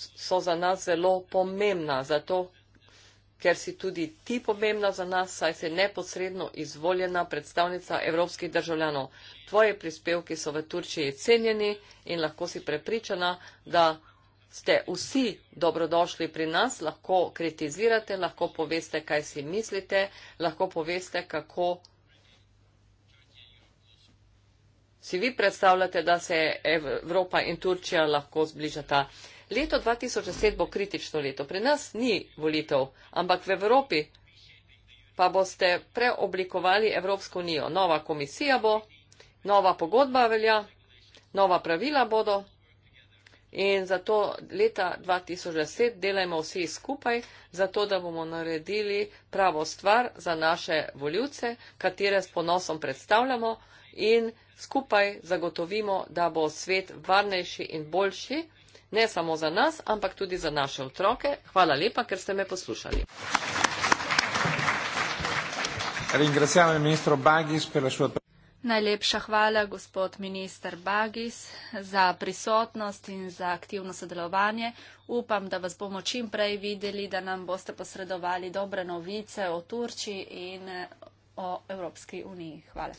Speaker 3: so za nas zelo pomembna, zato ker si tudi ti pomembna za nas, saj si neposredno izvoljena predstavnica evropskih državljanov. Tvoje prispevki so v Turčiji cenjeni in lahko si prepričana, da ste vsi dobrodošli pri nas, lahko kritizirate, lahko poveste, kaj si mislite, lahko poveste, kako si vi predstavljate, da se Evropa in Turčija lahko zbližata. Leto 2007 bo kritično leto. Pri nas ni volitev, ampak v Evropi pa boste preoblikovali Evropsko unijo. Nova komisija bo, nova pogodba velja, nova pravila bodo. In zato leta 2010 delajmo vsi skupaj, zato da bomo naredili pravo stvar za naše voljivce, katere s ponosom predstavljamo in skupaj zagotovimo, da bo svet varnejši in boljši, ne samo za nas, ampak tudi za naše otroke. Hvala lepa, ker ste me poslušali.
Speaker 1: Ringraziamo il ministro Baghis per la sua
Speaker 2: Najlepša hvala, gospod minister Bagis, za prisotnost in za aktivno sodelovanje. Upam, da vas bomo čim prej videli, da nam boste posredovali dobre novice o Turčiji in o Evropski uniji. Hvala.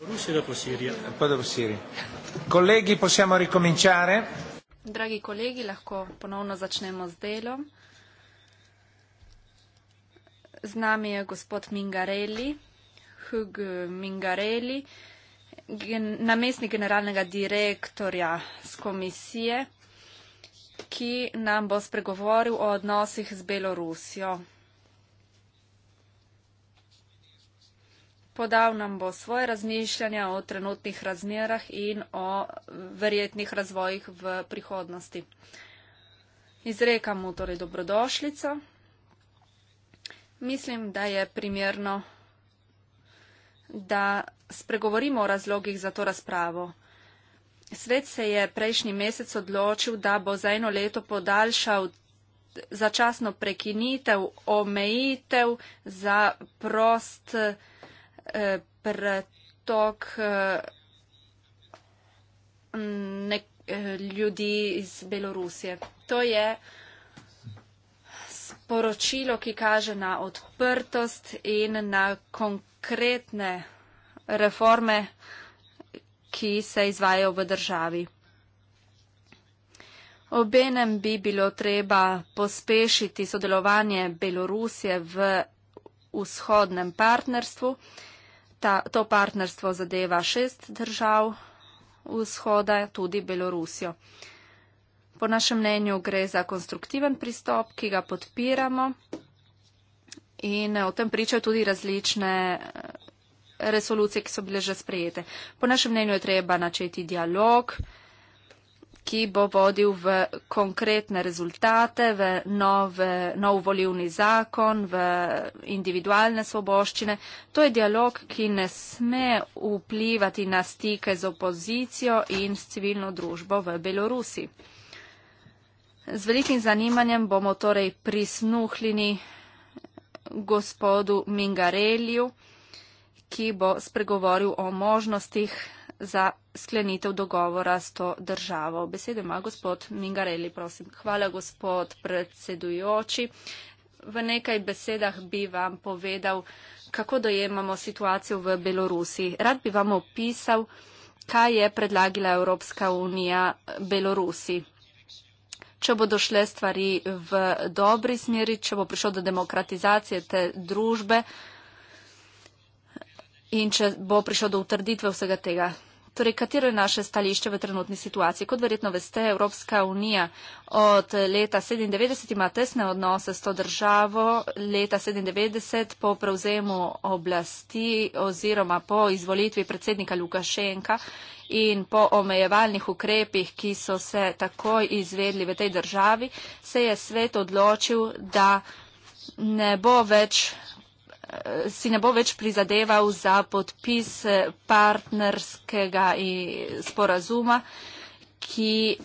Speaker 1: Russia e dopo Siria. E poi dopo Siria. Colleghi, possiamo ricominciare?
Speaker 2: Draghi colleghi, lahko ponovno začnemo z delom. Z nami je gospod Mingarelli, Hug Mingarelli, gen, namestnik generalnega direktorja z komisije, ki nam bo spregovoril o odnosih z Belorusijo. Podal nam bo svoje razmišljanja o trenutnih razmerah in o verjetnih razvojih v prihodnosti. Izrekam mu torej dobrodošljico. Mislim, da je primerno, da spregovorimo o razlogih za to razpravo. Svet se je prejšnji mesec odločil, da bo za eno leto podaljšal začasno prekinitev, omejitev za prost pretok eh, nek, eh, ljudi iz Belorusije. To je sporočilo, ki kaže na odprtost in na konkretne reforme, ki se izvajo v državi. Obenem bi bilo treba pospešiti sodelovanje Belorusije v vzhodnem partnerstvu ta, to partnerstvo zadeva šest držav vzhoda, tudi Belorusijo. Po našem mnenju gre za konstruktiven pristop, ki ga podpiramo in o tem pričajo tudi različne eh, resolucije, ki so bile že sprejete. Po našem mnenju je treba načeti dialog ki bo vodil v konkretne rezultate, v nove, nov volivni zakon, v individualne svoboščine. To je dialog, ki ne sme vplivati na stike z opozicijo in s civilno družbo v Belorusi. Z velikim zanimanjem bomo torej prisnuhljeni gospodu Mingareliju, ki bo spregovoril o možnostih za sklenitev dogovora s to državo. Besede ima gospod Mingarelli, prosim. Hvala, gospod predsedujoči. V nekaj besedah bi vam povedal, kako dojemamo situacijo v Belorusiji. Rad bi vam opisal, kaj je predlagila Evropska unija Belorusi. Če bodo šle stvari v dobri smeri, če bo prišlo do demokratizacije te družbe in če bo prišlo do utrditve vsega tega. Torej, katero je naše stališče v trenutni situaciji? Kot verjetno veste, Evropska unija od leta 1997 ima tesne odnose s to državo. Leta 1997 po prevzemu oblasti oziroma po izvolitvi predsednika Lukašenka in po omejevalnih ukrepih, ki so se takoj izvedli v tej državi, se je svet odločil, da ne bo več si ne bo več prizadeval za podpis eh, partnerskega eh, sporazuma, ki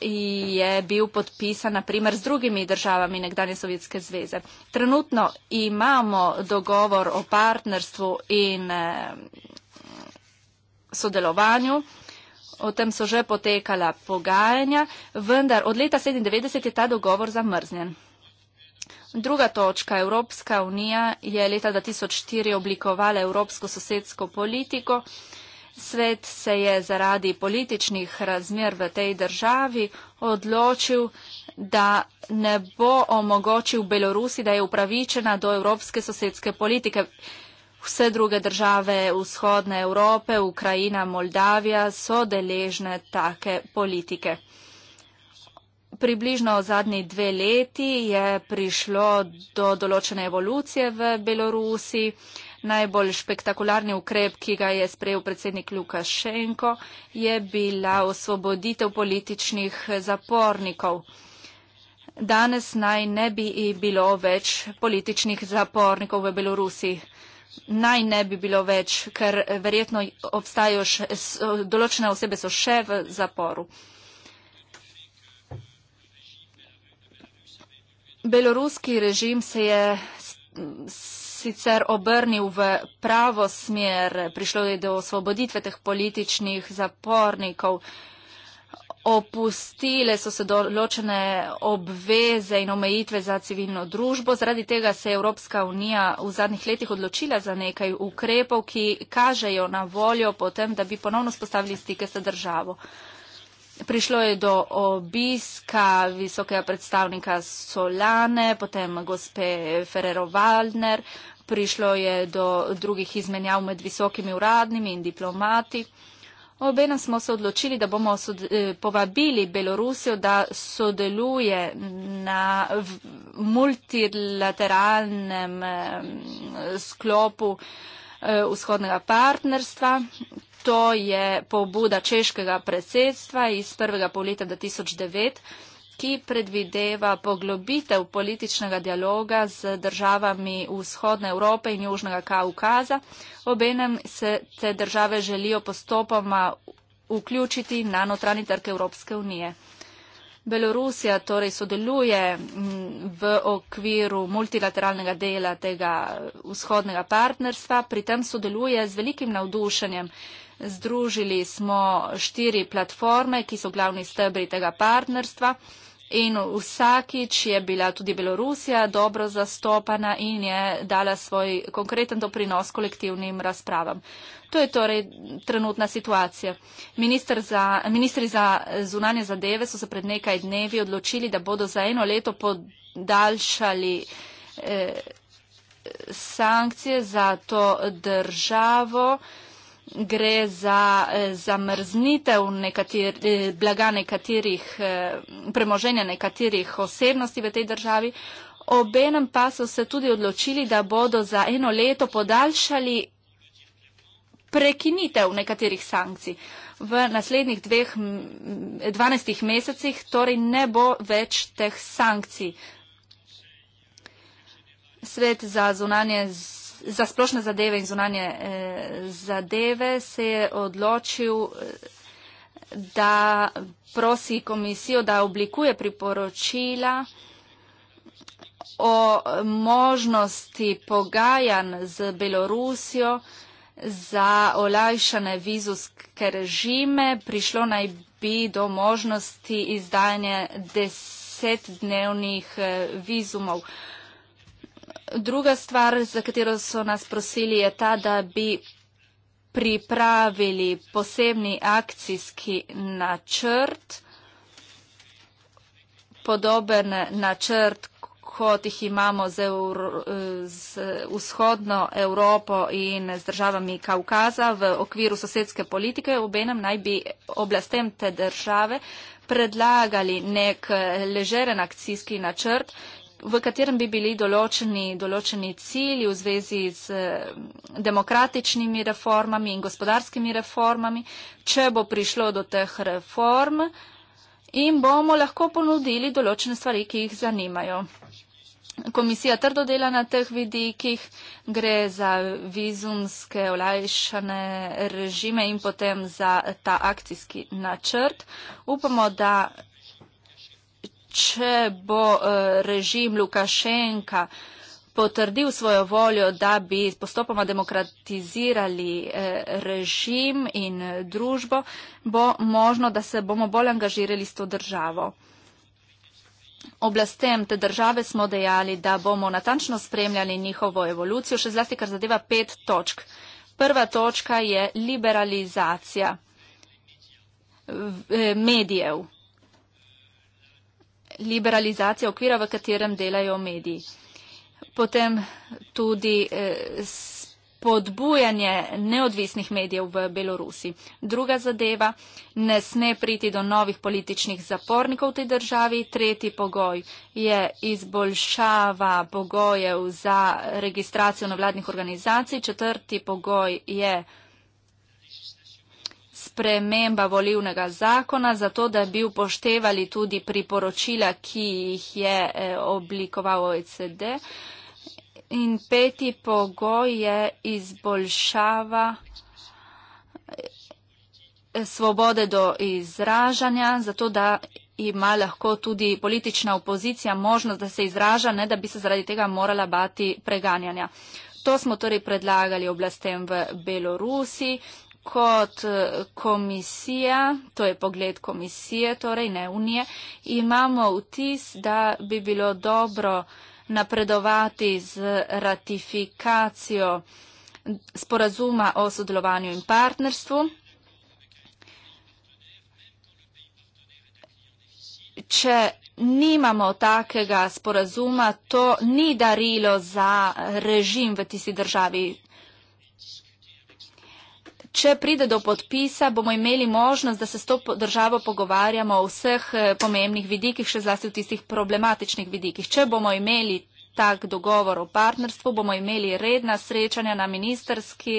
Speaker 2: je bil podpisan naprimer z drugimi državami nekdanje Sovjetske zveze. Trenutno imamo dogovor o partnerstvu in eh, sodelovanju. O tem so že potekala pogajanja, vendar od leta 1997 je ta dogovor zamrznjen. Druga točka. Evropska unija je leta 2004 oblikovala evropsko sosedsko politiko. Svet se je zaradi političnih razmer v tej državi odločil, da ne bo omogočil Belorusi, da je upravičena do evropske sosedske politike. Vse druge države vzhodne Evrope, Ukrajina, Moldavija so deležne take politike približno v zadnji dve leti je prišlo do določene evolucije v Belorusiji. Najbolj spektakularni ukrep, ki ga je sprejel predsednik Lukašenko, je bila osvoboditev političnih zapornikov. Danes naj ne bi bilo več političnih zapornikov v Belorusiji. Naj ne bi bilo več, ker verjetno obstajajo še, določene osebe so še v zaporu. Beloruski režim se je sicer obrnil v pravo smer, prišlo je do osvoboditve teh političnih zapornikov, opustile so se določene obveze in omejitve za civilno družbo. Zaradi tega se je Evropska unija v zadnjih letih odločila za nekaj ukrepov, ki kažejo na voljo potem, da bi ponovno spostavili stike s državo. Prišlo je do obiska visokega predstavnika Solane, potem gospe Ferrero Waldner, prišlo je do drugih izmenjav med visokimi uradnimi in diplomati. Obena smo se odločili, da bomo eh, povabili Belorusijo, da sodeluje na multilateralnem eh, sklopu eh, vzhodnega partnerstva, To je pobuda češkega predsedstva iz prvega polita 2009, ki predvideva poglobitev političnega dialoga z državami vzhodne Evrope in južnega Kaukaza. Obenem se te države želijo postopoma vključiti na notranji trg Evropske unije. Belorusija torej sodeluje v okviru multilateralnega dela tega vzhodnega partnerstva, pri tem sodeluje z velikim navdušenjem. Združili smo štiri platforme, ki so glavni stebri tega partnerstva. In vsakič je bila tudi Belorusija dobro zastopana in je dala svoj konkreten doprinos kolektivnim razpravam. To je torej trenutna situacija. Ministri za, za zunanje zadeve so se pred nekaj dnevi odločili, da bodo za eno leto podaljšali eh, sankcije za to državo. Eh, gre za eh, zamrznitev nekater, eh, blaga nekaterih, eh, premoženja nekaterih osebnosti v tej državi. Obenem pa so se tudi odločili, da bodo za eno leto podaljšali prekinitev nekaterih sankcij. V naslednjih dveh, dvanajstih mesecih torej ne bo več teh sankcij. Svet za zunanje za splošne zadeve in zunanje eh, zadeve se je odločil, eh, da prosi komisijo, da oblikuje priporočila o možnosti pogajanj z Belorusijo za olajšane vizuske režime. Prišlo naj bi do možnosti izdanja desetdnevnih eh, vizumov. Druga stvar, za katero so nas prosili, je ta, da bi pripravili posebni akcijski načrt, podoben načrt, kot jih imamo z, Euro, z vzhodno Evropo in z državami Kaukaza v okviru sosedske politike. Obenem naj bi oblastem te države predlagali nek ležeren akcijski načrt, v katerem bi bili določeni, določeni cilji v zvezi z eh, demokratičnimi reformami in gospodarskimi reformami, če bo prišlo do teh reform in bomo lahko ponudili določene stvari, ki jih zanimajo. Komisija trdo dela na teh vidikih, gre za vizumske olajšane režime in potem za ta akcijski načrt. Upamo, da če bo eh, režim Lukašenka potrdil svojo voljo, da bi postopoma demokratizirali eh, režim in eh, družbo, bo možno, da se bomo bolj angažirali s to državo. Oblastem te države smo dejali, da bomo natančno spremljali njihovo evolucijo, še zlasti, kar zadeva pet točk. Prva točka je liberalizacija medijev liberalizacija okvira, v katerem delajo mediji. Potem tudi eh, spodbujanje neodvisnih medijev v Belorusi. Druga zadeva, ne sme priti do novih političnih zapornikov v tej državi. Tretji pogoj je izboljšava pogojev za registracijo na vladnih organizacij. Četrti pogoj je sprememba volivnega zakona, zato da bi upoštevali tudi priporočila, ki jih je eh, oblikoval OECD. In peti pogoj je izboljšava eh, svobode do izražanja, zato da ima lahko tudi politična opozicija možnost, da se izraža, ne da bi se zaradi tega morala bati preganjanja. To smo torej predlagali oblastem v Belorusi kot eh, komisija, to je pogled komisije, torej ne unije, imamo vtis, da bi bilo dobro napredovati z ratifikacijo sporazuma o sodelovanju in partnerstvu. Če nimamo takega sporazuma, to ni darilo za režim v tisti državi, Če pride do podpisa, bomo imeli možnost, da se s to državo pogovarjamo o vseh eh, pomembnih vidikih, še zlasti v tistih problematičnih vidikih. Če bomo imeli tak dogovor o partnerstvu, bomo imeli redna srečanja na ministerski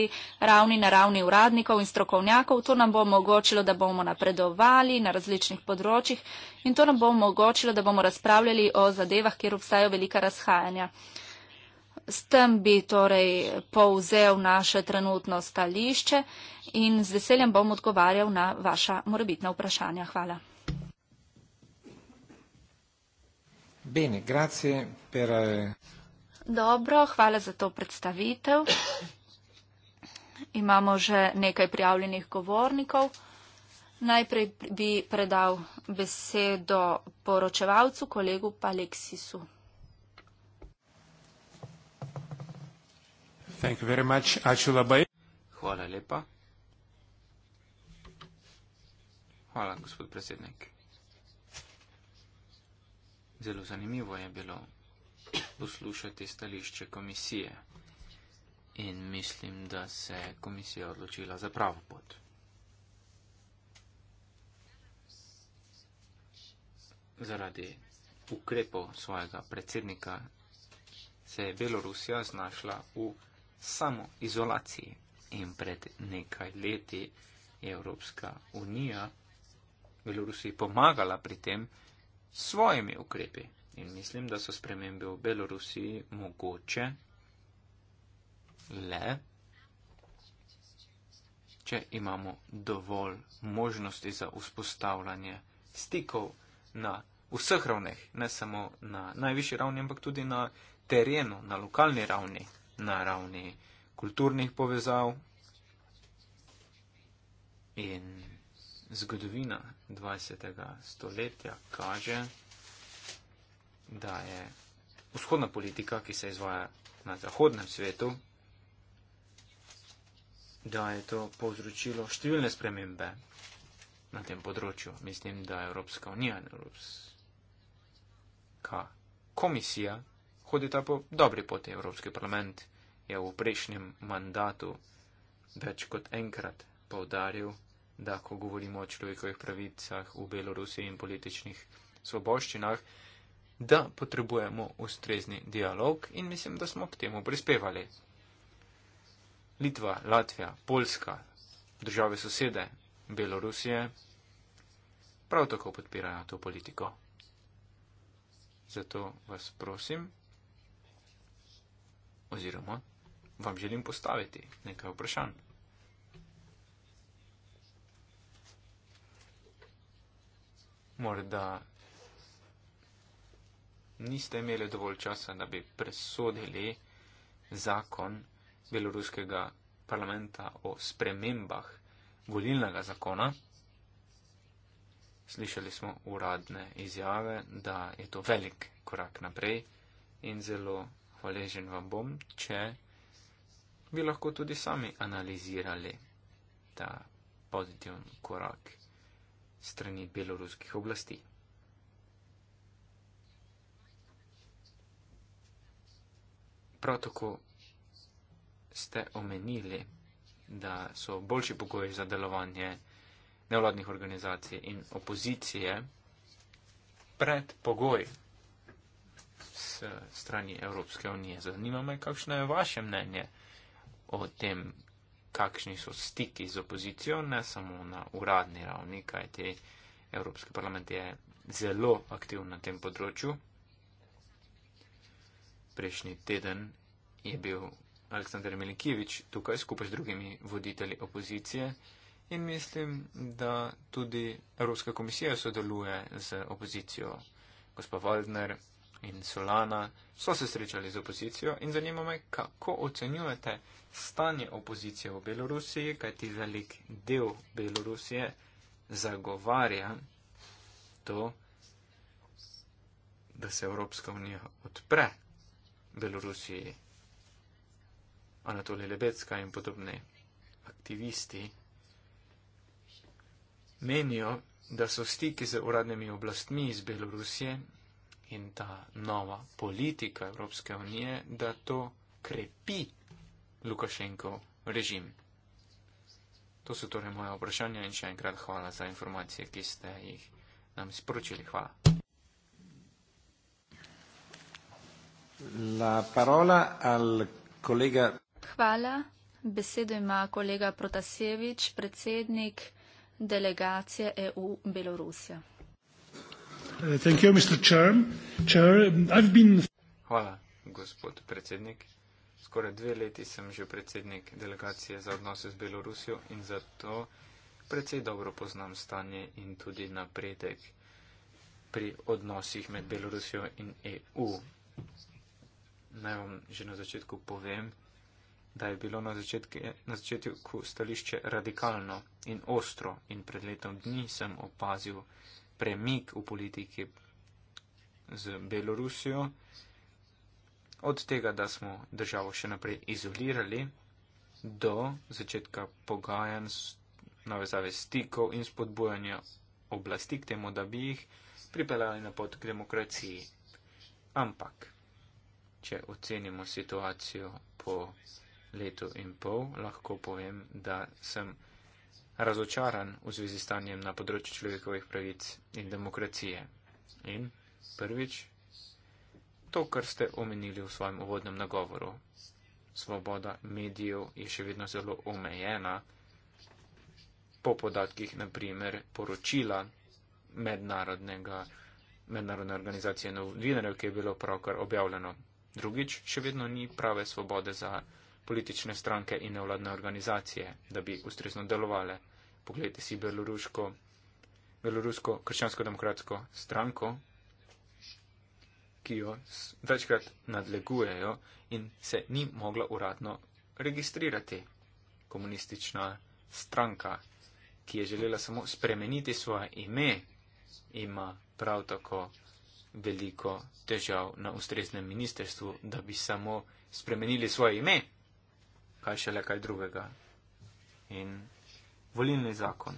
Speaker 2: ravni, na ravni uradnikov in strokovnjakov. To nam bo omogočilo, da bomo napredovali na različnih področjih in to nam bo omogočilo, da bomo razpravljali o zadevah, kjer obstajajo velika razhajanja. S tem bi torej povzel naše trenutno stališče in z veseljem bom odgovarjal na vaša morebitna vprašanja. Hvala.
Speaker 1: Bene, grazie per... Eh,
Speaker 2: Dobro, hvala za to predstavitev. Imamo že nekaj prijavljenih govornikov. Najprej bi predal besedo poročevalcu, kolegu Paleksisu. Pa
Speaker 1: Thank you very much. Ačiū labai. Hvala lepa.
Speaker 5: Hvala, gospod predsednik. Zelo zanimivo je bilo poslušati stališče komisije in mislim, da se komisija odločila za pravo pot. Zaradi ukrepov svojega predsednika se je Belorusija znašla v samoizolaciji. In pred nekaj leti je Evropska unija Belorusiji pomagala pri tem svojimi ukrepi. In mislim, da so spremembe v Belorusiji mogoče le, če imamo dovolj možnosti za vzpostavljanje stikov na vseh ravneh, ne samo na najvišji ravni, ampak tudi na terenu, na lokalni ravni na ravni kulturnih povezav in zgodovina 20. stoletja kaže, da je vzhodna politika, ki se izvaja na zahodnem svetu, da je to povzročilo številne spremembe na tem področju. Mislim, da Evropska unija in Evropska komisija hodita po dobri poti Evropski parlament je v prejšnjem mandatu več kot enkrat povdaril, da ko govorimo o človekovih pravicah v Belorusiji in političnih svoboščinah, da potrebujemo ustrezni dialog in mislim, da smo k temu prispevali. Litva, Latvija, Poljska, države sosede Belorusije prav tako podpirajo to politiko. Zato vas prosim, oziroma vam želim postaviti nekaj vprašanj. Morda niste imeli dovolj časa, da bi presodili zakon beloruskega parlamenta o spremembah volilnega zakona. Slišali smo uradne izjave, da je to velik korak naprej in zelo hvaležen vam bom, če bi lahko tudi sami analizirali ta pozitiven korak strani beloruskih oblasti. Prav tako ste omenili, da so boljši pogoji za delovanje nevladnih organizacij in opozicije predpogoj s strani Evropske unije. Zanima me, kakšno je vaše mnenje? o tem, kakšni so stiki z opozicijo, ne samo na uradni ravni, kajti Evropski parlament je zelo aktiv na tem področju. Prejšnji teden je bil Aleksandr Milinkjevič tukaj skupaj s drugimi voditelji opozicije in mislim, da tudi Evropska komisija sodeluje z opozicijo. Gospa Waldner in Solana so se srečali z opozicijo in zanima me, kako ocenjujete stanje opozicije v Belorusiji, kajti velik del Belorusije zagovarja to, da se Evropska unija odpre Belorusiji. Anatolij Lebecka in podobni aktivisti menijo, da so stiki z uradnimi oblastmi iz Belorusije in ta nova politika Evropske unije, da to krepi Lukašenkov režim. To so torej moje vprašanja in še enkrat hvala za
Speaker 1: informacije, ki ste jih nam sporočili. Hvala.
Speaker 2: Hvala. Besedo ima kolega Protasevič, predsednik delegacije EU Belorusija.
Speaker 1: Uh, thank you, Mr. Chair. Chair, um, I've been...
Speaker 5: Hvala, gospod predsednik. Skoraj dve leti sem že predsednik delegacije za odnose z Belorusijo in zato precej dobro poznam stanje in tudi napredek pri odnosih med Belorusijo in EU. Naj vam že na začetku povem, da je bilo na, začetke, na začetku stališče radikalno in ostro in pred letom dni sem opazil, premik v politiki z Belorusijo, od tega, da smo državo še naprej izolirali, do začetka pogajanj, navezave stikov in spodbujanja oblasti k temu, da bi jih pripeljali na pot k demokraciji. Ampak, če ocenimo situacijo po letu in pol, lahko povem, da sem razočaran v zvezi s stanjem na področju človekovih pravic in demokracije. In prvič, to, kar ste omenili v svojem uvodnem nagovoru. Svoboda medijev je še vedno zelo omejena. Po podatkih, naprimer, poročila mednarodne organizacije novinarjev, ki je bilo pravkar objavljeno. Drugič, še vedno ni prave svobode za politične stranke in nevladne organizacije, da bi ustrezno delovale. Poglejte si beloruško, belorusko krščansko-demokratsko stranko, ki jo večkrat nadlegujejo in se ni mogla uradno registrirati. Komunistična stranka, ki je želela samo spremeniti svoje ime, ima prav tako veliko težav na ustreznem ministerstvu, da bi samo spremenili svoje ime kaj še le kaj drugega. In volilni zakon.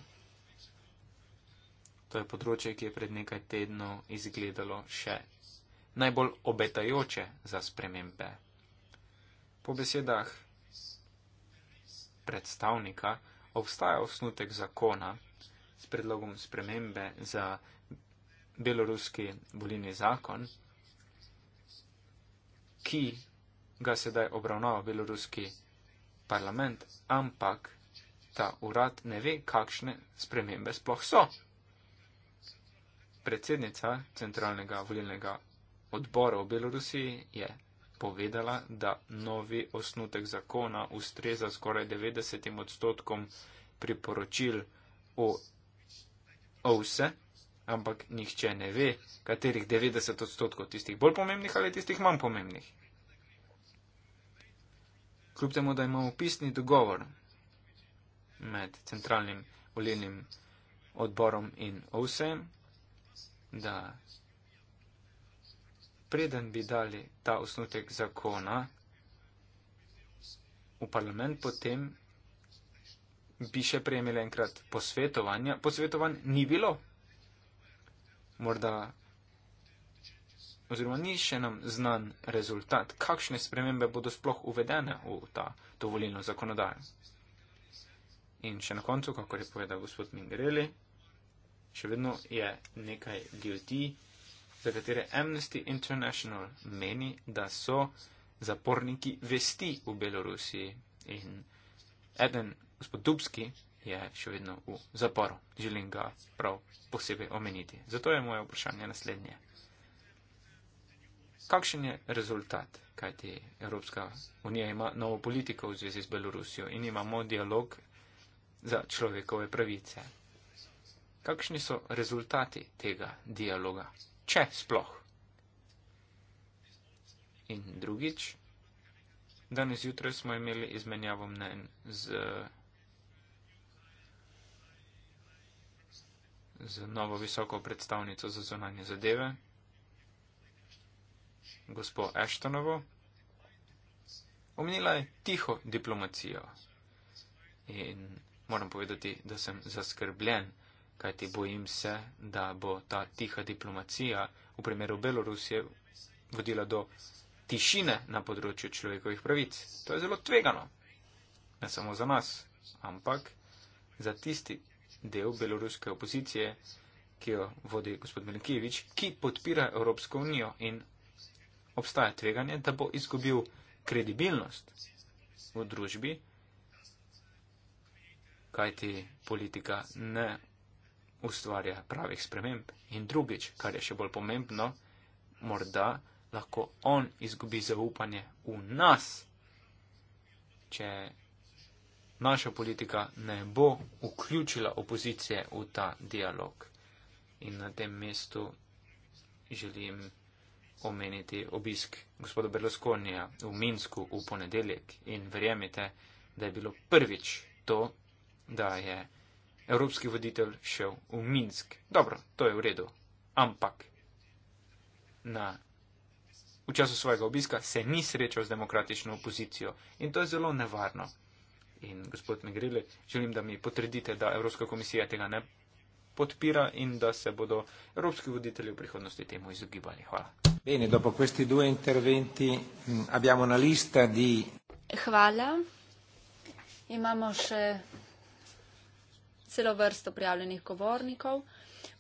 Speaker 5: To je področje, ki je pred nekaj tednov izgledalo še najbolj obetajoče za spremembe. Po besedah predstavnika obstaja osnutek zakona s predlogom spremembe za beloruski volilni zakon, ki ga sedaj obravnava beloruski parlament, ampak ta urad ne ve, kakšne spremembe sploh so. Predsednica centralnega volilnega odbora v Belorusiji je povedala, da novi osnutek zakona ustreza skoraj 90 odstotkom priporočil o OVSE, ampak nihče ne ve, katerih 90 odstotkov tistih bolj pomembnih ali tistih manj pomembnih kljub temu, da imamo pisni dogovor med centralnim volilnim odborom in OVSEM, da preden bi dali ta osnutek zakona v parlament, potem bi še prejemili enkrat posvetovanja. Posvetovanj ni bilo. Morda oziroma ni še nam znan rezultat, kakšne spremembe bodo sploh uvedene v ta dovoljeno zakonodajo. In še na koncu, kako je povedal gospod Mingreli, še vedno je nekaj ljudi, za katere Amnesty International meni, da so zaporniki vesti v Belorusiji. In eden gospod Dubski je še vedno v zaporu. Želim ga prav posebej omeniti. Zato je moje vprašanje naslednje kakšen je rezultat, kajti Evropska unija ima novo politiko v zvezi z Belorusijo in imamo dialog za človekove pravice. Kakšni so rezultati tega dialoga, če sploh? In drugič, danes jutro smo imeli izmenjavo mnen z, z novo visoko predstavnico za zonanje zadeve, gospod Eštonovo, omenila je tiho diplomacijo. In moram povedati, da sem zaskrbljen, kajti bojim se, da bo ta tiha diplomacija v primeru Belorusije vodila do tišine na področju človekovih pravic. To je zelo tvegano. Ne samo za nas, ampak za tisti del beloruske opozicije, ki jo vodi gospod Milinkijevič, ki podpira Evropsko unijo in obstaja tveganje, da bo izgubil kredibilnost v družbi, kajti politika ne ustvarja pravih sprememb. In drugič, kar je še bolj pomembno, morda lahko on izgubi zaupanje v nas, če naša politika ne bo vključila opozicije v ta dialog. In na tem mestu želim omeniti obisk gospoda Berlusconija v Minsku v ponedeljek in verjemite, da je bilo prvič to, da je evropski voditelj šel v Minsk. Dobro, to je v redu, ampak na, v času svojega obiska se ni srečal z demokratično opozicijo in to je zelo nevarno. In gospod Megrili, želim, da mi potrdite, da Evropska komisija tega ne podpira in da se bodo evropski voditelji v prihodnosti temu izogibali.
Speaker 1: Hvala. Bene, dopo questi due interventi mm, abbiamo una lista di...
Speaker 2: Hvala. Imamo še celo vrsto prijavljenih govornikov.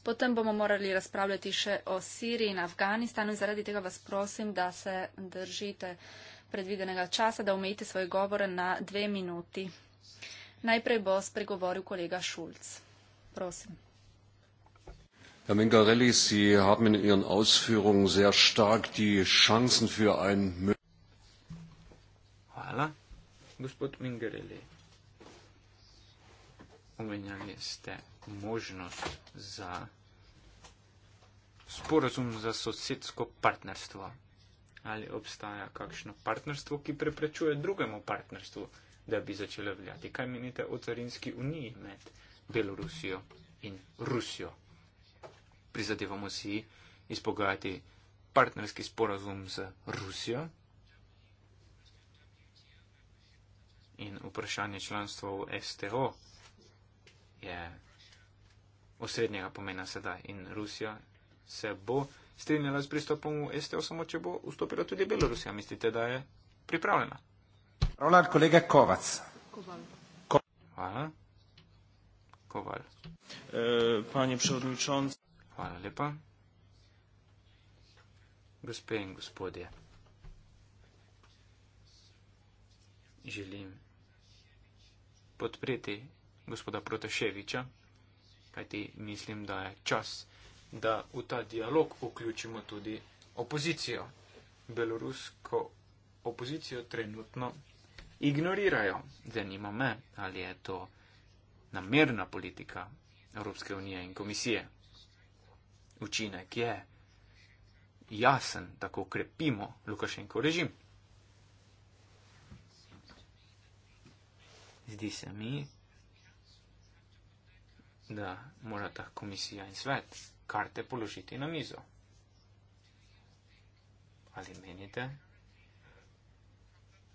Speaker 2: Potem bomo morali razpravljati še o Siriji in Afganistanu in zaradi tega vas prosim, da se držite predvidenega časa, da omejite svoje govore na dve minuti. Najprej bo spregovoril kolega Šulc. Prosim.
Speaker 7: Herr Mengarelli, Sie haben in Ihren Ausführungen sehr stark die Chancen für ein
Speaker 5: Voilà, gospod Mengarelli. Omenjali ste možnost za sporozum za sosedsko partnerstvo. Ali obstaja kakšno partnerstvo, ki preprečuje drugemu partnerstvu, da bi začelo veljati? Kaj menite o carinski uniji med Belorusijo in Rusijo? prizadevamo si izpogajati partnerski sporazum z Rusijo in vprašanje članstva v STO je osrednjega pomena sedaj in Rusija se bo strinjala z pristopom v STO, samo če bo vstopila tudi Belorusija. Mislite, da je pripravljena?
Speaker 1: Ravnar kolega Kovac. Kovac. Hvala.
Speaker 5: Kovac. E, panie przewodniczący. Hvala lepa. Gospe in gospodje, želim podpreti gospoda Proteševiča, kajti mislim, da je čas, da v ta dialog vključimo tudi opozicijo. Belorusko opozicijo trenutno ignorirajo. Zanima me, ali je to namerna politika Evropske unije in komisije učinek je jasen, tako krepimo Lukašenko režim. Zdi se mi, da mora ta komisija in svet karte položiti na mizo. Ali menite,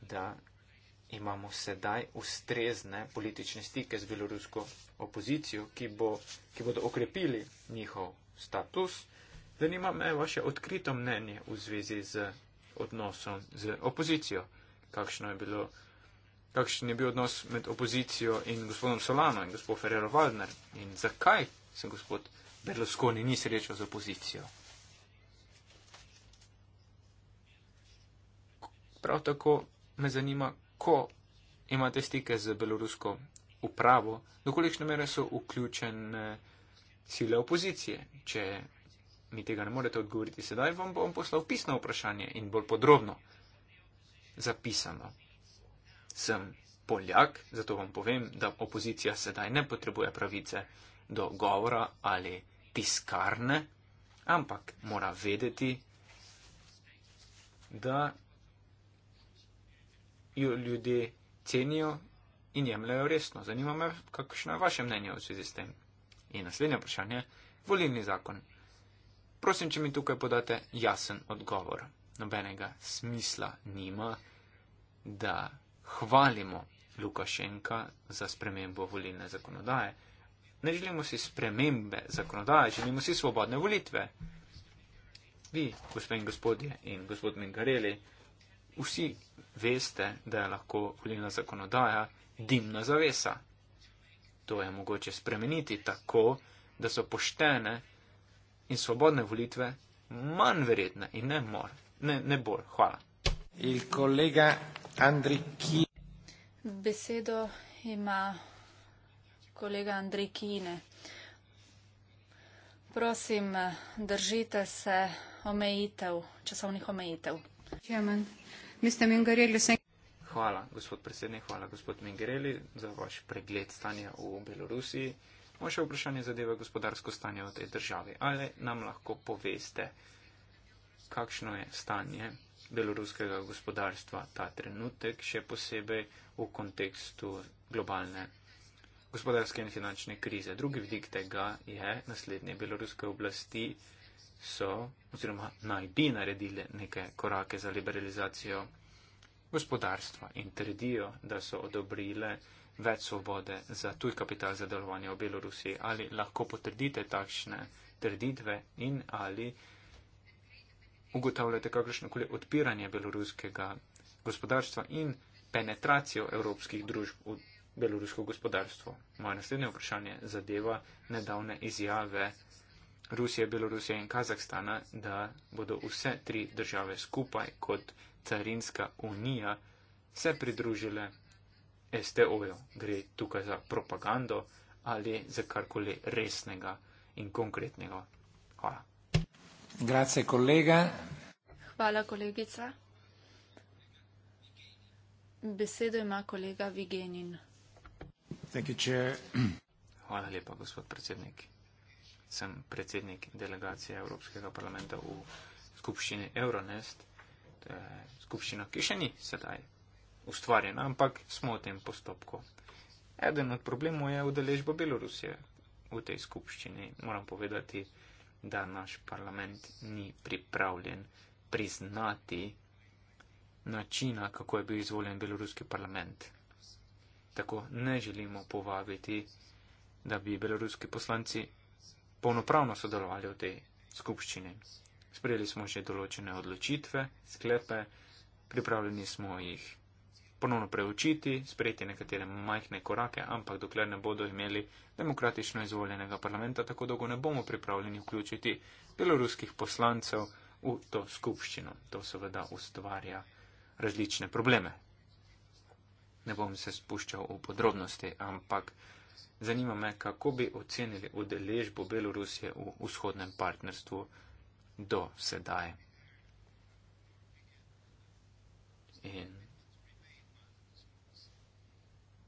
Speaker 5: da imamo sedaj ustrezne politične stike z belorusko opozicijo, ki, bo, ki bodo okrepili njihov status. Zanima me vaše odkrito mnenje v zvezi z odnosom z opozicijo. Kakšno je bilo, kakšen je bil odnos med opozicijo in gospodom Solano in gospod Ferrero Waldner in zakaj se gospod Berlusconi ni srečal z opozicijo? Prav tako me zanima, ko imate stike z belorusko upravo, dokolikšne mere so vključene. Eh, cilje opozicije. Če mi tega ne morete odgovoriti sedaj, vam bom poslal pisno vprašanje in bolj podrobno zapisano. Sem Poljak, zato vam povem, da opozicija sedaj ne potrebuje pravice do govora ali tiskarne, ampak mora vedeti, da jo ljudje cenijo in jemljajo resno. Zanima me, kakšno je vaše mnenje v zvezi s tem. In naslednje vprašanje, volilni zakon. Prosim, če mi tukaj podate jasen odgovor. Nobenega smisla nima, da hvalimo Lukašenka za spremembo volilne zakonodaje. Ne želimo si spremembe zakonodaje, želimo si svobodne volitve. Vi, gospe in gospodje in gospod Mingareli, vsi veste, da je lahko volilna zakonodaja dimna zavesa. To je mogoče spremeniti tako, da so poštene in svobodne volitve manj verjetne in ne, mor, ne,
Speaker 1: ne bolj. Hvala. Il kolega Andrej Ki.
Speaker 2: Besedo ima kolega Andrej Kine. Prosim, držite se omejitev, časovnih omejitev. Jemen. Mislim, in gorili vse
Speaker 5: hvala, gospod predsednik, hvala, gospod Mengereli, za vaš pregled stanja v Belorusiji. Moje vprašanje zadeva gospodarsko stanje v tej državi. Ali nam lahko poveste, kakšno je stanje beloruskega gospodarstva ta trenutek, še posebej v kontekstu globalne gospodarske in finančne krize? Drugi vidik tega je naslednje beloruske oblasti so oziroma naj bi naredili neke korake za liberalizacijo gospodarstva in trdijo, da so odobrile več svobode za tuj kapital za delovanje v Belorusiji. Ali lahko potrdite takšne trditve in ali ugotavljate kakršnokoli odpiranje beloruskega gospodarstva in penetracijo evropskih družb v belorusko gospodarstvo. Moje naslednje vprašanje zadeva nedavne izjave Rusije, Belorusije in Kazahstana, da bodo vse tri države skupaj kot carinska unija se pridružile STO-ju. Gre tukaj za propagando ali za karkoli resnega
Speaker 1: in konkretnega. Hvala. Grace, kolega.
Speaker 2: Hvala, kolegica. Besedo ima kolega Vigenin.
Speaker 5: Hvala lepa, gospod predsednik. Sem predsednik delegacije Evropskega parlamenta v skupščini Euronest eh, skupščina, ki še ni sedaj ustvarjena, ampak smo v tem postopku. Eden od problemov je udeležba Belorusije v tej skupščini. Moram povedati, da naš parlament ni pripravljen priznati načina, kako je bil izvoljen beloruski parlament. Tako ne želimo povabiti, da bi beloruski poslanci polnopravno sodelovali v tej skupščini. Sprejeli smo že določene odločitve, sklepe, pripravljeni smo jih ponovno preučiti, sprejeti nekatere majhne korake, ampak dokler ne bodo imeli demokratično izvoljenega parlamenta, tako dolgo ne bomo pripravljeni vključiti beloruskih poslancev v to skupščino. To seveda ustvarja različne probleme. Ne bom se spuščal v podrobnosti, ampak zanima me, kako bi ocenili udeležbo Belorusije v vzhodnem partnerstvu do sedaj. In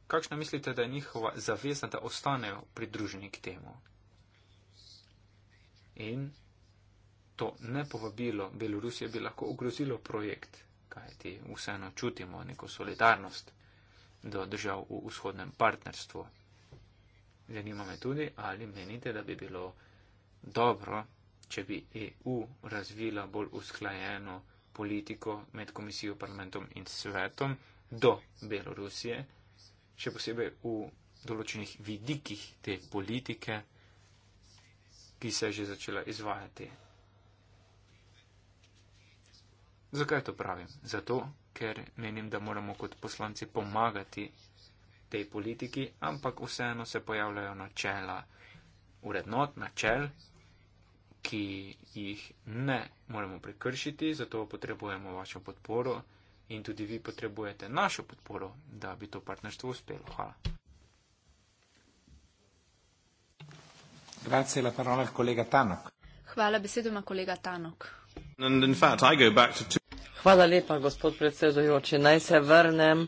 Speaker 5: kakšno mislite, da je njihova zaveza, da ostanejo pridruženi k temu? In to nepovabilo Belorusije bi lahko ogrozilo projekt, kajti vseeno čutimo neko solidarnost do držav v vzhodnem partnerstvu. Zanima me tudi, ali menite, da bi bilo dobro če bi EU razvila bolj usklajeno politiko med komisijo, parlamentom in svetom do Belorusije, še posebej v določenih vidikih te politike, ki se je že začela izvajati. Zakaj to pravim? Zato, ker menim, da moramo kot poslanci pomagati tej politiki, ampak vseeno se pojavljajo načela, urednot, načel, ki jih ne moremo prekršiti, zato potrebujemo vašo podporo in tudi vi potrebujete našo podporo, da bi to partnerstvo
Speaker 1: uspelo. Hvala. Grazie la
Speaker 3: parola al collega Tanok.
Speaker 2: Hvala besedoma kolega Tanok.
Speaker 3: Hvala lepa, gospod predsedujoči. Naj se vrnem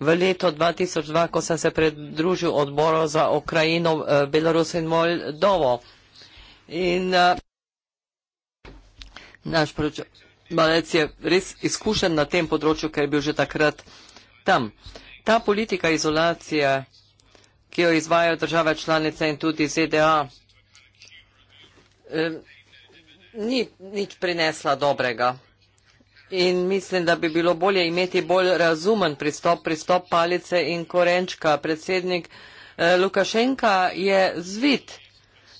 Speaker 3: v leto 2002, ko sem se pridružil odboru za Ukrajino, eh, Belarus in Moldovo. In, uh, naš malec je res izkušen na tem področju, ker je bil že takrat tam. Ta politika izolacije, ki jo izvajajo države članice in tudi ZDA, eh, ni nič prinesla dobrega. In mislim, da bi bilo bolje imeti bolj razumen pristop, pristop palice in korenčka. Predsednik eh, Lukašenka je zvit,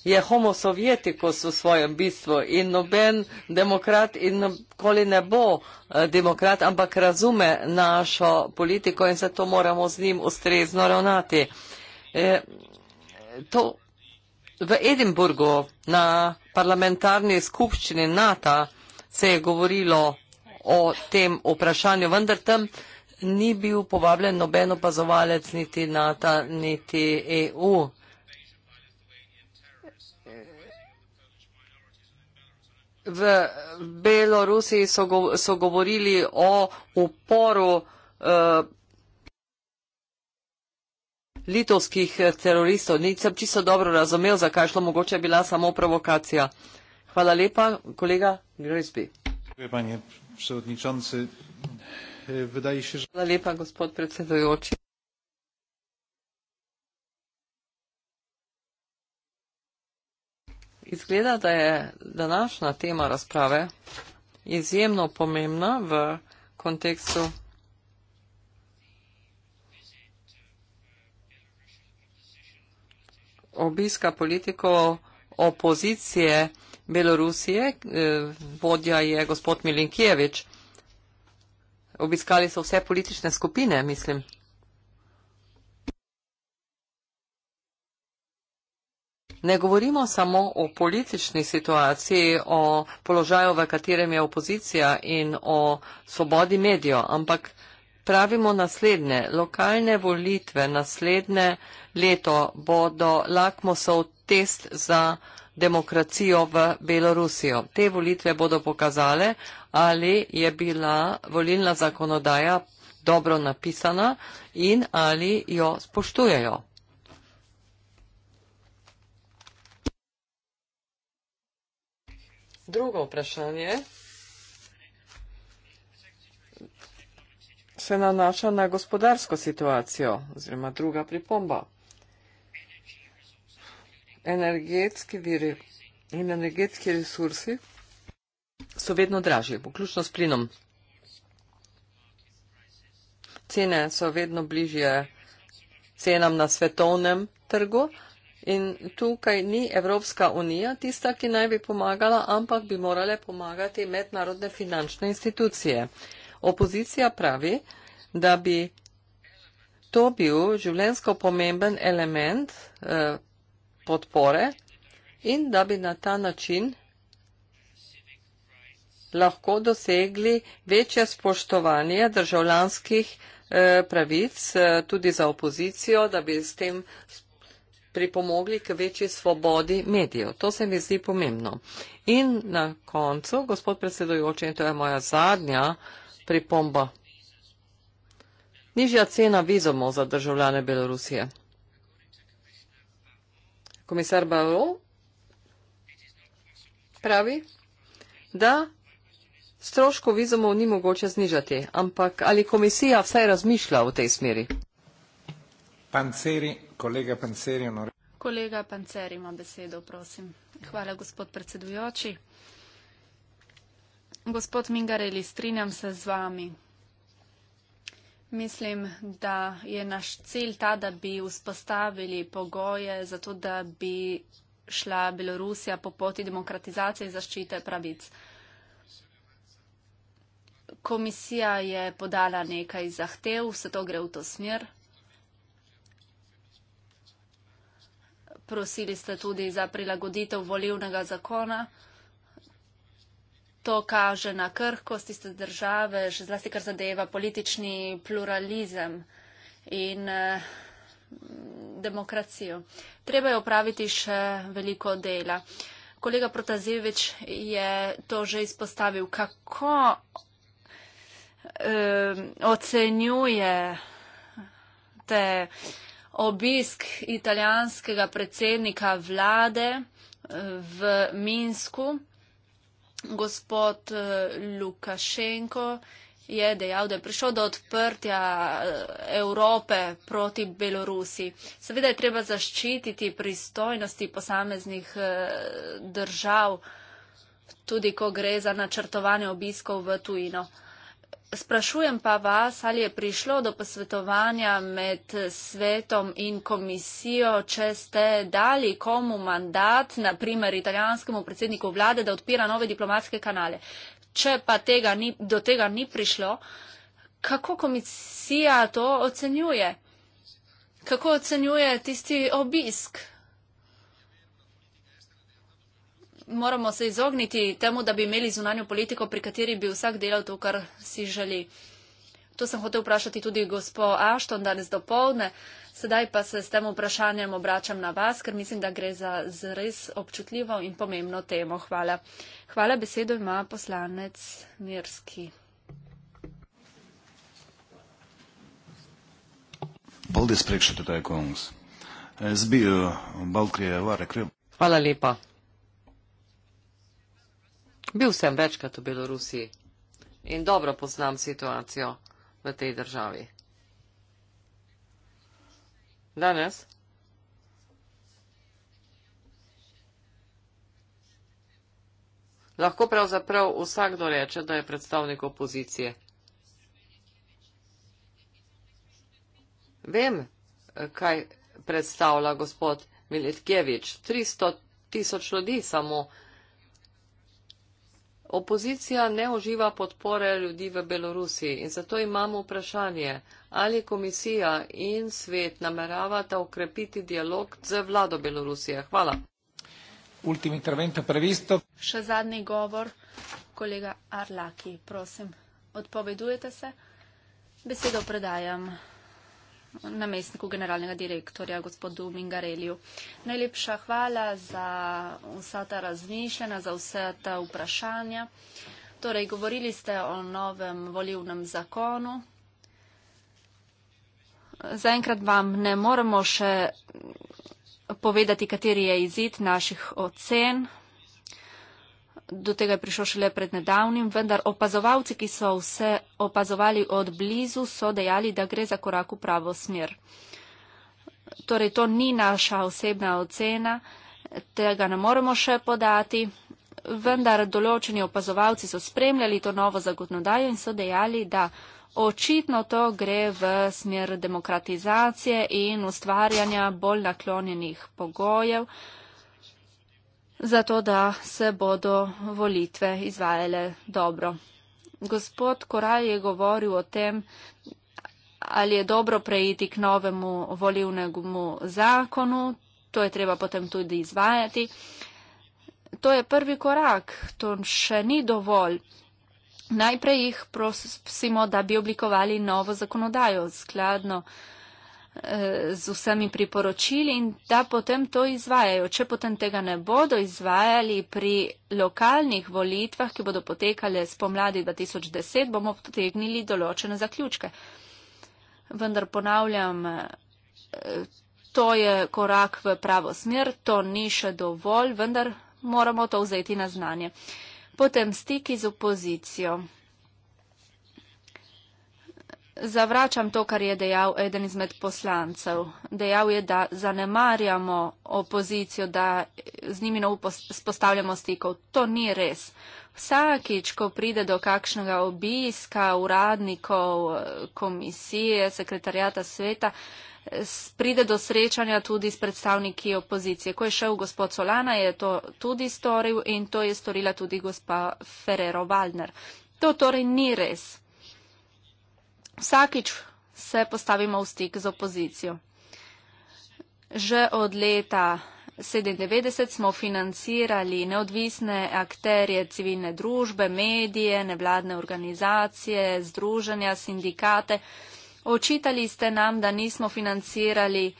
Speaker 3: je homo sovjetikus v svojem bistvu in noben demokrat in koli ne bo eh, demokrat, ampak razume našo politiko in zato moramo z njim ustrezno ravnati. Eh, to v Edinburgu na parlamentarni skupščini NATO se je govorilo o tem vprašanju, vendar tam ni bil povabljen noben opazovalec niti NATO, niti EU. v Belorusiji so, go, so govorili o uporu uh, litovskih eh, teroristov. Nisem čisto dobro razumel, zakaj šlo, mogoče je bila samo provokacija. Hvala lepa, kolega Grisby. Hvala lepa, gospod predsedujoči. Izgleda, da je današnja tema razprave izjemno pomembna v kontekstu obiska politikov opozicije Belorusije. Eh, vodja je gospod Milinkjevič. Obiskali so vse politične skupine, mislim. Ne govorimo samo o politični situaciji, o položaju, v katerem je opozicija in o svobodi medijo, ampak pravimo naslednje. Lokalne volitve naslednje leto bodo lakmosov test za demokracijo v Belorusijo. Te volitve bodo pokazale, ali je bila volilna zakonodaja dobro napisana in ali jo spoštujejo. Drugo vprašanje se nanaša na gospodarsko situacijo oziroma druga pripomba. Energetski viri in energetski resursi so vedno dražji, vključno s plinom. Cene so vedno bližje cenam na svetovnem trgu. In tukaj ni Evropska unija tista, ki naj bi pomagala, ampak bi morale pomagati mednarodne finančne institucije. Opozicija pravi, da bi to bil življensko pomemben element eh, podpore in da bi na ta način lahko dosegli večje spoštovanje državljanskih eh, pravic eh, tudi za opozicijo, da bi s tem spoštovali pripomogli k večji svobodi medijev. To se mi zdi pomembno. In na koncu, gospod predsedojoče, in to je moja zadnja pripomba. Nižja cena vizomov za državljane Belorusije. Komisar Barov pravi, da stroško vizomov ni mogoče znižati, ampak ali komisija vsaj razmišlja v tej smeri? Panceri, kolega Panceri, onore.
Speaker 2: Kolega Panceri ima besedo, prosim. Hvala, gospod predsedujoči. Gospod Mingareli, strinjam se z vami. Mislim, da je naš cilj ta, da bi vzpostavili pogoje za to, da bi šla Belorusija po poti demokratizacije in zaščite pravic. Komisija je podala nekaj zahtev, vse to gre v to smer, prosili ste tudi za prilagoditev volivnega zakona. To kaže na krhkost iste države, še zlasti kar zadeva politični pluralizem in eh, demokracijo. Treba je opraviti še veliko dela. Kolega Protazevič je to že izpostavil. Kako um, ocenjuje te uh, obisk italijanskega predsednika vlade eh, v Minsku. Gospod eh, Lukašenko je dejal, da je prišel do odprtja eh, Evrope proti Belorusiji. Seveda je treba zaščititi pristojnosti posameznih držav, tudi ko gre za načrtovanje obiskov v tujino. Sprašujem pa vas, ali je prišlo do posvetovanja med svetom in komisijo, če ste dali komu mandat, naprimer italijanskemu predsedniku vlade, da odpira nove diplomatske kanale. Če pa tega ni, do tega ni prišlo, kako komisija to ocenjuje? Kako ocenjuje tisti obisk? moramo se izogniti temu, da bi imeli zunanjo politiko, pri kateri bi vsak delal to, kar si želi. To sem hotel vprašati tudi gospod Ašton danes do povdne. Sedaj pa se s tem vprašanjem obračam na vas, ker mislim, da gre za res občutljivo in pomembno temo. Hvala. Hvala besedo ima poslanec Mirski.
Speaker 3: Hvala lepa. Bil sem večkrat v Belorusiji in dobro poznam situacijo v tej državi. Danes? Lahko pravzaprav vsakdo reče, da je predstavnik opozicije. Vem, kaj predstavlja gospod Miletkevič. 300 tisoč ljudi samo Opozicija ne uživa podpore ljudi v Belorusiji in zato imamo vprašanje, ali komisija in svet nameravata ukrepiti dialog z vlado Belorusije. Hvala.
Speaker 2: Še zadnji govor, kolega Arlaki, prosim, odpovedujete se? Besedo predajam namestniku generalnega direktorja, gospodu Mingareliju. Najlepša hvala za vsa ta razmišljena, za vse ta vprašanja. Torej, govorili ste o novem volivnem zakonu. Zaenkrat vam ne moremo še povedati, kateri je izid naših ocen do tega je prišlo šele pred nedavnim, vendar opazovalci, ki so vse opazovali od blizu, so dejali, da gre za korak v pravo smer. Torej, to ni naša osebna ocena, tega ne moremo še podati, vendar določeni opazovalci so spremljali to novo zagotnodajo in so dejali, da očitno to gre v smer demokratizacije in ustvarjanja bolj naklonjenih pogojev. Uh, zato da se bodo volitve izvajale dobro. Gospod Koral je govoril o tem, ali je dobro preiti k novemu volivnemu zakonu, to je treba potem tudi izvajati. To je prvi korak, to še ni dovolj. Najprej jih prosimo, da bi oblikovali novo zakonodajo skladno z vsemi priporočili in da potem to izvajajo. Če potem tega ne bodo izvajali pri lokalnih volitvah, ki bodo potekale spomladi 2010, bomo potegnili določene zaključke. Vendar ponavljam, eh, to je korak v pravo smer, to ni še dovolj, vendar moramo to vzeti na znanje. Potem stiki z opozicijo. Zavračam to, kar je dejal eden izmed poslancev. Dejal je, da zanemarjamo opozicijo, da z njimi ne spostavljamo stikov. To ni res. Vsakič, ko pride do kakšnega obiska uradnikov komisije, sekretarjata sveta, pride do srečanja tudi s predstavniki opozicije. Ko je šel gospod Solana, je to tudi storil in to je storila tudi gospa Ferrero Waldner. To torej ni res vsakič se postavimo v stik z opozicijo. Že od leta 1997 smo financirali neodvisne akterje civilne družbe, medije, nevladne organizacije, združenja, sindikate. Očitali ste nam, da nismo financirali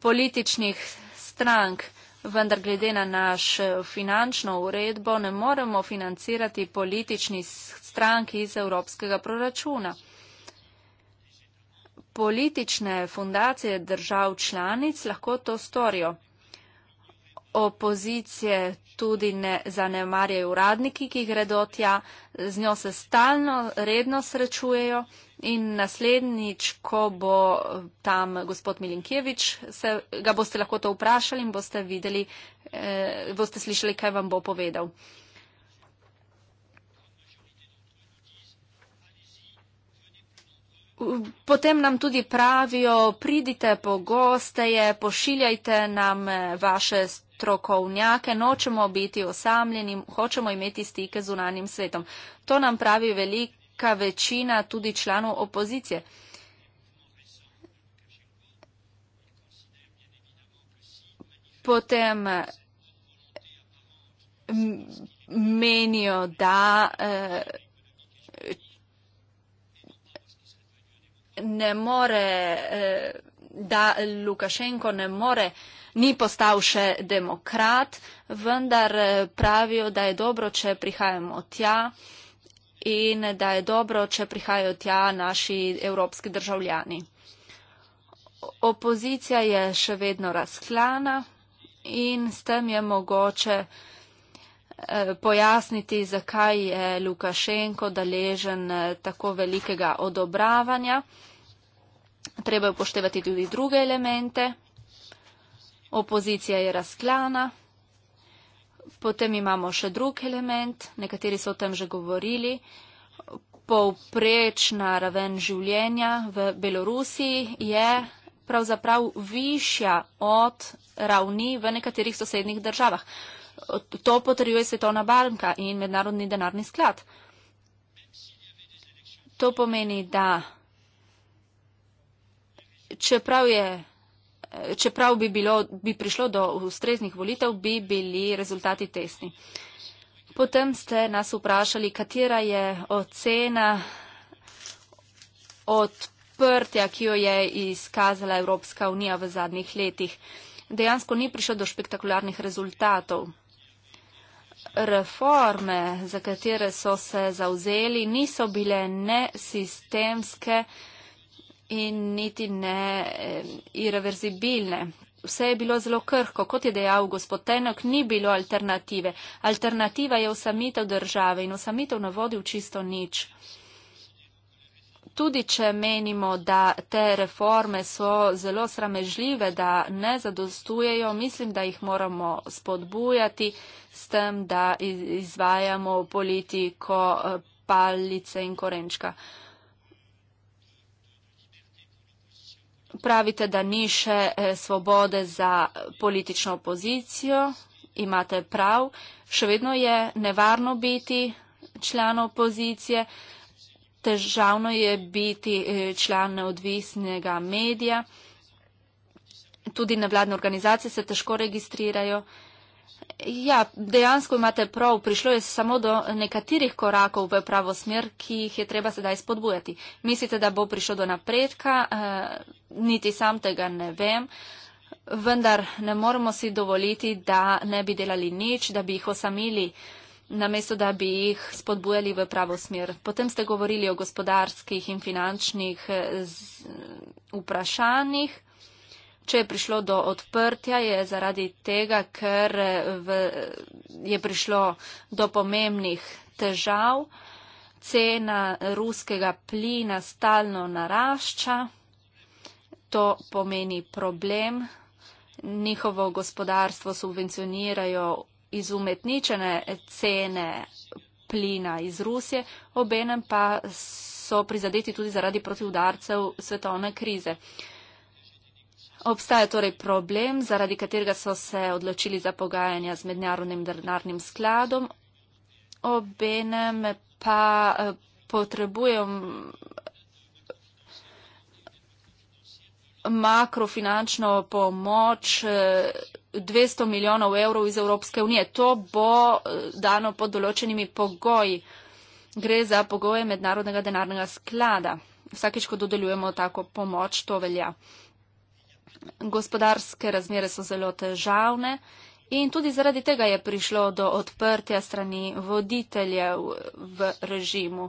Speaker 2: političnih strank, vendar glede na naš finančno uredbo ne moremo financirati političnih strank iz evropskega proračuna politične fundacije držav članic lahko to storijo. Opozicije tudi ne zanemarjajo uradniki, ki gredo tja, z njo se stalno, redno srečujejo in naslednjič, ko bo tam gospod Milinkjevič, se, ga boste lahko to vprašali in boste, videli, eh, boste slišali, kaj vam bo povedal. Potem nam tudi pravijo, pridite pogosteje, pošiljajte nam eh, vaše strokovnjake, nočemo biti osamljeni, hočemo imeti stike z unanim svetom. To nam pravi velika večina tudi članov opozicije. Potem menijo, da. Eh, ne more, eh, da Lukašenko ne more, ni postal še demokrat, vendar eh, pravijo, da je dobro, če prihajamo tja in da je dobro, če prihajajo tja naši evropski državljani. Opozicija je še vedno razklana in s tem je mogoče eh, pojasniti, zakaj je Lukašenko deležen tako velikega odobravanja. Treba je upoštevati tudi druge elemente. Opozicija je razklana. Potem imamo še drug element, nekateri so o tem že govorili. Povprečna raven življenja v Belorusiji je pravzaprav višja od ravni v nekaterih sosednjih državah. To potrjuje Svetovna banka in Mednarodni denarni sklad. To pomeni, da čeprav, je, čeprav bi, bilo, bi prišlo do ustreznih volitev, bi bili rezultati tesni. Potem ste nas vprašali, katera je ocena odprtja, ki jo je izkazala Evropska unija v zadnjih letih. Dejansko ni prišlo do spektakularnih rezultatov. Reforme, za katere so se zauzeli, niso bile ne sistemske, in niti ne irreverzibilne. Vse je bilo zelo krhko, kot je dejal gospod Tenok, ni bilo alternative. Alternativa je usamitev države in usamitev ne vodi v čisto nič. Tudi, če menimo, da te reforme so zelo sramežljive, da ne zadostujejo, mislim, da jih moramo spodbujati s tem, da izvajamo politiko eh, palice in korenčka. pravite, da ni še eh, svobode za eh, politično opozicijo, imate prav, še vedno je nevarno biti član opozicije, težavno je biti eh, član neodvisnega medija, tudi nevladne organizacije se težko registrirajo. Ja, dejansko imate prav, prišlo je samo do nekaterih korakov v pravo smer, ki jih je treba sedaj spodbujati. Mislite, da bo prišlo do napredka, e, niti sam tega ne vem, vendar ne moramo si dovoliti, da ne bi delali nič, da bi jih osamili, namesto da bi jih spodbujali v pravo smer. Potem ste govorili o gospodarskih in finančnih eh, z, vprašanjih. Če je prišlo do odprtja, je zaradi tega, ker v, je prišlo do pomembnih težav. Cena ruskega plina stalno narašča. To pomeni problem. Njihovo gospodarstvo subvencionirajo iz umetničene cene plina iz Rusije, obenem pa so prizadeti tudi zaradi protivdarcev svetovne krize. Obstaja torej problem, zaradi katerega so se odločili za pogajanja z mednarodnim denarnim skladom. Obenem pa eh, potrebujem eh, makrofinančno pomoč 200 eh, milijonov evrov iz Evropske unije. To bo dano pod določenimi pogoji. Gre za pogoje mednarodnega denarnega sklada. Vsakeč, ko dodeljujemo tako pomoč, to velja gospodarske razmere so zelo težavne in tudi zaradi tega je prišlo do odprtja strani voditeljev v režimu.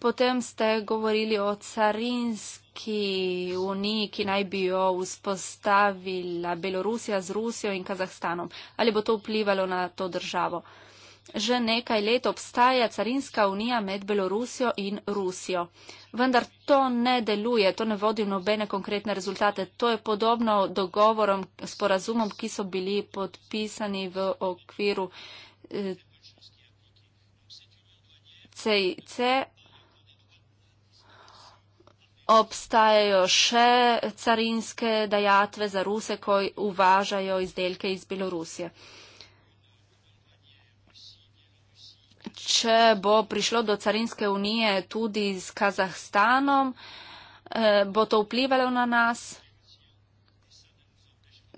Speaker 2: Potem ste govorili o carinski uniji, ki naj bi jo vzpostavila Belorusija z Rusijo in Kazahstanom. Ali bo to vplivalo na to državo? Uh, že nekaj let obstaja carinska unija med Belorusijo in Rusijo. Vendar to ne deluje, to ne vodi nobene konkretne rezultate. To je podobno dogovorom, sporazumom, ki so bili podpisani v okviru CIC. Eh, Obstajajo še carinske dajatve za ruse, ko uvažajo izdelke iz Belorusije. če bo prišlo do carinske unije tudi z Kazahstanom, eh, bo to vplivalo na nas.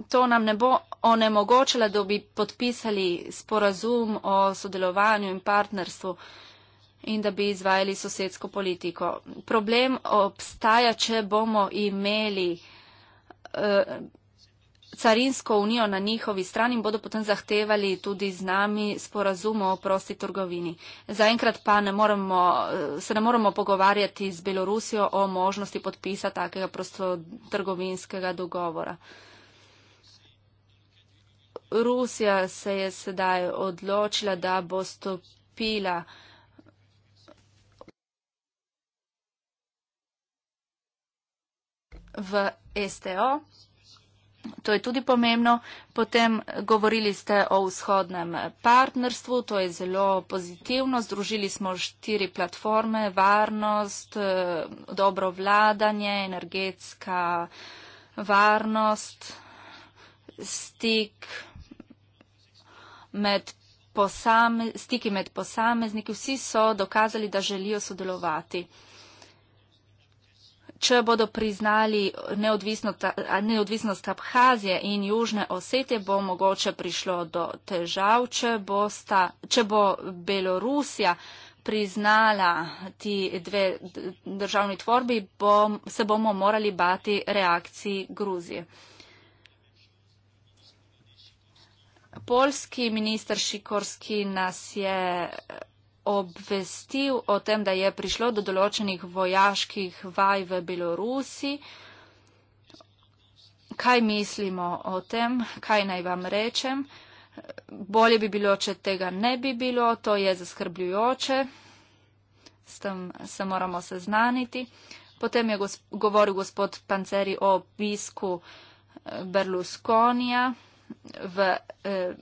Speaker 2: To nam ne bo onemogočilo, da bi podpisali sporazum o sodelovanju in partnerstvu in da bi izvajali sosedsko politiko. Problem obstaja, če bomo imeli. Uh, carinsko unijo na njihovi strani in bodo potem zahtevali tudi z nami sporazum o prosti trgovini. Zaenkrat pa ne moremo, eh, se ne moremo pogovarjati z Belorusijo o možnosti podpisa takega prostotrgovinskega dogovora. Rusija se je sedaj odločila, da bo stopila. V STO to je tudi pomembno. Potem govorili ste o vzhodnem partnerstvu, to je zelo pozitivno. Združili smo štiri platforme, varnost, eh, dobro vladanje, energetska varnost, stik med. Posame, stiki med posamezniki, vsi so dokazali, da želijo sodelovati če bodo priznali neodvisnost, neodvisnost Abhazije in Južne Osetje, bo mogoče prišlo do težav, če bo, sta, če bo Belorusija priznala ti dve državni tvorbi, bom, se bomo morali bati reakciji Gruzije. Polski minister Šikorski nas je obvestil o tem, da je prišlo do določenih vojaških vaj v Belorusi. Kaj mislimo o tem, kaj naj vam rečem? Bolje bi bilo, če tega ne bi bilo, to je zaskrbljujoče, s tem se moramo seznaniti. Potem je gosp govoril gospod Panceri o obisku eh, Berlusconija v. Eh,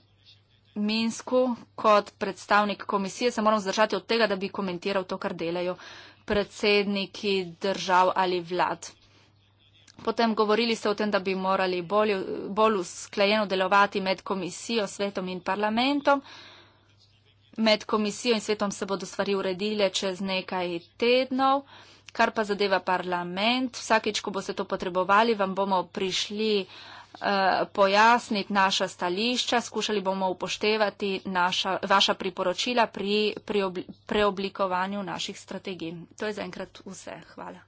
Speaker 2: Minsku kot predstavnik komisije, se moram zdržati od tega, da bi komentiral to, kar delajo predsedniki držav ali vlad. Potem govorili ste o tem, da bi morali bolj, bolj usklajeno delovati med komisijo, svetom in parlamentom. Med komisijo in svetom se bodo stvari uredile čez nekaj tednov. Kar pa zadeva parlament, vsakeč, ko boste to potrebovali, vam bomo prišli uh, pojasniti naša stališča, skušali bomo upoštevati naša, vaša priporočila pri, pri ob, preoblikovanju naših strategij. To je zaenkrat vse. Hvala.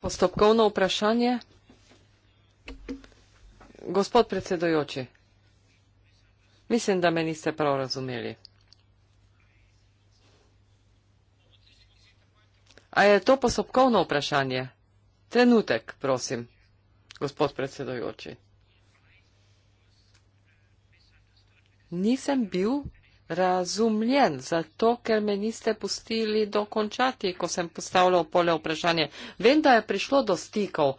Speaker 3: Postopkovno vprašanje. Gospod predsedojoči, mislim, da me niste prav razumeli. A je to postopkovno vprašanje? Trenutek, prosim, gospod predsedojoči. Nisem bil razumljen zato, ker me niste pustili dokončati, ko sem postavljal pole vprašanje. Vem, da je prišlo do stikov,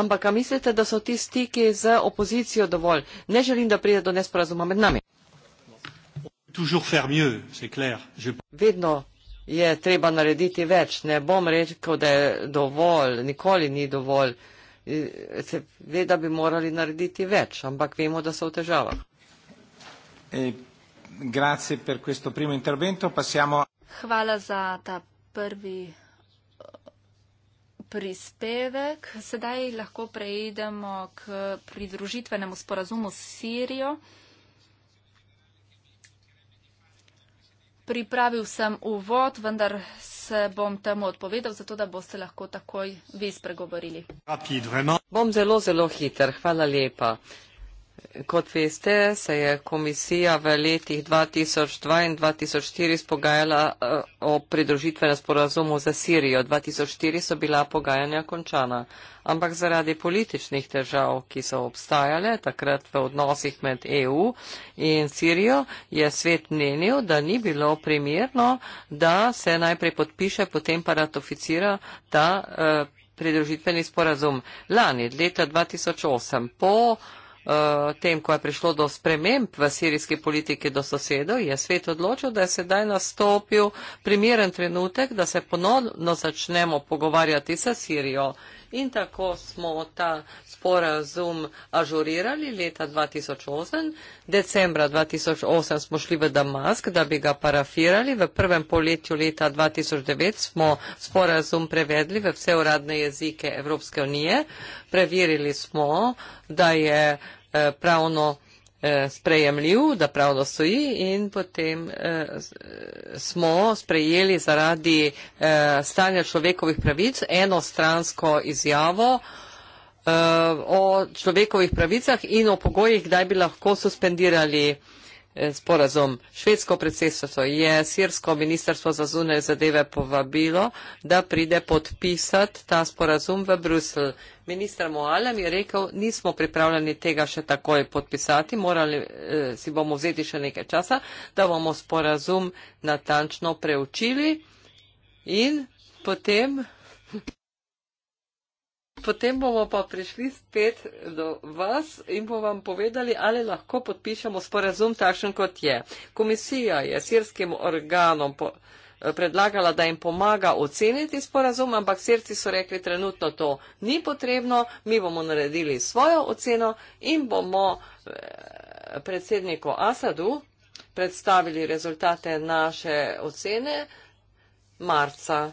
Speaker 3: ampak a mislite, da so ti stiki z opozicijo dovolj? Ne želim, da pride do nesporazuma med nami. Vedno je treba narediti več. Ne bom rekel, da je dovolj, nikoli ni dovolj. Se ve, da bi morali narediti več, ampak vemo, da so v težavah.
Speaker 1: E,
Speaker 2: Hvala za ta prvi uh, prispevek. Sedaj lahko preidemo k pridružitvenemu sporazumu s Sirijo. Pripravil sem uvod, vendar se bom temu odpovedal, zato da boste lahko takoj vi spregovorili.
Speaker 3: Bom zelo, zelo hiter. Hvala lepa. Kot veste, se je komisija v letih 2002 in 2004 spogajala eh, o pridružitvenem sporazumu za Sirijo. 2004 so bila pogajanja končana, ampak zaradi političnih težav, ki so obstajale takrat v odnosih med EU in Sirijo, je svet menil, da ni bilo primerno, da se najprej podpiše, potem pa ratificira ta eh, pridružitveni sporazum. Lani, leta 2008, po Eh, tem, ko je prišlo do sprememb v sirijski politiki do sosedov, je svet odločil, da je sedaj nastopil primeren trenutek, da se ponovno začnemo pogovarjati s Sirijo. In tako smo ta sporazum ažurirali leta 2008. Decembra 2008 smo šli v Damask, da bi ga parafirali. V prvem poletju leta 2009 smo sporazum prevedli v vse uradne jezike Evropske unije. Preverili smo, da je Eh, pravno eh, sprejemljiv, da pravno stoji in potem eh, smo sprejeli zaradi stanja človekovih pravic eno stransko izjavo o človekovih pravicah in o pogojih, kdaj bi lahko suspendirali Eh, sporazum. Švedsko predsedstvo je sirsko ministrstvo za zune zadeve povabilo, da pride podpisati ta sporazum v Brusel. Ministr Moalem je rekel, nismo pripravljeni tega še takoj podpisati, morali eh, si bomo vzeti še nekaj časa, da bomo sporazum natančno preučili in potem. Potem bomo pa prišli spet do vas in bomo vam povedali, ali lahko podpišemo sporazum takšen, kot je. Komisija je sirskim organom po, eh, predlagala, da jim pomaga oceniti sporazum, ampak sirci so rekli, trenutno to ni potrebno, mi bomo naredili svojo oceno in bomo eh, predsedniku Asadu predstavili rezultate naše ocene marca.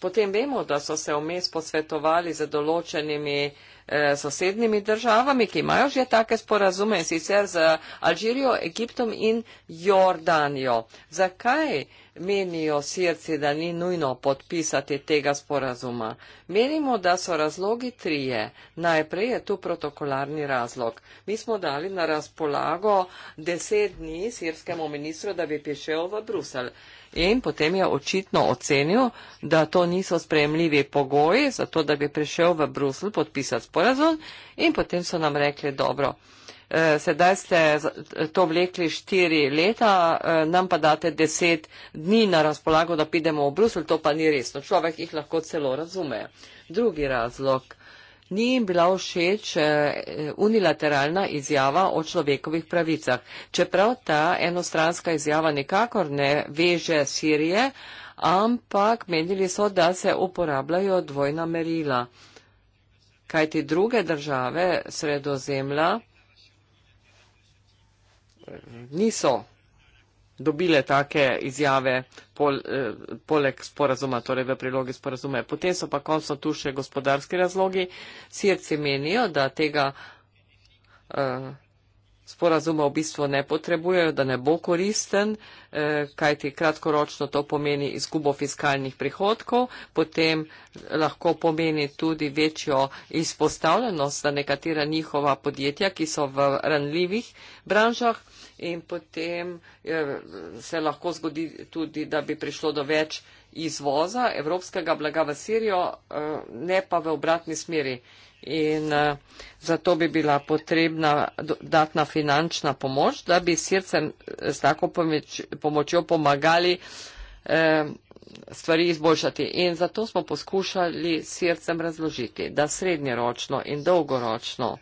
Speaker 3: Potem vemo, da so se vmes posvetovali z določenimi eh, sosednjimi državami, ki imajo že take sporazume, sicer z Alžirijo, Egiptom in Jordanijo. Zakaj menijo sirci, da ni nujno podpisati tega sporazuma? Menimo, da so razlogi trije. Najprej je tu protokolarni razlog. Mi smo dali na razpolago deset dni sirskemu ministru, da bi prišel v Bruselj in potem je očitno ocenil, da to niso spremljivi pogoji, zato da bi prišel v Brusel podpisati sporazum in potem so nam rekli, dobro, eh, sedaj ste eh, to vlekli štiri leta, eh, nam pa date deset dni na razpolago, da pidemo v Brusel, to pa ni resno. Človek jih lahko celo razume. Drugi razlog ni jim bila všeč eh, unilateralna izjava o človekovih pravicah. Čeprav ta enostranska izjava nikakor ne veže Sirije, ampak menili so, da se uporabljajo dvojna merila. Kaj ti druge države sredozemlja eh, niso dobile take izjave pol, eh, poleg sporazuma, torej v prilogi sporazume. Potem so pa konco tu še gospodarski razlogi. Sirci menijo, da tega. Eh, sporazuma v bistvu ne potrebujejo, da ne bo koristen, eh, kajti kratkoročno to pomeni izgubo fiskalnih prihodkov, potem lahko pomeni tudi večjo izpostavljenost za nekatera njihova podjetja, ki so v ranljivih branžah in potem eh, se lahko zgodi tudi, da bi prišlo do več izvoza evropskega blaga v Sirijo, eh, ne pa v obratni smeri in eh, zato bi bila potrebna datna finančna pomoč, da bi sircem eh, s tako pomočjo pomagali eh, stvari izboljšati. In zato smo poskušali sircem razložiti, da srednjeročno in dolgoročno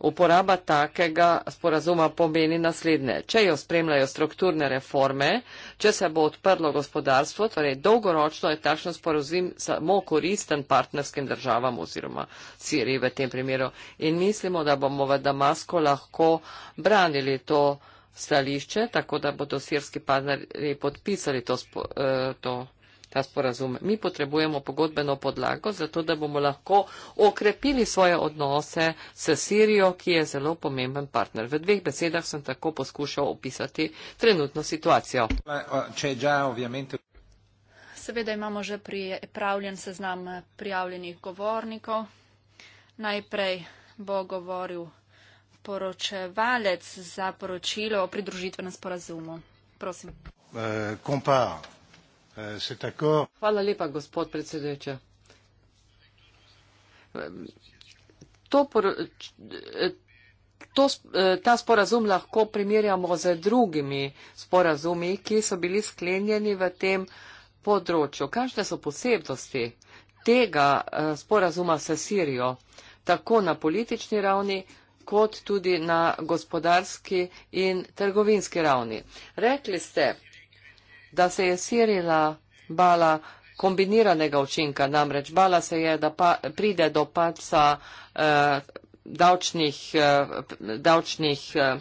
Speaker 3: Uporaba takega sporazuma pomeni naslednje. Če jo spremljajo strukturne reforme, če se bo odprlo gospodarstvo, torej dolgoročno je takšen sporazum samo koristen partnerskim državam oziroma Siriji v tem primeru. In mislimo, da bomo v Damasku lahko branili to stališče, tako da bodo sirski partnerji podpisali to, spo, eh, to ta sporazum. Mi potrebujemo pogodbeno podlago, zato da bomo lahko okrepili svoje odnose s Sirijo, ki je zelo pomemben partner. V dveh besedah sem tako poskušal opisati trenutno situacijo.
Speaker 2: Seveda imamo že pripravljen seznam prijavljenih govornikov. Najprej bo govoril poročevalec za poročilo o pridružitvenem sporazumu. Prosim.
Speaker 1: Eh, Euh,
Speaker 3: cet accord.
Speaker 2: Hvala lepa, gospod predsedujoča.
Speaker 3: To por, to, ta sporazum lahko primerjamo z drugimi sporazumi, ki so bili sklenjeni v tem področju. Kakšne so posebnosti tega eh, sporazuma s Sirijo, tako na politični ravni, kot tudi na gospodarski in trgovinski ravni? Rekli ste, da se je sirila bala kombiniranega učinka, namreč bala se je, da pa, pride do paca eh, davčnih, eh, davčnih eh,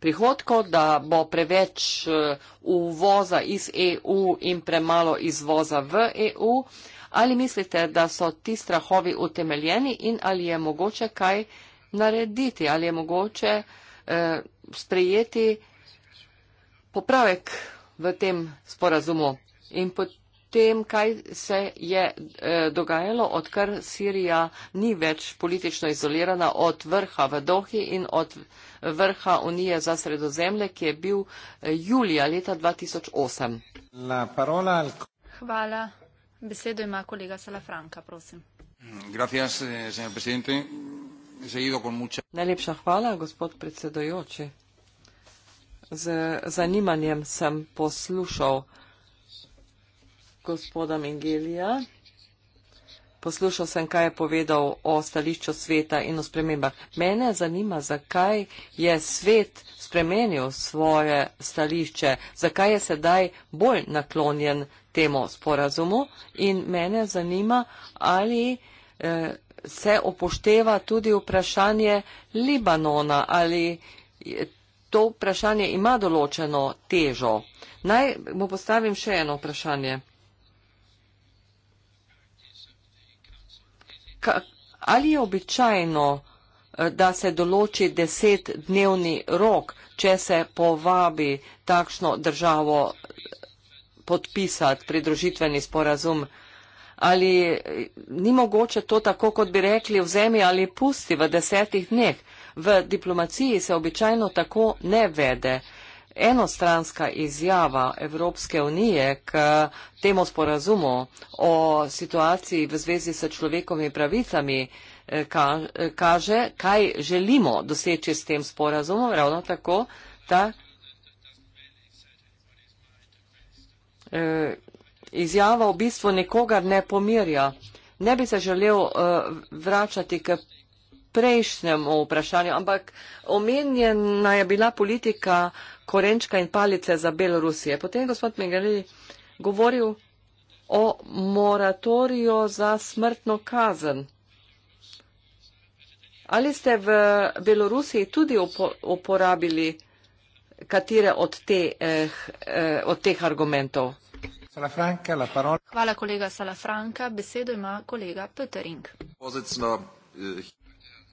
Speaker 3: prihodkov, da bo preveč eh, uvoza iz EU in premalo izvoza v EU. Ali mislite, da so ti strahovi utemeljeni in ali je mogoče kaj narediti, ali je mogoče eh, sprejeti popravek v tem sporazumu. In potem, kaj se je eh, dogajalo, odkar Sirija ni več politično izolirana od vrha v Dohi in od vrha Unije za sredozemlje, ki je bil eh, julija leta 2008.
Speaker 2: Hvala. Besedo ima kolega Salafranka, prosim.
Speaker 3: Gracias, eh, Najlepša hvala, gospod predsedojoči z zanimanjem sem poslušal gospoda Mengelija. Poslušal sem, kaj je povedal o stališču sveta in o spremembah. Mene zanima, zakaj je svet spremenil svoje stališče, zakaj je sedaj bolj naklonjen temu sporazumu in mene zanima, ali eh, se upošteva tudi vprašanje Libanona ali to vprašanje ima določeno težo. Naj mu postavim še eno vprašanje. Ka, ali je običajno, eh, da se določi desetdnevni rok, če se povabi takšno državo eh, podpisati pridružitveni sporazum? Ali eh, ni mogoče to tako, kot bi rekli, vzemi ali pusti v desetih dneh? V diplomaciji se običajno tako ne vede. Enostranska izjava Evropske unije k temu sporazumu o situaciji v zvezi s človekovimi pravicami eh, eh, kaže, kaj želimo doseči s tem sporazumom, ravno tako, da eh, izjava v bistvu nekoga ne pomirja. Ne bi se želel vračati k prejšnjem vprašanju, ampak omenjena je bila politika korenčka in palice za Belorusije. Potem gospod Megali govoril o moratoriju za smrtno kazen. Ali ste v Belorusiji tudi uporabili katere od, te, eh, eh, od teh argumentov?
Speaker 2: Hvala kolega Salafranka. Besedo ima kolega Petering.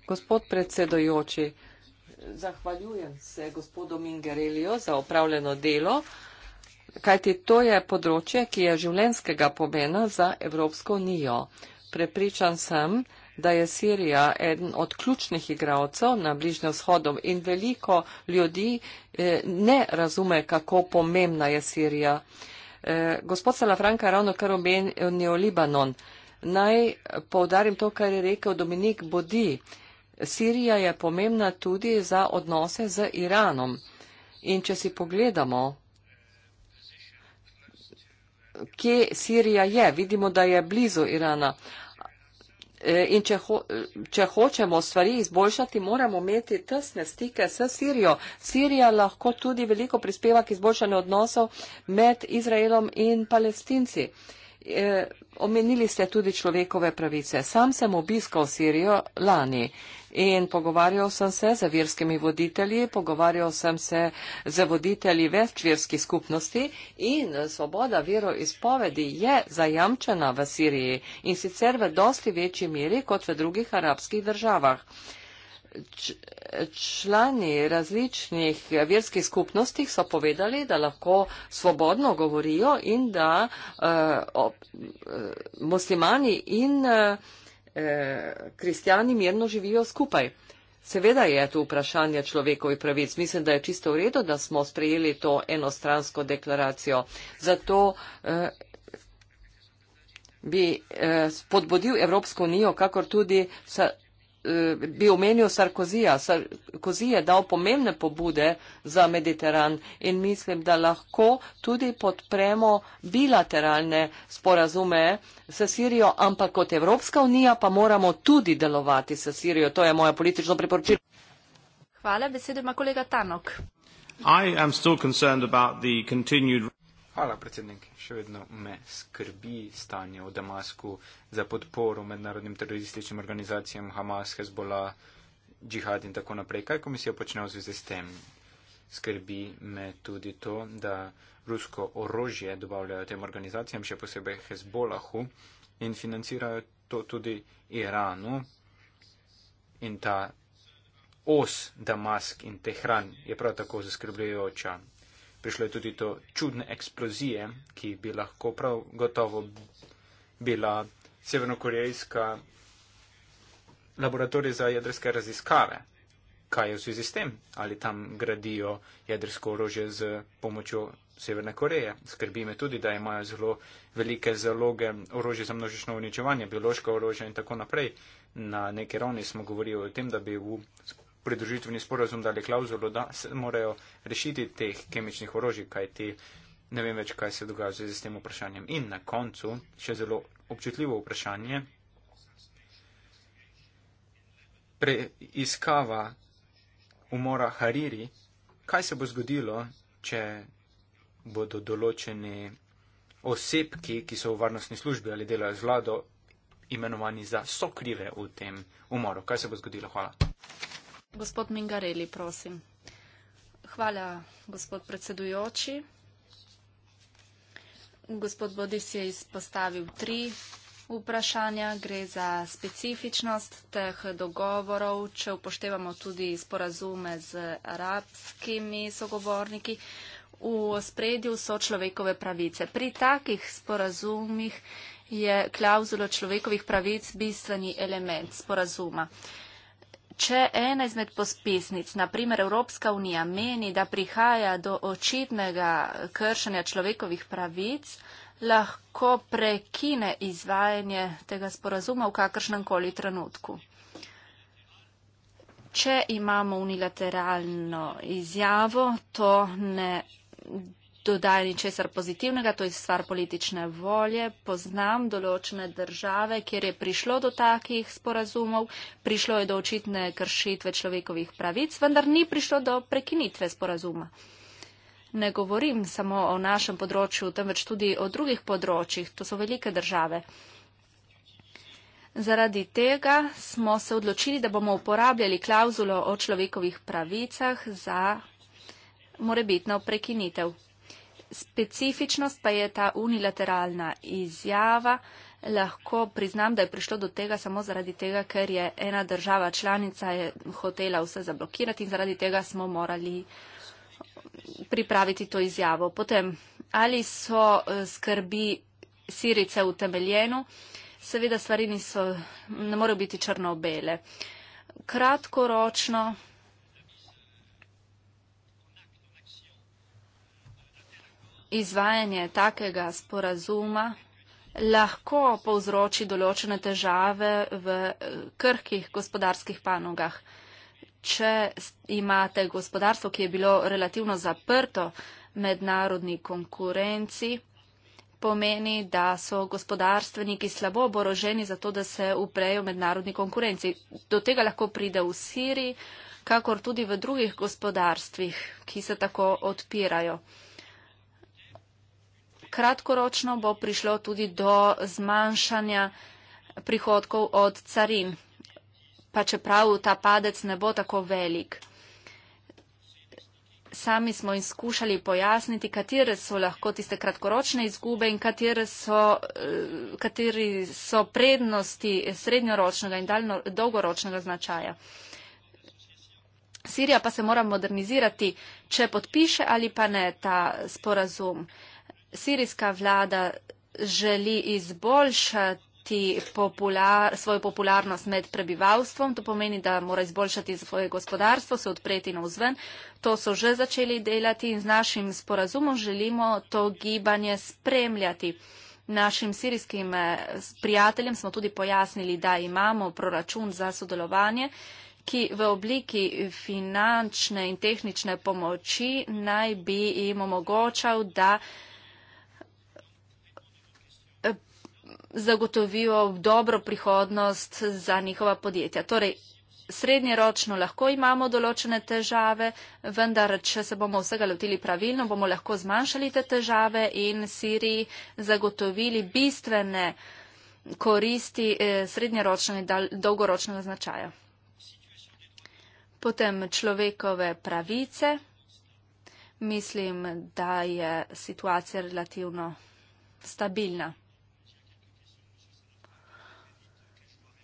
Speaker 3: Gospod predsedojoči, zahvaljujem se gospodu Mingerelijo za opravljeno delo, kajti to je področje, ki je življenskega pomena za Evropsko unijo. Prepričan sem, da je Sirija eden od ključnih igralcev na Bližnjem vzhodu in veliko ljudi eh, ne razume, kako pomembna je Sirija. Eh, gospod Salafranka je ravno kar omenil Libanon. Naj povdarim to, kar je rekel Dominik Bodi. Sirija je pomembna tudi za odnose z Iranom. In če si pogledamo, kje Sirija je, vidimo, da je blizu Irana. E, in če, ho, če hočemo stvari izboljšati, moramo imeti tesne stike s Sirijo. Sirija lahko tudi veliko prispeva k izboljšanju odnosov med Izraelom in palestinci. E, omenili ste tudi človekove pravice. Sam sem obiskal Sirijo lani in pogovarjal sem se z verskimi voditelji, pogovarjal sem se z voditelji več verskih skupnosti in svoboda veroizpovedi je zajamčena v Siriji in sicer v dosti večji meri kot v drugih arabskih državah člani različnih verskih skupnosti so povedali, da lahko svobodno govorijo in da eh, eh, muslimani in eh, kristjani mirno živijo skupaj. Seveda je tu vprašanje človekovih pravic. Mislim, da je čisto v redu, da smo sprejeli to enostransko deklaracijo. Zato eh, bi eh, spodbudil Evropsko unijo, kakor tudi Eh, bi omenil Sarkozija. Sarkozi je dal pomembne pobude za Mediteran in mislim, da lahko tudi podpremo bilateralne sporazume s Sirijo, ampak kot Evropska unija pa moramo tudi delovati s Sirijo. To je moja politično priporočilo.
Speaker 2: Hvala, besedo ima kolega Tanok.
Speaker 5: Hvala, predsednik. Še
Speaker 3: vedno me
Speaker 5: skrbi stanje v Damasku za podporo mednarodnim terorističnim organizacijam Hamas, Hezbola, džihad in tako naprej. Kaj komisija počne v zvezi s tem? Skrbi me tudi to, da rusko orožje dobavljajo tem organizacijam, še posebej Hezbolahu, in financirajo to tudi Iranu. In ta os Damask in Tehran je prav tako zaskrbljujoča prišlo je tudi do čudne eksplozije, ki bi lahko prav gotovo bila severnokorejska laboratorij za jedrske raziskave. Kaj je v zvezi s tem? Ali tam gradijo jedrsko orožje z pomočjo Severne Koreje? Skrbi me tudi, da imajo zelo velike zaloge orožja za množično uničevanje, biološko orožje in tako naprej. Na neki ravni smo govorili o tem, da bi v pridružitveni sporozum dali klauzulo, da se morajo rešiti teh kemičnih orožij, kaj ti ne vem več, kaj se dogaja z tem vprašanjem. In na koncu, še zelo občutljivo vprašanje, preiskava umora Hariri, kaj se bo zgodilo, če bodo določeni osebki, ki so v varnostni službi ali delajo z vlado, imenovani za sokrive v tem umoru. Kaj se bo zgodilo? Hvala.
Speaker 2: Gospod Mingareli, prosim. Hvala, gospod predsedujoči. Gospod Bodis je izpostavil tri vprašanja. Gre za specifičnost teh dogovorov, če upoštevamo tudi sporazume z arabskimi sogovorniki. V spredju so človekove pravice. Pri takih sporazumih je klauzulo človekovih pravic bistveni element sporazuma če ena izmed pospisnic, naprimer Evropska unija, meni, da prihaja do očitnega kršenja človekovih pravic, lahko prekine izvajanje tega sporazuma v kakršnem koli trenutku. Če imamo unilateralno izjavo, to ne dodaja ničesar pozitivnega, to je stvar politične volje. Poznam določene države, kjer je prišlo do takih sporazumov, prišlo je do očitne kršitve človekovih pravic, vendar ni prišlo do prekinitve sporazuma. Ne govorim samo o našem področju, temveč tudi o drugih področjih, to so velike države. Zaradi tega smo se odločili, da bomo uporabljali klauzulo o človekovih pravicah za morebitno prekinitev specifičnost pa je ta unilateralna izjava. Lahko priznam, da je prišlo do tega samo zaradi tega, ker je ena država članica hotela vse zablokirati in zaradi tega smo morali pripraviti to izjavo. Potem, ali so eh, skrbi Sirice utemeljeno? Seveda stvari niso, ne morejo biti črno-bele. Kratkoročno izvajanje takega sporazuma lahko povzroči določene težave v eh, krhkih gospodarskih panogah. Če imate gospodarstvo, ki je bilo relativno zaprto mednarodni konkurenci, pomeni, da so gospodarstveniki slabo oboroženi za to, da se uprejo mednarodni konkurenci. Do tega lahko pride v Siriji, kakor tudi v drugih gospodarstvih, ki se tako odpirajo. Kratkoročno bo prišlo tudi do zmanjšanja prihodkov od carin, pa čeprav ta padec ne bo tako velik. Sami smo izkušali pojasniti, katere so lahko tiste kratkoročne izgube in katere so, eh, kateri so prednosti srednjeročnega in daljno, dolgoročnega značaja. Sirija pa se mora modernizirati, če podpiše ali pa ne ta sporazum sirijska vlada želi izboljšati Popular, svojo popularnost med prebivalstvom. To pomeni, da mora izboljšati svoje gospodarstvo, se odpreti na vzven. To so že začeli delati in z našim sporazumom želimo to gibanje spremljati. Našim sirijskim eh, prijateljem smo tudi pojasnili, da imamo proračun za sodelovanje, ki v obliki finančne in tehnične pomoči naj bi jim omogočal, da zagotovijo dobro prihodnost za njihova podjetja. Torej, srednjeročno lahko imamo določene težave, vendar, če se bomo vsega lotili pravilno, bomo lahko zmanjšali te težave in Siriji zagotovili bistvene koristi eh, srednjeročno in dolgoročno značaja. Potem človekove pravice. Mislim, da je situacija relativno stabilna.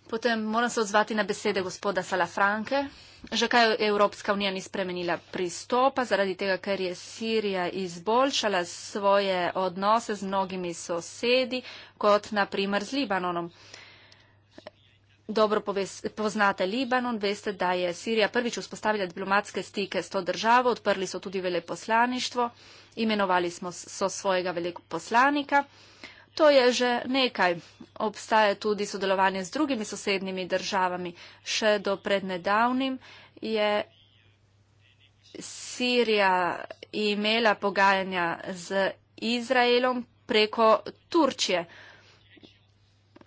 Speaker 2: Potem moram se odzvati na besede gospoda Salafranke. Že kaj je Evropska unija ni spremenila pristopa, zaradi tega, ker je Sirija izboljšala svoje odnose z mnogimi sosedi, kot naprimer z Libanonom. Dobro poznate Libanon, veste, da je Sirija prvič vzpostavila diplomatske stike s to državo, odprli so tudi veleposlaništvo, imenovali smo so svojega veleposlanika. To je že nekaj. Obstaja tudi sodelovanje z drugimi sosednjimi državami. Še do prednedavnim je Sirija imela pogajanja z Izraelom preko Turčije.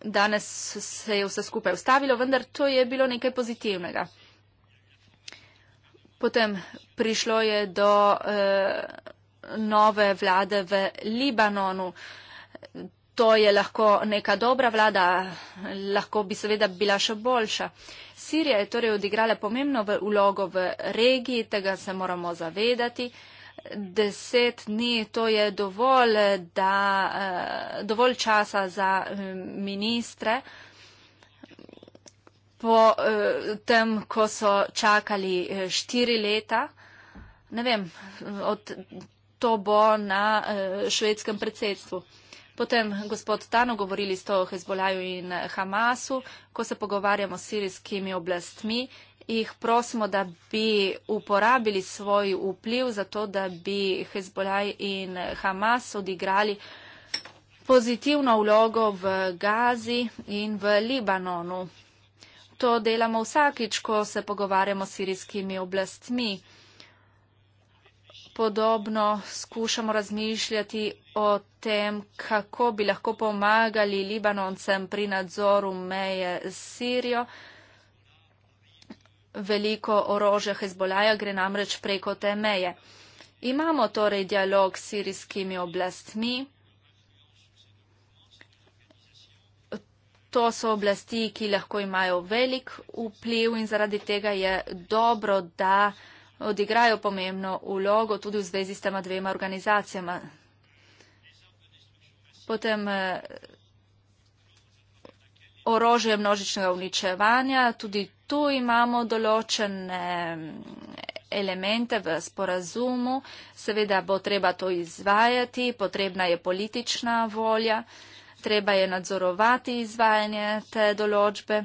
Speaker 2: Danes se je vse skupaj ustavilo, vendar to je bilo nekaj pozitivnega. Potem prišlo je do eh, nove vlade v Libanonu. Eh, to je lahko neka dobra vlada, lahko bi seveda bila še boljša. Sirija je torej odigrala pomembno vlogo v regiji, tega se moramo zavedati. Deset dni, to je dovolj, da, eh, dovolj časa za eh, ministre. Po eh, tem, ko so čakali štiri leta, ne vem, od, to bo na švedskem predsedstvu. Potem gospod Tano govorili ste o Hezbolaju in Hamasu, ko se pogovarjamo s sirijskimi oblastmi, jih prosimo, da bi uporabili svoj vpliv za to, da bi Hezbolaj in Hamas odigrali pozitivno vlogo v Gazi in v Libanonu. To delamo vsakič, ko se pogovarjamo s sirijskimi oblastmi podobno skušamo razmišljati o tem, kako bi lahko pomagali Libanoncem pri nadzoru meje z Sirijo. Veliko orožja Hezbolaja gre namreč preko te meje. Imamo torej dialog s sirijskimi oblastmi. To so oblasti, ki lahko imajo velik vpliv in zaradi tega je dobro, da odigrajo pomembno vlogo tudi v zvezi s tema dvema organizacijama. Potem eh, orožje množičnega uničevanja, tudi tu imamo določene mm, elemente v sporazumu, seveda bo treba to izvajati, potrebna je politična volja, treba je nadzorovati izvajanje te določbe,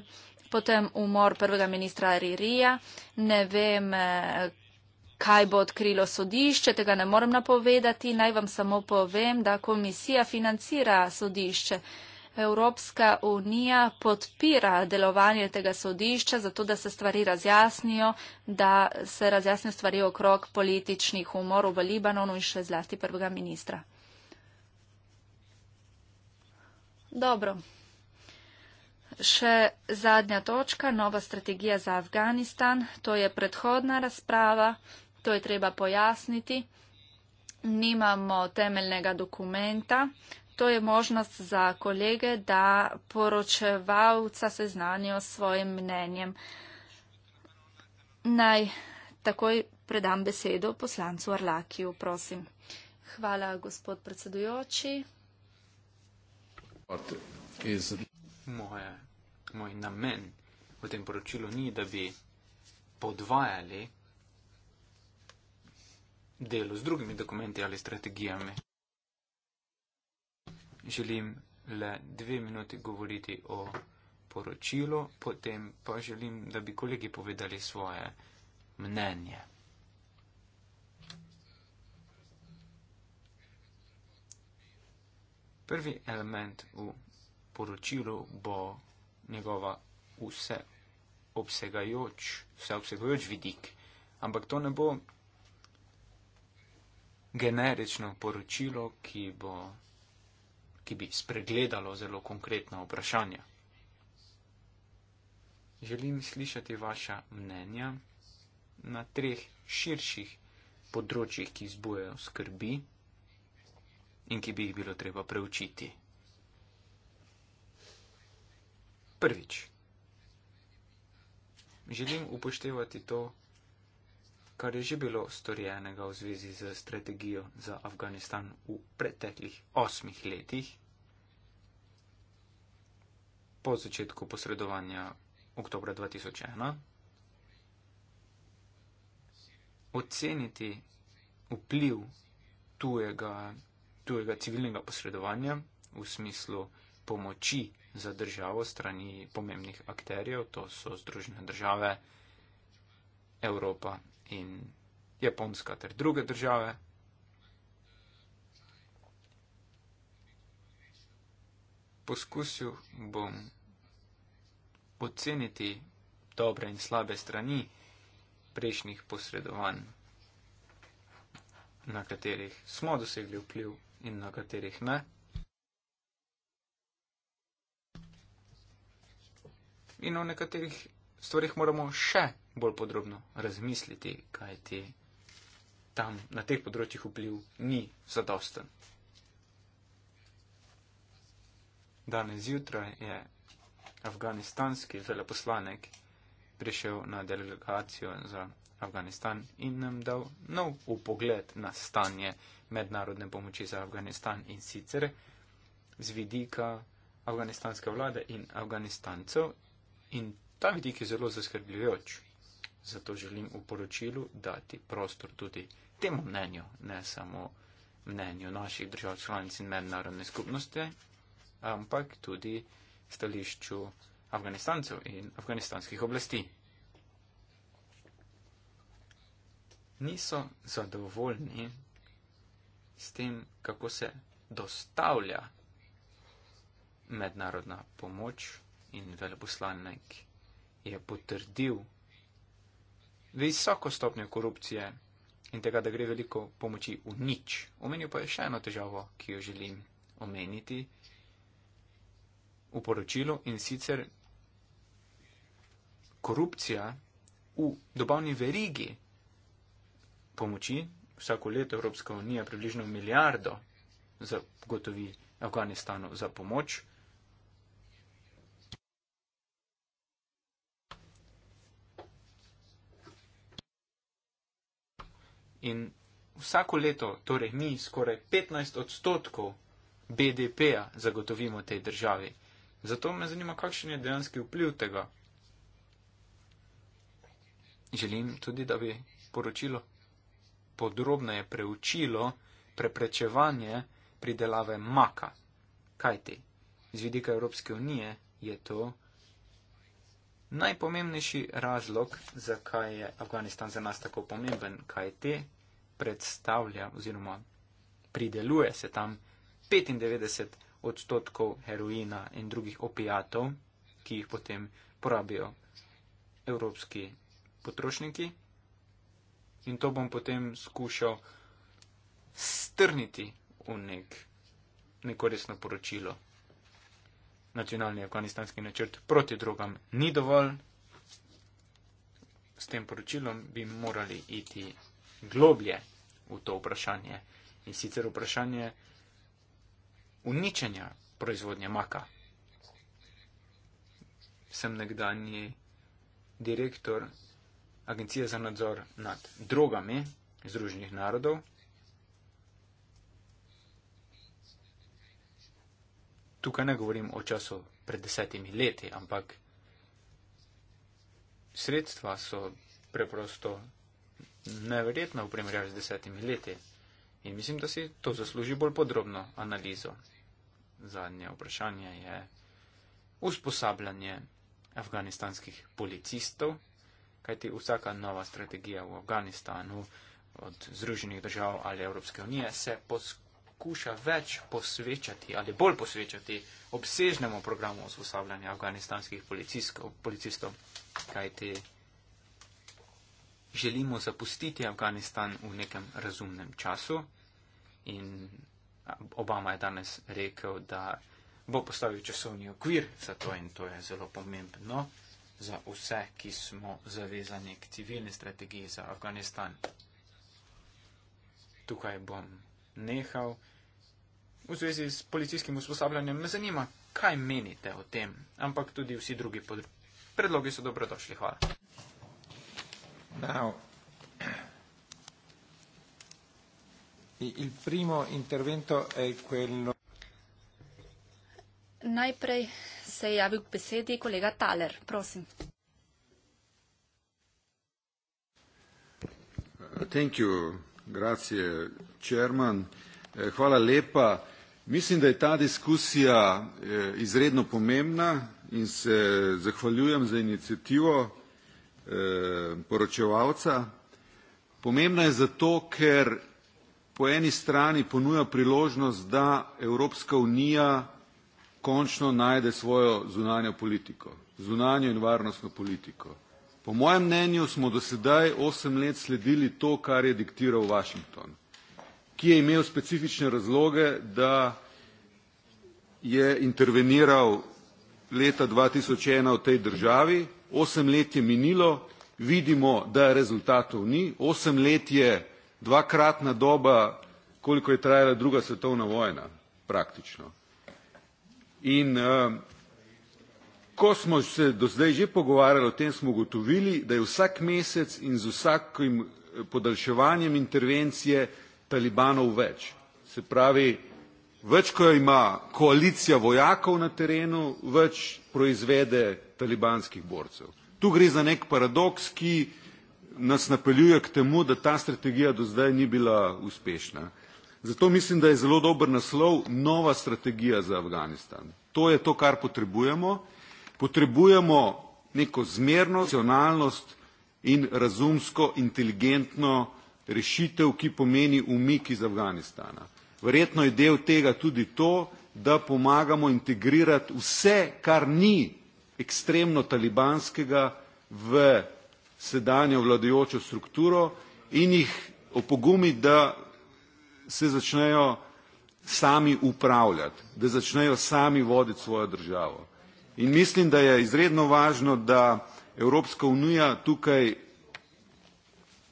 Speaker 2: potem umor prvega ministra Ririja, ne vem, eh, Kaj bo odkrilo sodišče, tega ne morem napovedati. Naj vam samo povem, da komisija financira sodišče. Evropska unija podpira delovanje tega sodišča, zato da se stvari razjasnijo, da se razjasnijo stvari okrog političnih umorov v Libanonu in še zlasti prvega ministra. Dobro. Še zadnja točka, nova strategija za Afganistan. To je predhodna razprava to je treba pojasniti, nimamo temeljnega dokumenta, to je možnost za kolege, da poročevalca seznanijo s svojim mnenjem. Naj takoj predam besedo poslancu Arlakiju, prosim. Hvala, gospod predsedujoči.
Speaker 5: Moje, moj namen v tem poročilu ni, da bi podvajali delu z drugimi dokumenti ali strategijami. Želim le dve minuti govoriti o poročilu, potem pa želim, da bi kolegi povedali svoje mnenje. Prvi element v poročilu bo njegova vse obsegajoč, vse obsegajoč vidik. Ampak to ne bo generično poročilo, ki, bo, ki bi spregledalo zelo konkretna vprašanja. Želim slišati vaša mnenja na treh širših področjih, ki zbujejo skrbi in ki bi jih bilo treba preučiti. Prvič. Želim upoštevati to, kar je že bilo storjenega v zvezi z strategijo za Afganistan v preteklih osmih letih, po začetku posredovanja oktobra 2001, oceniti vpliv tujega, tujega civilnega posredovanja v smislu pomoči za državo strani pomembnih akterjev, to so Združene države, Evropa in Japonska ter druge države. Poskusil bom oceniti dobre in slabe strani prejšnjih posredovanj, na katerih smo dosegli vpliv in na katerih ne. In o nekaterih stvarih moramo še bolj podrobno razmisliti, kaj ti tam na teh področjih vpliv ni zadosten. Danes zjutraj je afganistanski veleposlanek prišel na delegacijo za Afganistan in nam dal nov upogled na stanje mednarodne pomoči za Afganistan in sicer z vidika afganistanske vlade in afganistancev in ta vidik je zelo zaskrbljujoč. Zato želim v poročilu dati prostor tudi temu mnenju, ne samo mnenju naših držav članic in mednarodne skupnosti, ampak tudi stališču Afganistancev in afganistanskih oblasti. Niso zadovoljni s tem, kako se dostavlja mednarodna pomoč in veleposlanek je potrdil visoko stopnjo korupcije in tega, da gre veliko pomoči v nič. Omenil pa je še eno težavo, ki jo želim omeniti v poročilu in sicer korupcija v dobavni verigi pomoči. Vsako leto Evropska unija približno milijardo zagotovi Afganistanu za pomoč. In vsako leto, torej mi skoraj 15 odstotkov BDP-ja zagotovimo tej državi. Zato me zanima, kakšen je dejanski vpliv tega. Želim tudi, da bi poročilo podrobneje preučilo preprečevanje pridelave maka. Kaj ti? Z vidika Evropske unije je to Najpomembnejši razlog, zakaj je Afganistan za nas tako pomemben, kaj te predstavlja oziroma prideluje se tam 95 odstotkov heroina in drugih opijatov, ki jih potem porabijo evropski potrošniki. In to bom potem skušal strniti v nek, neko resno poročilo nacionalni afganistanski načrt proti drogam ni dovolj. S tem poročilom bi morali iti globlje v to vprašanje in sicer vprašanje uničenja proizvodnje maka. Sem nekdani direktor Agencije za nadzor nad drogami Združenih narodov tukaj ne govorim o času pred desetimi leti, ampak sredstva so preprosto neverjetna v primerjavi z desetimi leti. In mislim, da si to zasluži bolj podrobno analizo. Zadnje vprašanje je usposabljanje afganistanskih policistov, kajti vsaka nova strategija v Afganistanu od Združenih držav ali Evropske unije se poskušuje kuša več posvečati ali bolj posvečati obsežnemu programu usposabljanja afganistanskih policistov, kajti želimo zapustiti Afganistan v nekem razumnem času in Obama je danes rekel, da bo postavil časovni okvir za to in to je zelo pomembno za vse, ki smo zavezani k civilni strategiji za Afganistan. Tukaj bom nehal. V zvezi s policijskim usposabljanjem me zanima, kaj menite o tem, ampak tudi vsi drugi pod... predlogi so dobrodošli. Hvala.
Speaker 1: Now. Il primo intervento è quello.
Speaker 2: Najprej se je javil k besedi kolega Taler. Prosim.
Speaker 4: Uh, thank you. Grazie, Čerman. Eh, hvala lepa. Mislim, da je ta diskusija eh, izredno pomembna in se zahvaljujem za inicijativo eh, poročevalca. Pomembna je zato, ker po eni strani ponuja priložnost, da Evropska unija končno najde svojo zunanjo politiko, zunanjo in varnostno politiko. Po mojem mnenju smo do sedaj osem let sledili to, kar je diktiral Washington, ki je imel specifične razloge, da je interveniral leta 2001 v tej državi, osem let je minilo, vidimo, da rezultatov ni, osem let je dvakratna doba, koliko je trajala druga svetovna vojna praktično. In uh, Ko smo se do zdaj že pogovarjali o tem, smo ugotovili, da je vsak mesec in z vsakim eh, podaljševanjem intervencije talibanov več. Se pravi, več, ko ima koalicija vojakov na terenu, več proizvede talibanskih borcev. Tu gre za nek paradoks, ki nas napeljuje k temu, da ta strategija do zdaj ni bila uspešna. Zato mislim, da je zelo dober naslov nova strategija za Afganistan. To je to, kar potrebujemo. Potrebujemo neko zmerno racionalnost in razumsko inteligentno rešitev, ki pomeni umik iz Afganistana. Verjetno je del tega tudi to, da pomagamo integrirati vse, kar ni ekstremno talibanskega v sedanjo vladajočo strukturo in jih opogumi, da se začnejo sami upravljati, da začnejo sami voditi svojo državo. In mislim, da je izredno važno, da Evropska unija tukaj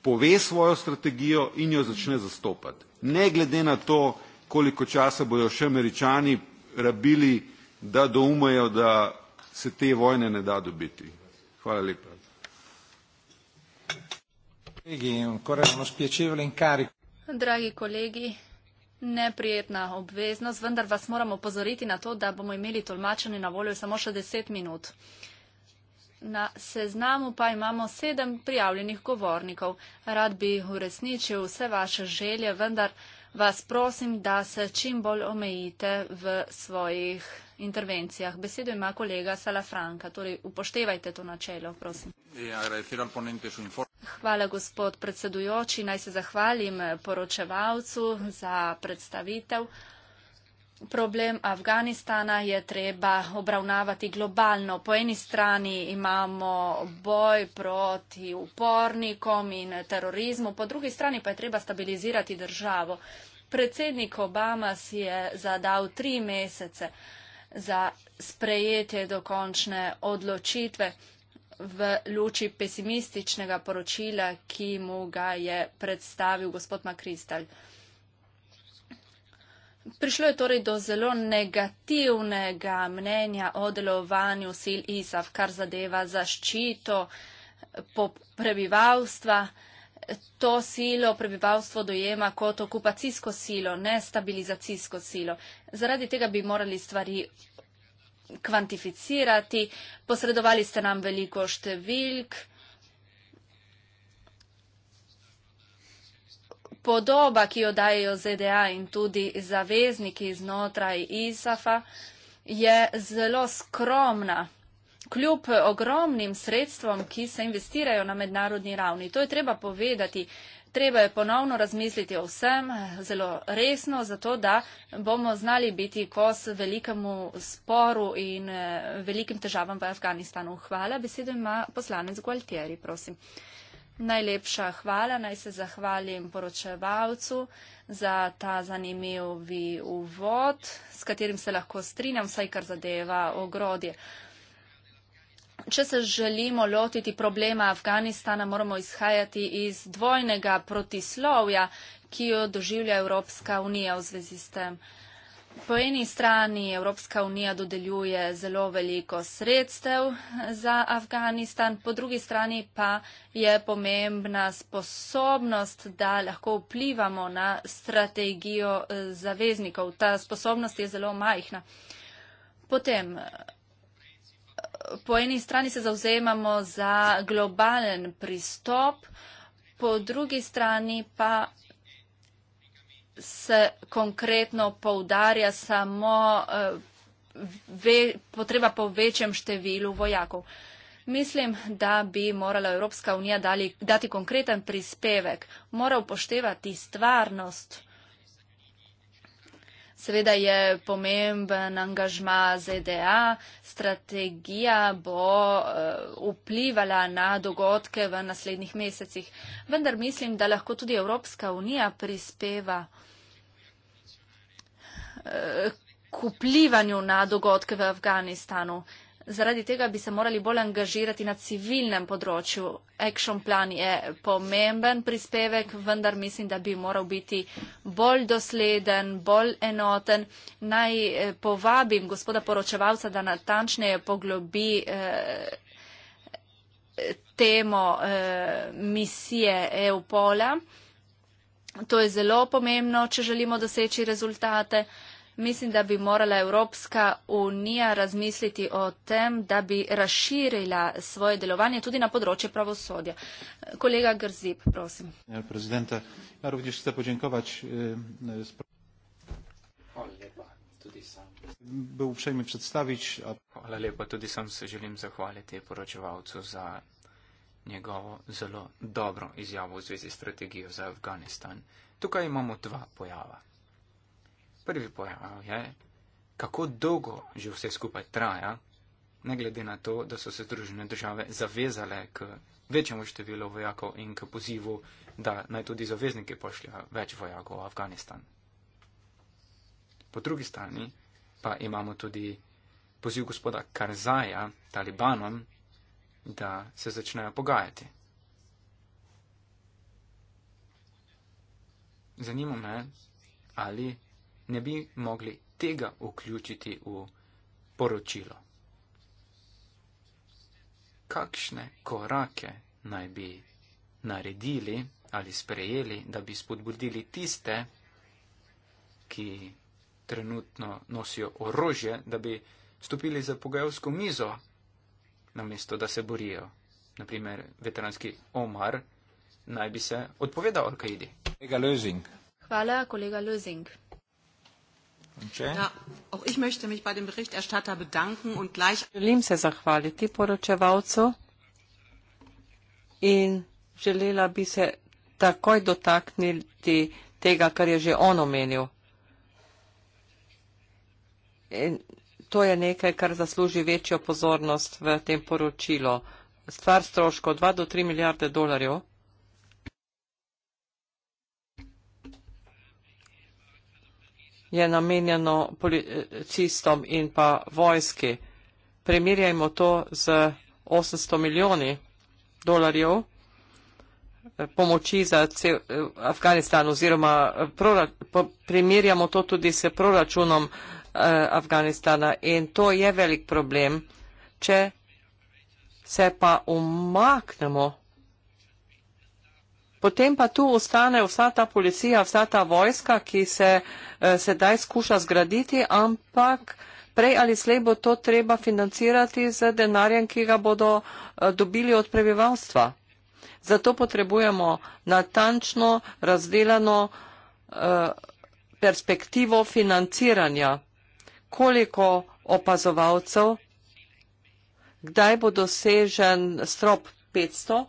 Speaker 4: pove svojo strategijo in jo začne zastopati. Ne glede na to, koliko časa bodo še američani rabili, da doumejo, da se te vojne ne da dobiti. Hvala lepa.
Speaker 2: Dragi kolegi, neprijetna obveznost, vendar vas moram opozoriti na to, da bomo imeli tolmačenje na voljo samo še deset minut. Na seznamu pa imamo sedem prijavljenih govornikov. Rad bi uresničil vse vaše želje, vendar vas prosim, da se čim bolj omejite v svojih intervencijah. Besedo ima kolega Salafranka, torej upoštevajte to načelo, prosim.
Speaker 7: Eh,
Speaker 2: Hvala, gospod predsedujoči. Naj se zahvalim poročevalcu za predstavitev. Problem Afganistana je treba obravnavati globalno. Po eni strani imamo boj proti upornikom in terorizmu, po drugi strani pa je treba stabilizirati državo. Predsednik Obama si je zadal tri mesece za sprejetje dokončne odločitve v luči pesimističnega poročila, ki mu ga je predstavil gospod Makristal. Prišlo je torej do zelo negativnega mnenja o delovanju sil ISAF, kar zadeva zaščito prebivalstva. To silo prebivalstvo dojema kot okupacijsko silo, ne stabilizacijsko silo. Zaradi tega bi morali stvari kvantificirati. Posredovali ste nam veliko številk. podoba, ki jo dajo ZDA in tudi zavezniki znotraj ISAF-a, je zelo skromna. Kljub ogromnim sredstvom, ki se investirajo na mednarodni ravni, to je treba povedati, treba je ponovno razmisliti o vsem zelo resno, zato da bomo znali biti kos velikemu sporu in eh, velikim težavam v Afganistanu. Hvala, besedo ima poslanec Gualtieri, prosim. Najlepša hvala, naj se zahvalim poročevalcu za ta zanimivi uvod, s katerim se lahko strinjam, vsaj kar zadeva ogrodje. Če se želimo lotiti problema Afganistana, moramo izhajati iz dvojnega protislovja, ki jo doživlja Evropska unija v zvezi s tem. Po eni strani Evropska unija dodeljuje zelo veliko sredstev za Afganistan, po drugi strani pa je pomembna sposobnost, da lahko vplivamo na strategijo eh, zaveznikov. Ta sposobnost je zelo majhna. Potem, po eni strani se zauzemamo za globalen pristop, po drugi strani pa se konkretno poudarja samo eh, ve, potreba po večjem številu vojakov. Mislim, da bi morala Evropska unija dali, dati konkreten prispevek, mora upoštevati stvarnost Seveda je pomemben angažma ZDA, strategija bo eh, vplivala na dogodke v naslednjih mesecih, vendar mislim, da lahko tudi Evropska unija prispeva eh, k vplivanju na dogodke v Afganistanu. Zaradi tega bi se morali bolj angažirati na civilnem področju. Action plan je pomemben prispevek, vendar mislim, da bi moral biti bolj dosleden, bolj enoten. Naj eh, povabim gospoda poročevalca, da natančneje poglobi eh, temo eh, misije EUPOL-a. To je zelo pomembno, če želimo doseči rezultate. Eh, mislim, da bi morala Evropska unija razmisliti o tem, da bi razširila svoje delovanje tudi na področje pravosodja. Kolega Grzib, prosim.
Speaker 4: Ja, e, e, Hvala
Speaker 5: lepa, tudi sam se želim zahvaliti poročevalcu za njegovo zelo dobro izjavo v zvezi s strategijo za Afganistan. Tukaj imamo dva pojava. Prvi pojav je, kako dolgo že vse skupaj traja, ne glede na to, da so se združene države zavezale k večjemu številu vojakov in k pozivu, da naj tudi zavezniki pošljajo več vojakov v Afganistan. Po drugi strani pa imamo tudi poziv gospoda Karzaja talibanom, da se začnejo pogajati. Zanima me, ali ne bi mogli tega vključiti v poročilo. Kakšne korake naj bi naredili ali sprejeli, da bi spodbudili tiste, ki trenutno nosijo orožje, da bi stopili za pogajalsko mizo, namesto da se borijo. Naprimer, veteranski Omar naj bi se odpovedal Al-Kaidi.
Speaker 2: Hvala, kolega Lozing.
Speaker 3: Ja, želim se zahvaliti poročevalcu in želela bi se takoj dotakniti tega, kar je že on omenil. In to je nekaj, kar zasluži večjo pozornost v tem poročilu. Stvar stroško 2 do 3 milijarde dolarjev je namenjeno policistom in pa vojski. Primerjajmo to z 800 milijoni dolarjev eh, pomoči za cel eh, Afganistan oziroma eh, primerjamo to tudi s proračunom Afganistana in to je velik problem, če se pa umaknemo Potem pa tu ostane vsa ta policija, vsa ta vojska, ki se eh, sedaj skuša zgraditi, ampak prej ali slej bo to treba financirati z denarjem, ki ga bodo eh, dobili od prebivalstva. Zato potrebujemo natančno razdeljeno eh, perspektivo financiranja, koliko opazovalcev, kdaj bo dosežen strop 500.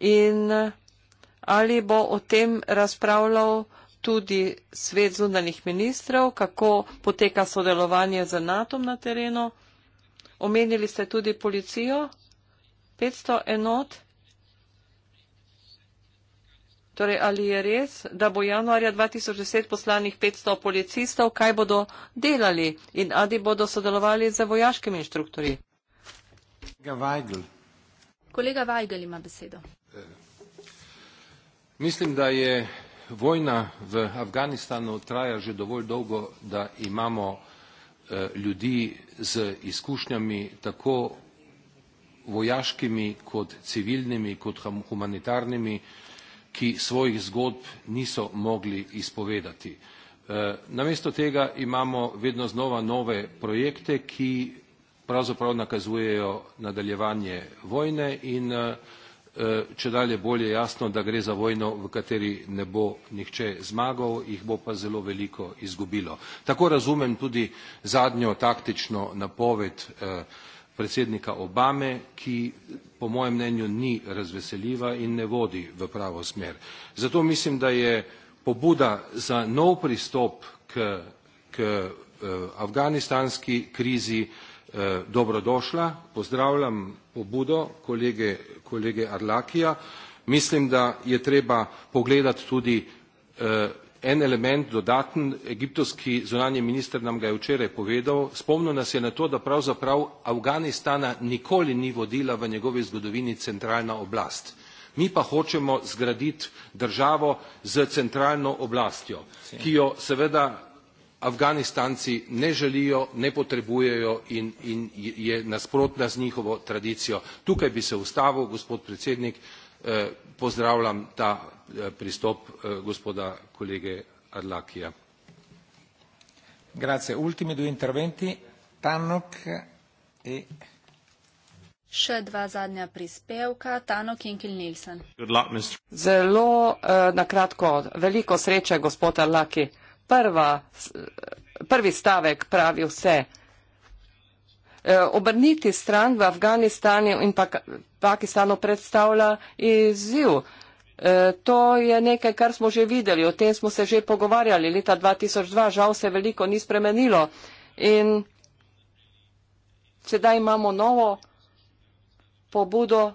Speaker 3: in eh, ali bo o tem razpravljal tudi svet zunanih ministrov, kako poteka sodelovanje z NATO na terenu. Omenili ste tudi policijo, 500 enot. Torej, ali je res, da bo januarja 2010 poslanih 500 policistov, kaj bodo delali in ali bodo sodelovali z vojaškimi inštruktori?
Speaker 2: Kolega Weigl ima besedo
Speaker 7: mislim da je vojna v afganistanu traja že dovolj dolgo da imamo eh, ljudi z izkušnjami tako vojaškimi kot civilnimi kot humanitarnimi ki svojih zgodb niso mogli izpovedati eh, namesto tega imamo vedno znova nove projekte ki pravzaprav nakazujejo nadaljevanje vojne in eh, Eh, čedalje bolj je jasno, da gre za vojno, v kateri ne bo nihče zmagal, jih bo pa zelo veliko izgubilo. Tako razumem tudi zadnjo taktično napoved eh, predsednika Obame, ki po mojem mnenju ni razveseljiva in ne vodi v pravo smer. Zato mislim, da je pobuda za nov pristop k, k eh, afganistanski krizi dobrodošla. Pozdravljam pobudo kolege kolege Arlakija. Mislim, da je treba pogledati tudi eh, en element dodaten, egiptovski zunanji minister nam ga je včeraj povedal, spomnil nas je na to, da pravzaprav Afganistana nikoli ni vodila v njegovi zgodovini centralna oblast. Mi pa hočemo zgraditi državo z centralno oblastjo, ki jo seveda Afganistanci ne želijo, ne potrebujejo in, in je nasprotna z njihovo tradicijo. Tukaj bi se ustavil, gospod predsednik, eh, pozdravljam ta
Speaker 1: eh, pristop eh, gospoda kolege Arlakija. Grazie. Ultimi due interventi. Tanok e...
Speaker 2: Še dva zadnja prispevka, Tano Kinkil Nilsen.
Speaker 3: Zelo uh, eh, nakratko, veliko sreče, gospod Arlaki prva, prvi stavek pravi vse. E, obrniti stran v Afganistanu in pa Pakistanu predstavlja izziv. E, to je nekaj, kar smo že videli, o tem smo se že pogovarjali leta 2002, žal se veliko ni spremenilo. In sedaj imamo novo pobudo,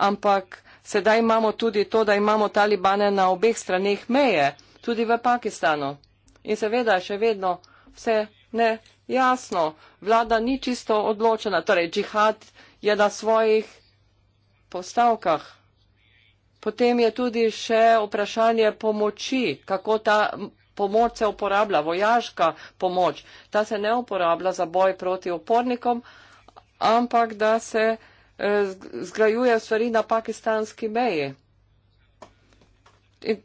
Speaker 3: ampak sedaj imamo tudi to, da imamo talibane na obeh straneh meje tudi v Pakistanu. In seveda je še vedno vse ne jasno. Vlada ni čisto odločena. Torej, džihad je na svojih postavkah. Potem je tudi še vprašanje pomoči, kako ta pomoč se uporablja, vojaška pomoč. Ta se ne uporablja za boj proti upornikom, ampak da se eh, zgrajuje stvari na pakistanski meji. In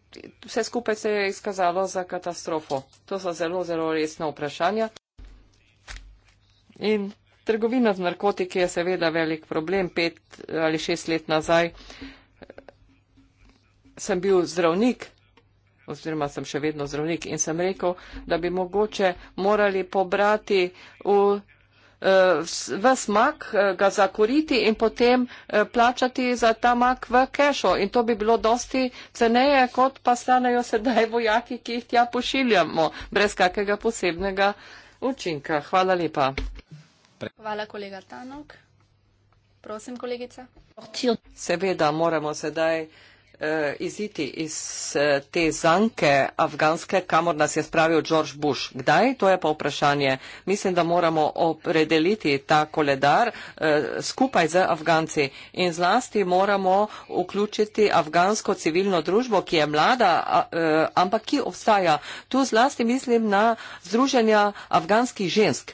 Speaker 3: vse skupaj se je izkazalo za katastrofo. To so zelo, zelo resna vprašanja. In trgovina z narkotiki je seveda velik problem. Pet ali šest let nazaj eh, sem bil zdravnik, oziroma sem še vedno zdravnik, in sem rekel, da bi mogoče morali pobrati v v smak, eh, ga zakoriti in potem eh, plačati za ta mak v kešo. In to bi bilo dosti ceneje, kot pa stanejo sedaj vojaki, ki jih tja pošiljamo, brez kakega posebnega učinka. Hvala lepa.
Speaker 2: Hvala, kolega Tanok. Prosim, kolegica.
Speaker 3: Seveda, moramo sedaj uh, iziti iz uh, te zanke afganske, kamor nas je spravil George Bush. Kdaj? To je pa vprašanje. Mislim, da moramo opredeliti ta koledar uh, skupaj z Afganci in zlasti moramo vključiti afgansko civilno družbo, ki je mlada, uh, ampak ki obstaja. Tu zlasti mislim na združenja afganskih žensk,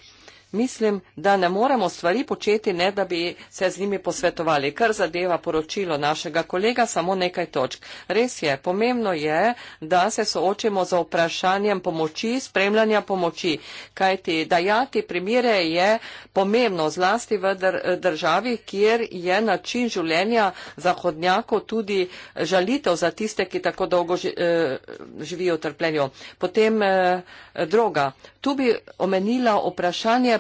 Speaker 3: mislim, da ne moremo stvari početi, ne da bi se z njimi posvetovali. Kar zadeva poročilo našega kolega, samo nekaj točk. Res je, pomembno je, da se soočimo za vprašanjem pomoči, spremljanja pomoči, kajti dajati primire je pomembno zlasti v državi, kjer je način življenja zahodnjakov tudi žalitev za tiste, ki tako dolgo eh, živijo v trpljenju. Potem eh, droga tu bi omenila vprašanje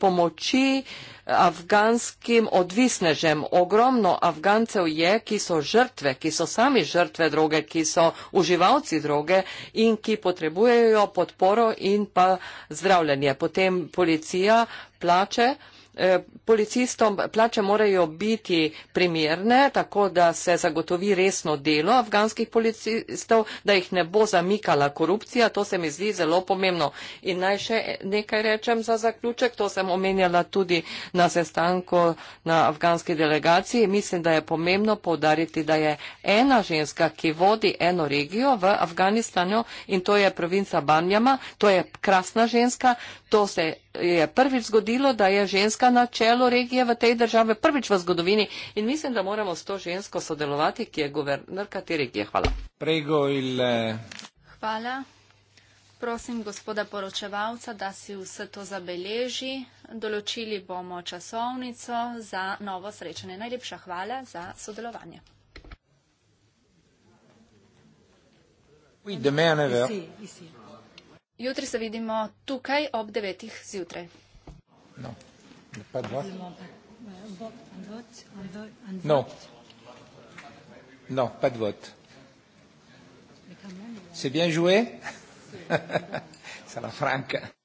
Speaker 3: pomoči afganskim odvisnežem. Ogromno Afgancev je, ki so žrtve, ki so sami žrtve droge, ki so uživalci droge in ki potrebujejo podporo in pa zdravljenje. Potem policija plače. Eh, policistom plače morajo biti primerne, tako da se zagotovi resno delo afganskih policistov, da jih ne bo zamikala korupcija. To se mi zdi zelo pomembno. In naj še nekaj rečem za zaključek. To sem omenjala tudi na sestanku na afganski delegaciji. Mislim, da je pomembno povdariti, da je ena ženska, ki vodi eno regijo v Afganistanu in to je provinca Banjama, to je krasna ženska, to se je prvič zgodilo, da je ženska na čelu regije v tej državi, prvič v zgodovini in mislim, da moramo s to žensko sodelovati, ki je guvernerka te regije. Hvala. Prego il... Eh,
Speaker 2: hvala. Prosim gospoda poročevalca, da si vse to zabeleži. Določili bomo časovnico za novo srečanje. Najlepša hvala za sodelovanje.
Speaker 1: Oui, demain à 9h. Ici,
Speaker 2: ici. Jutri se vidimo tukaj ob 9. zjutraj. No. No.
Speaker 1: No, pas de vote. C'est bien joué? Ça la franque.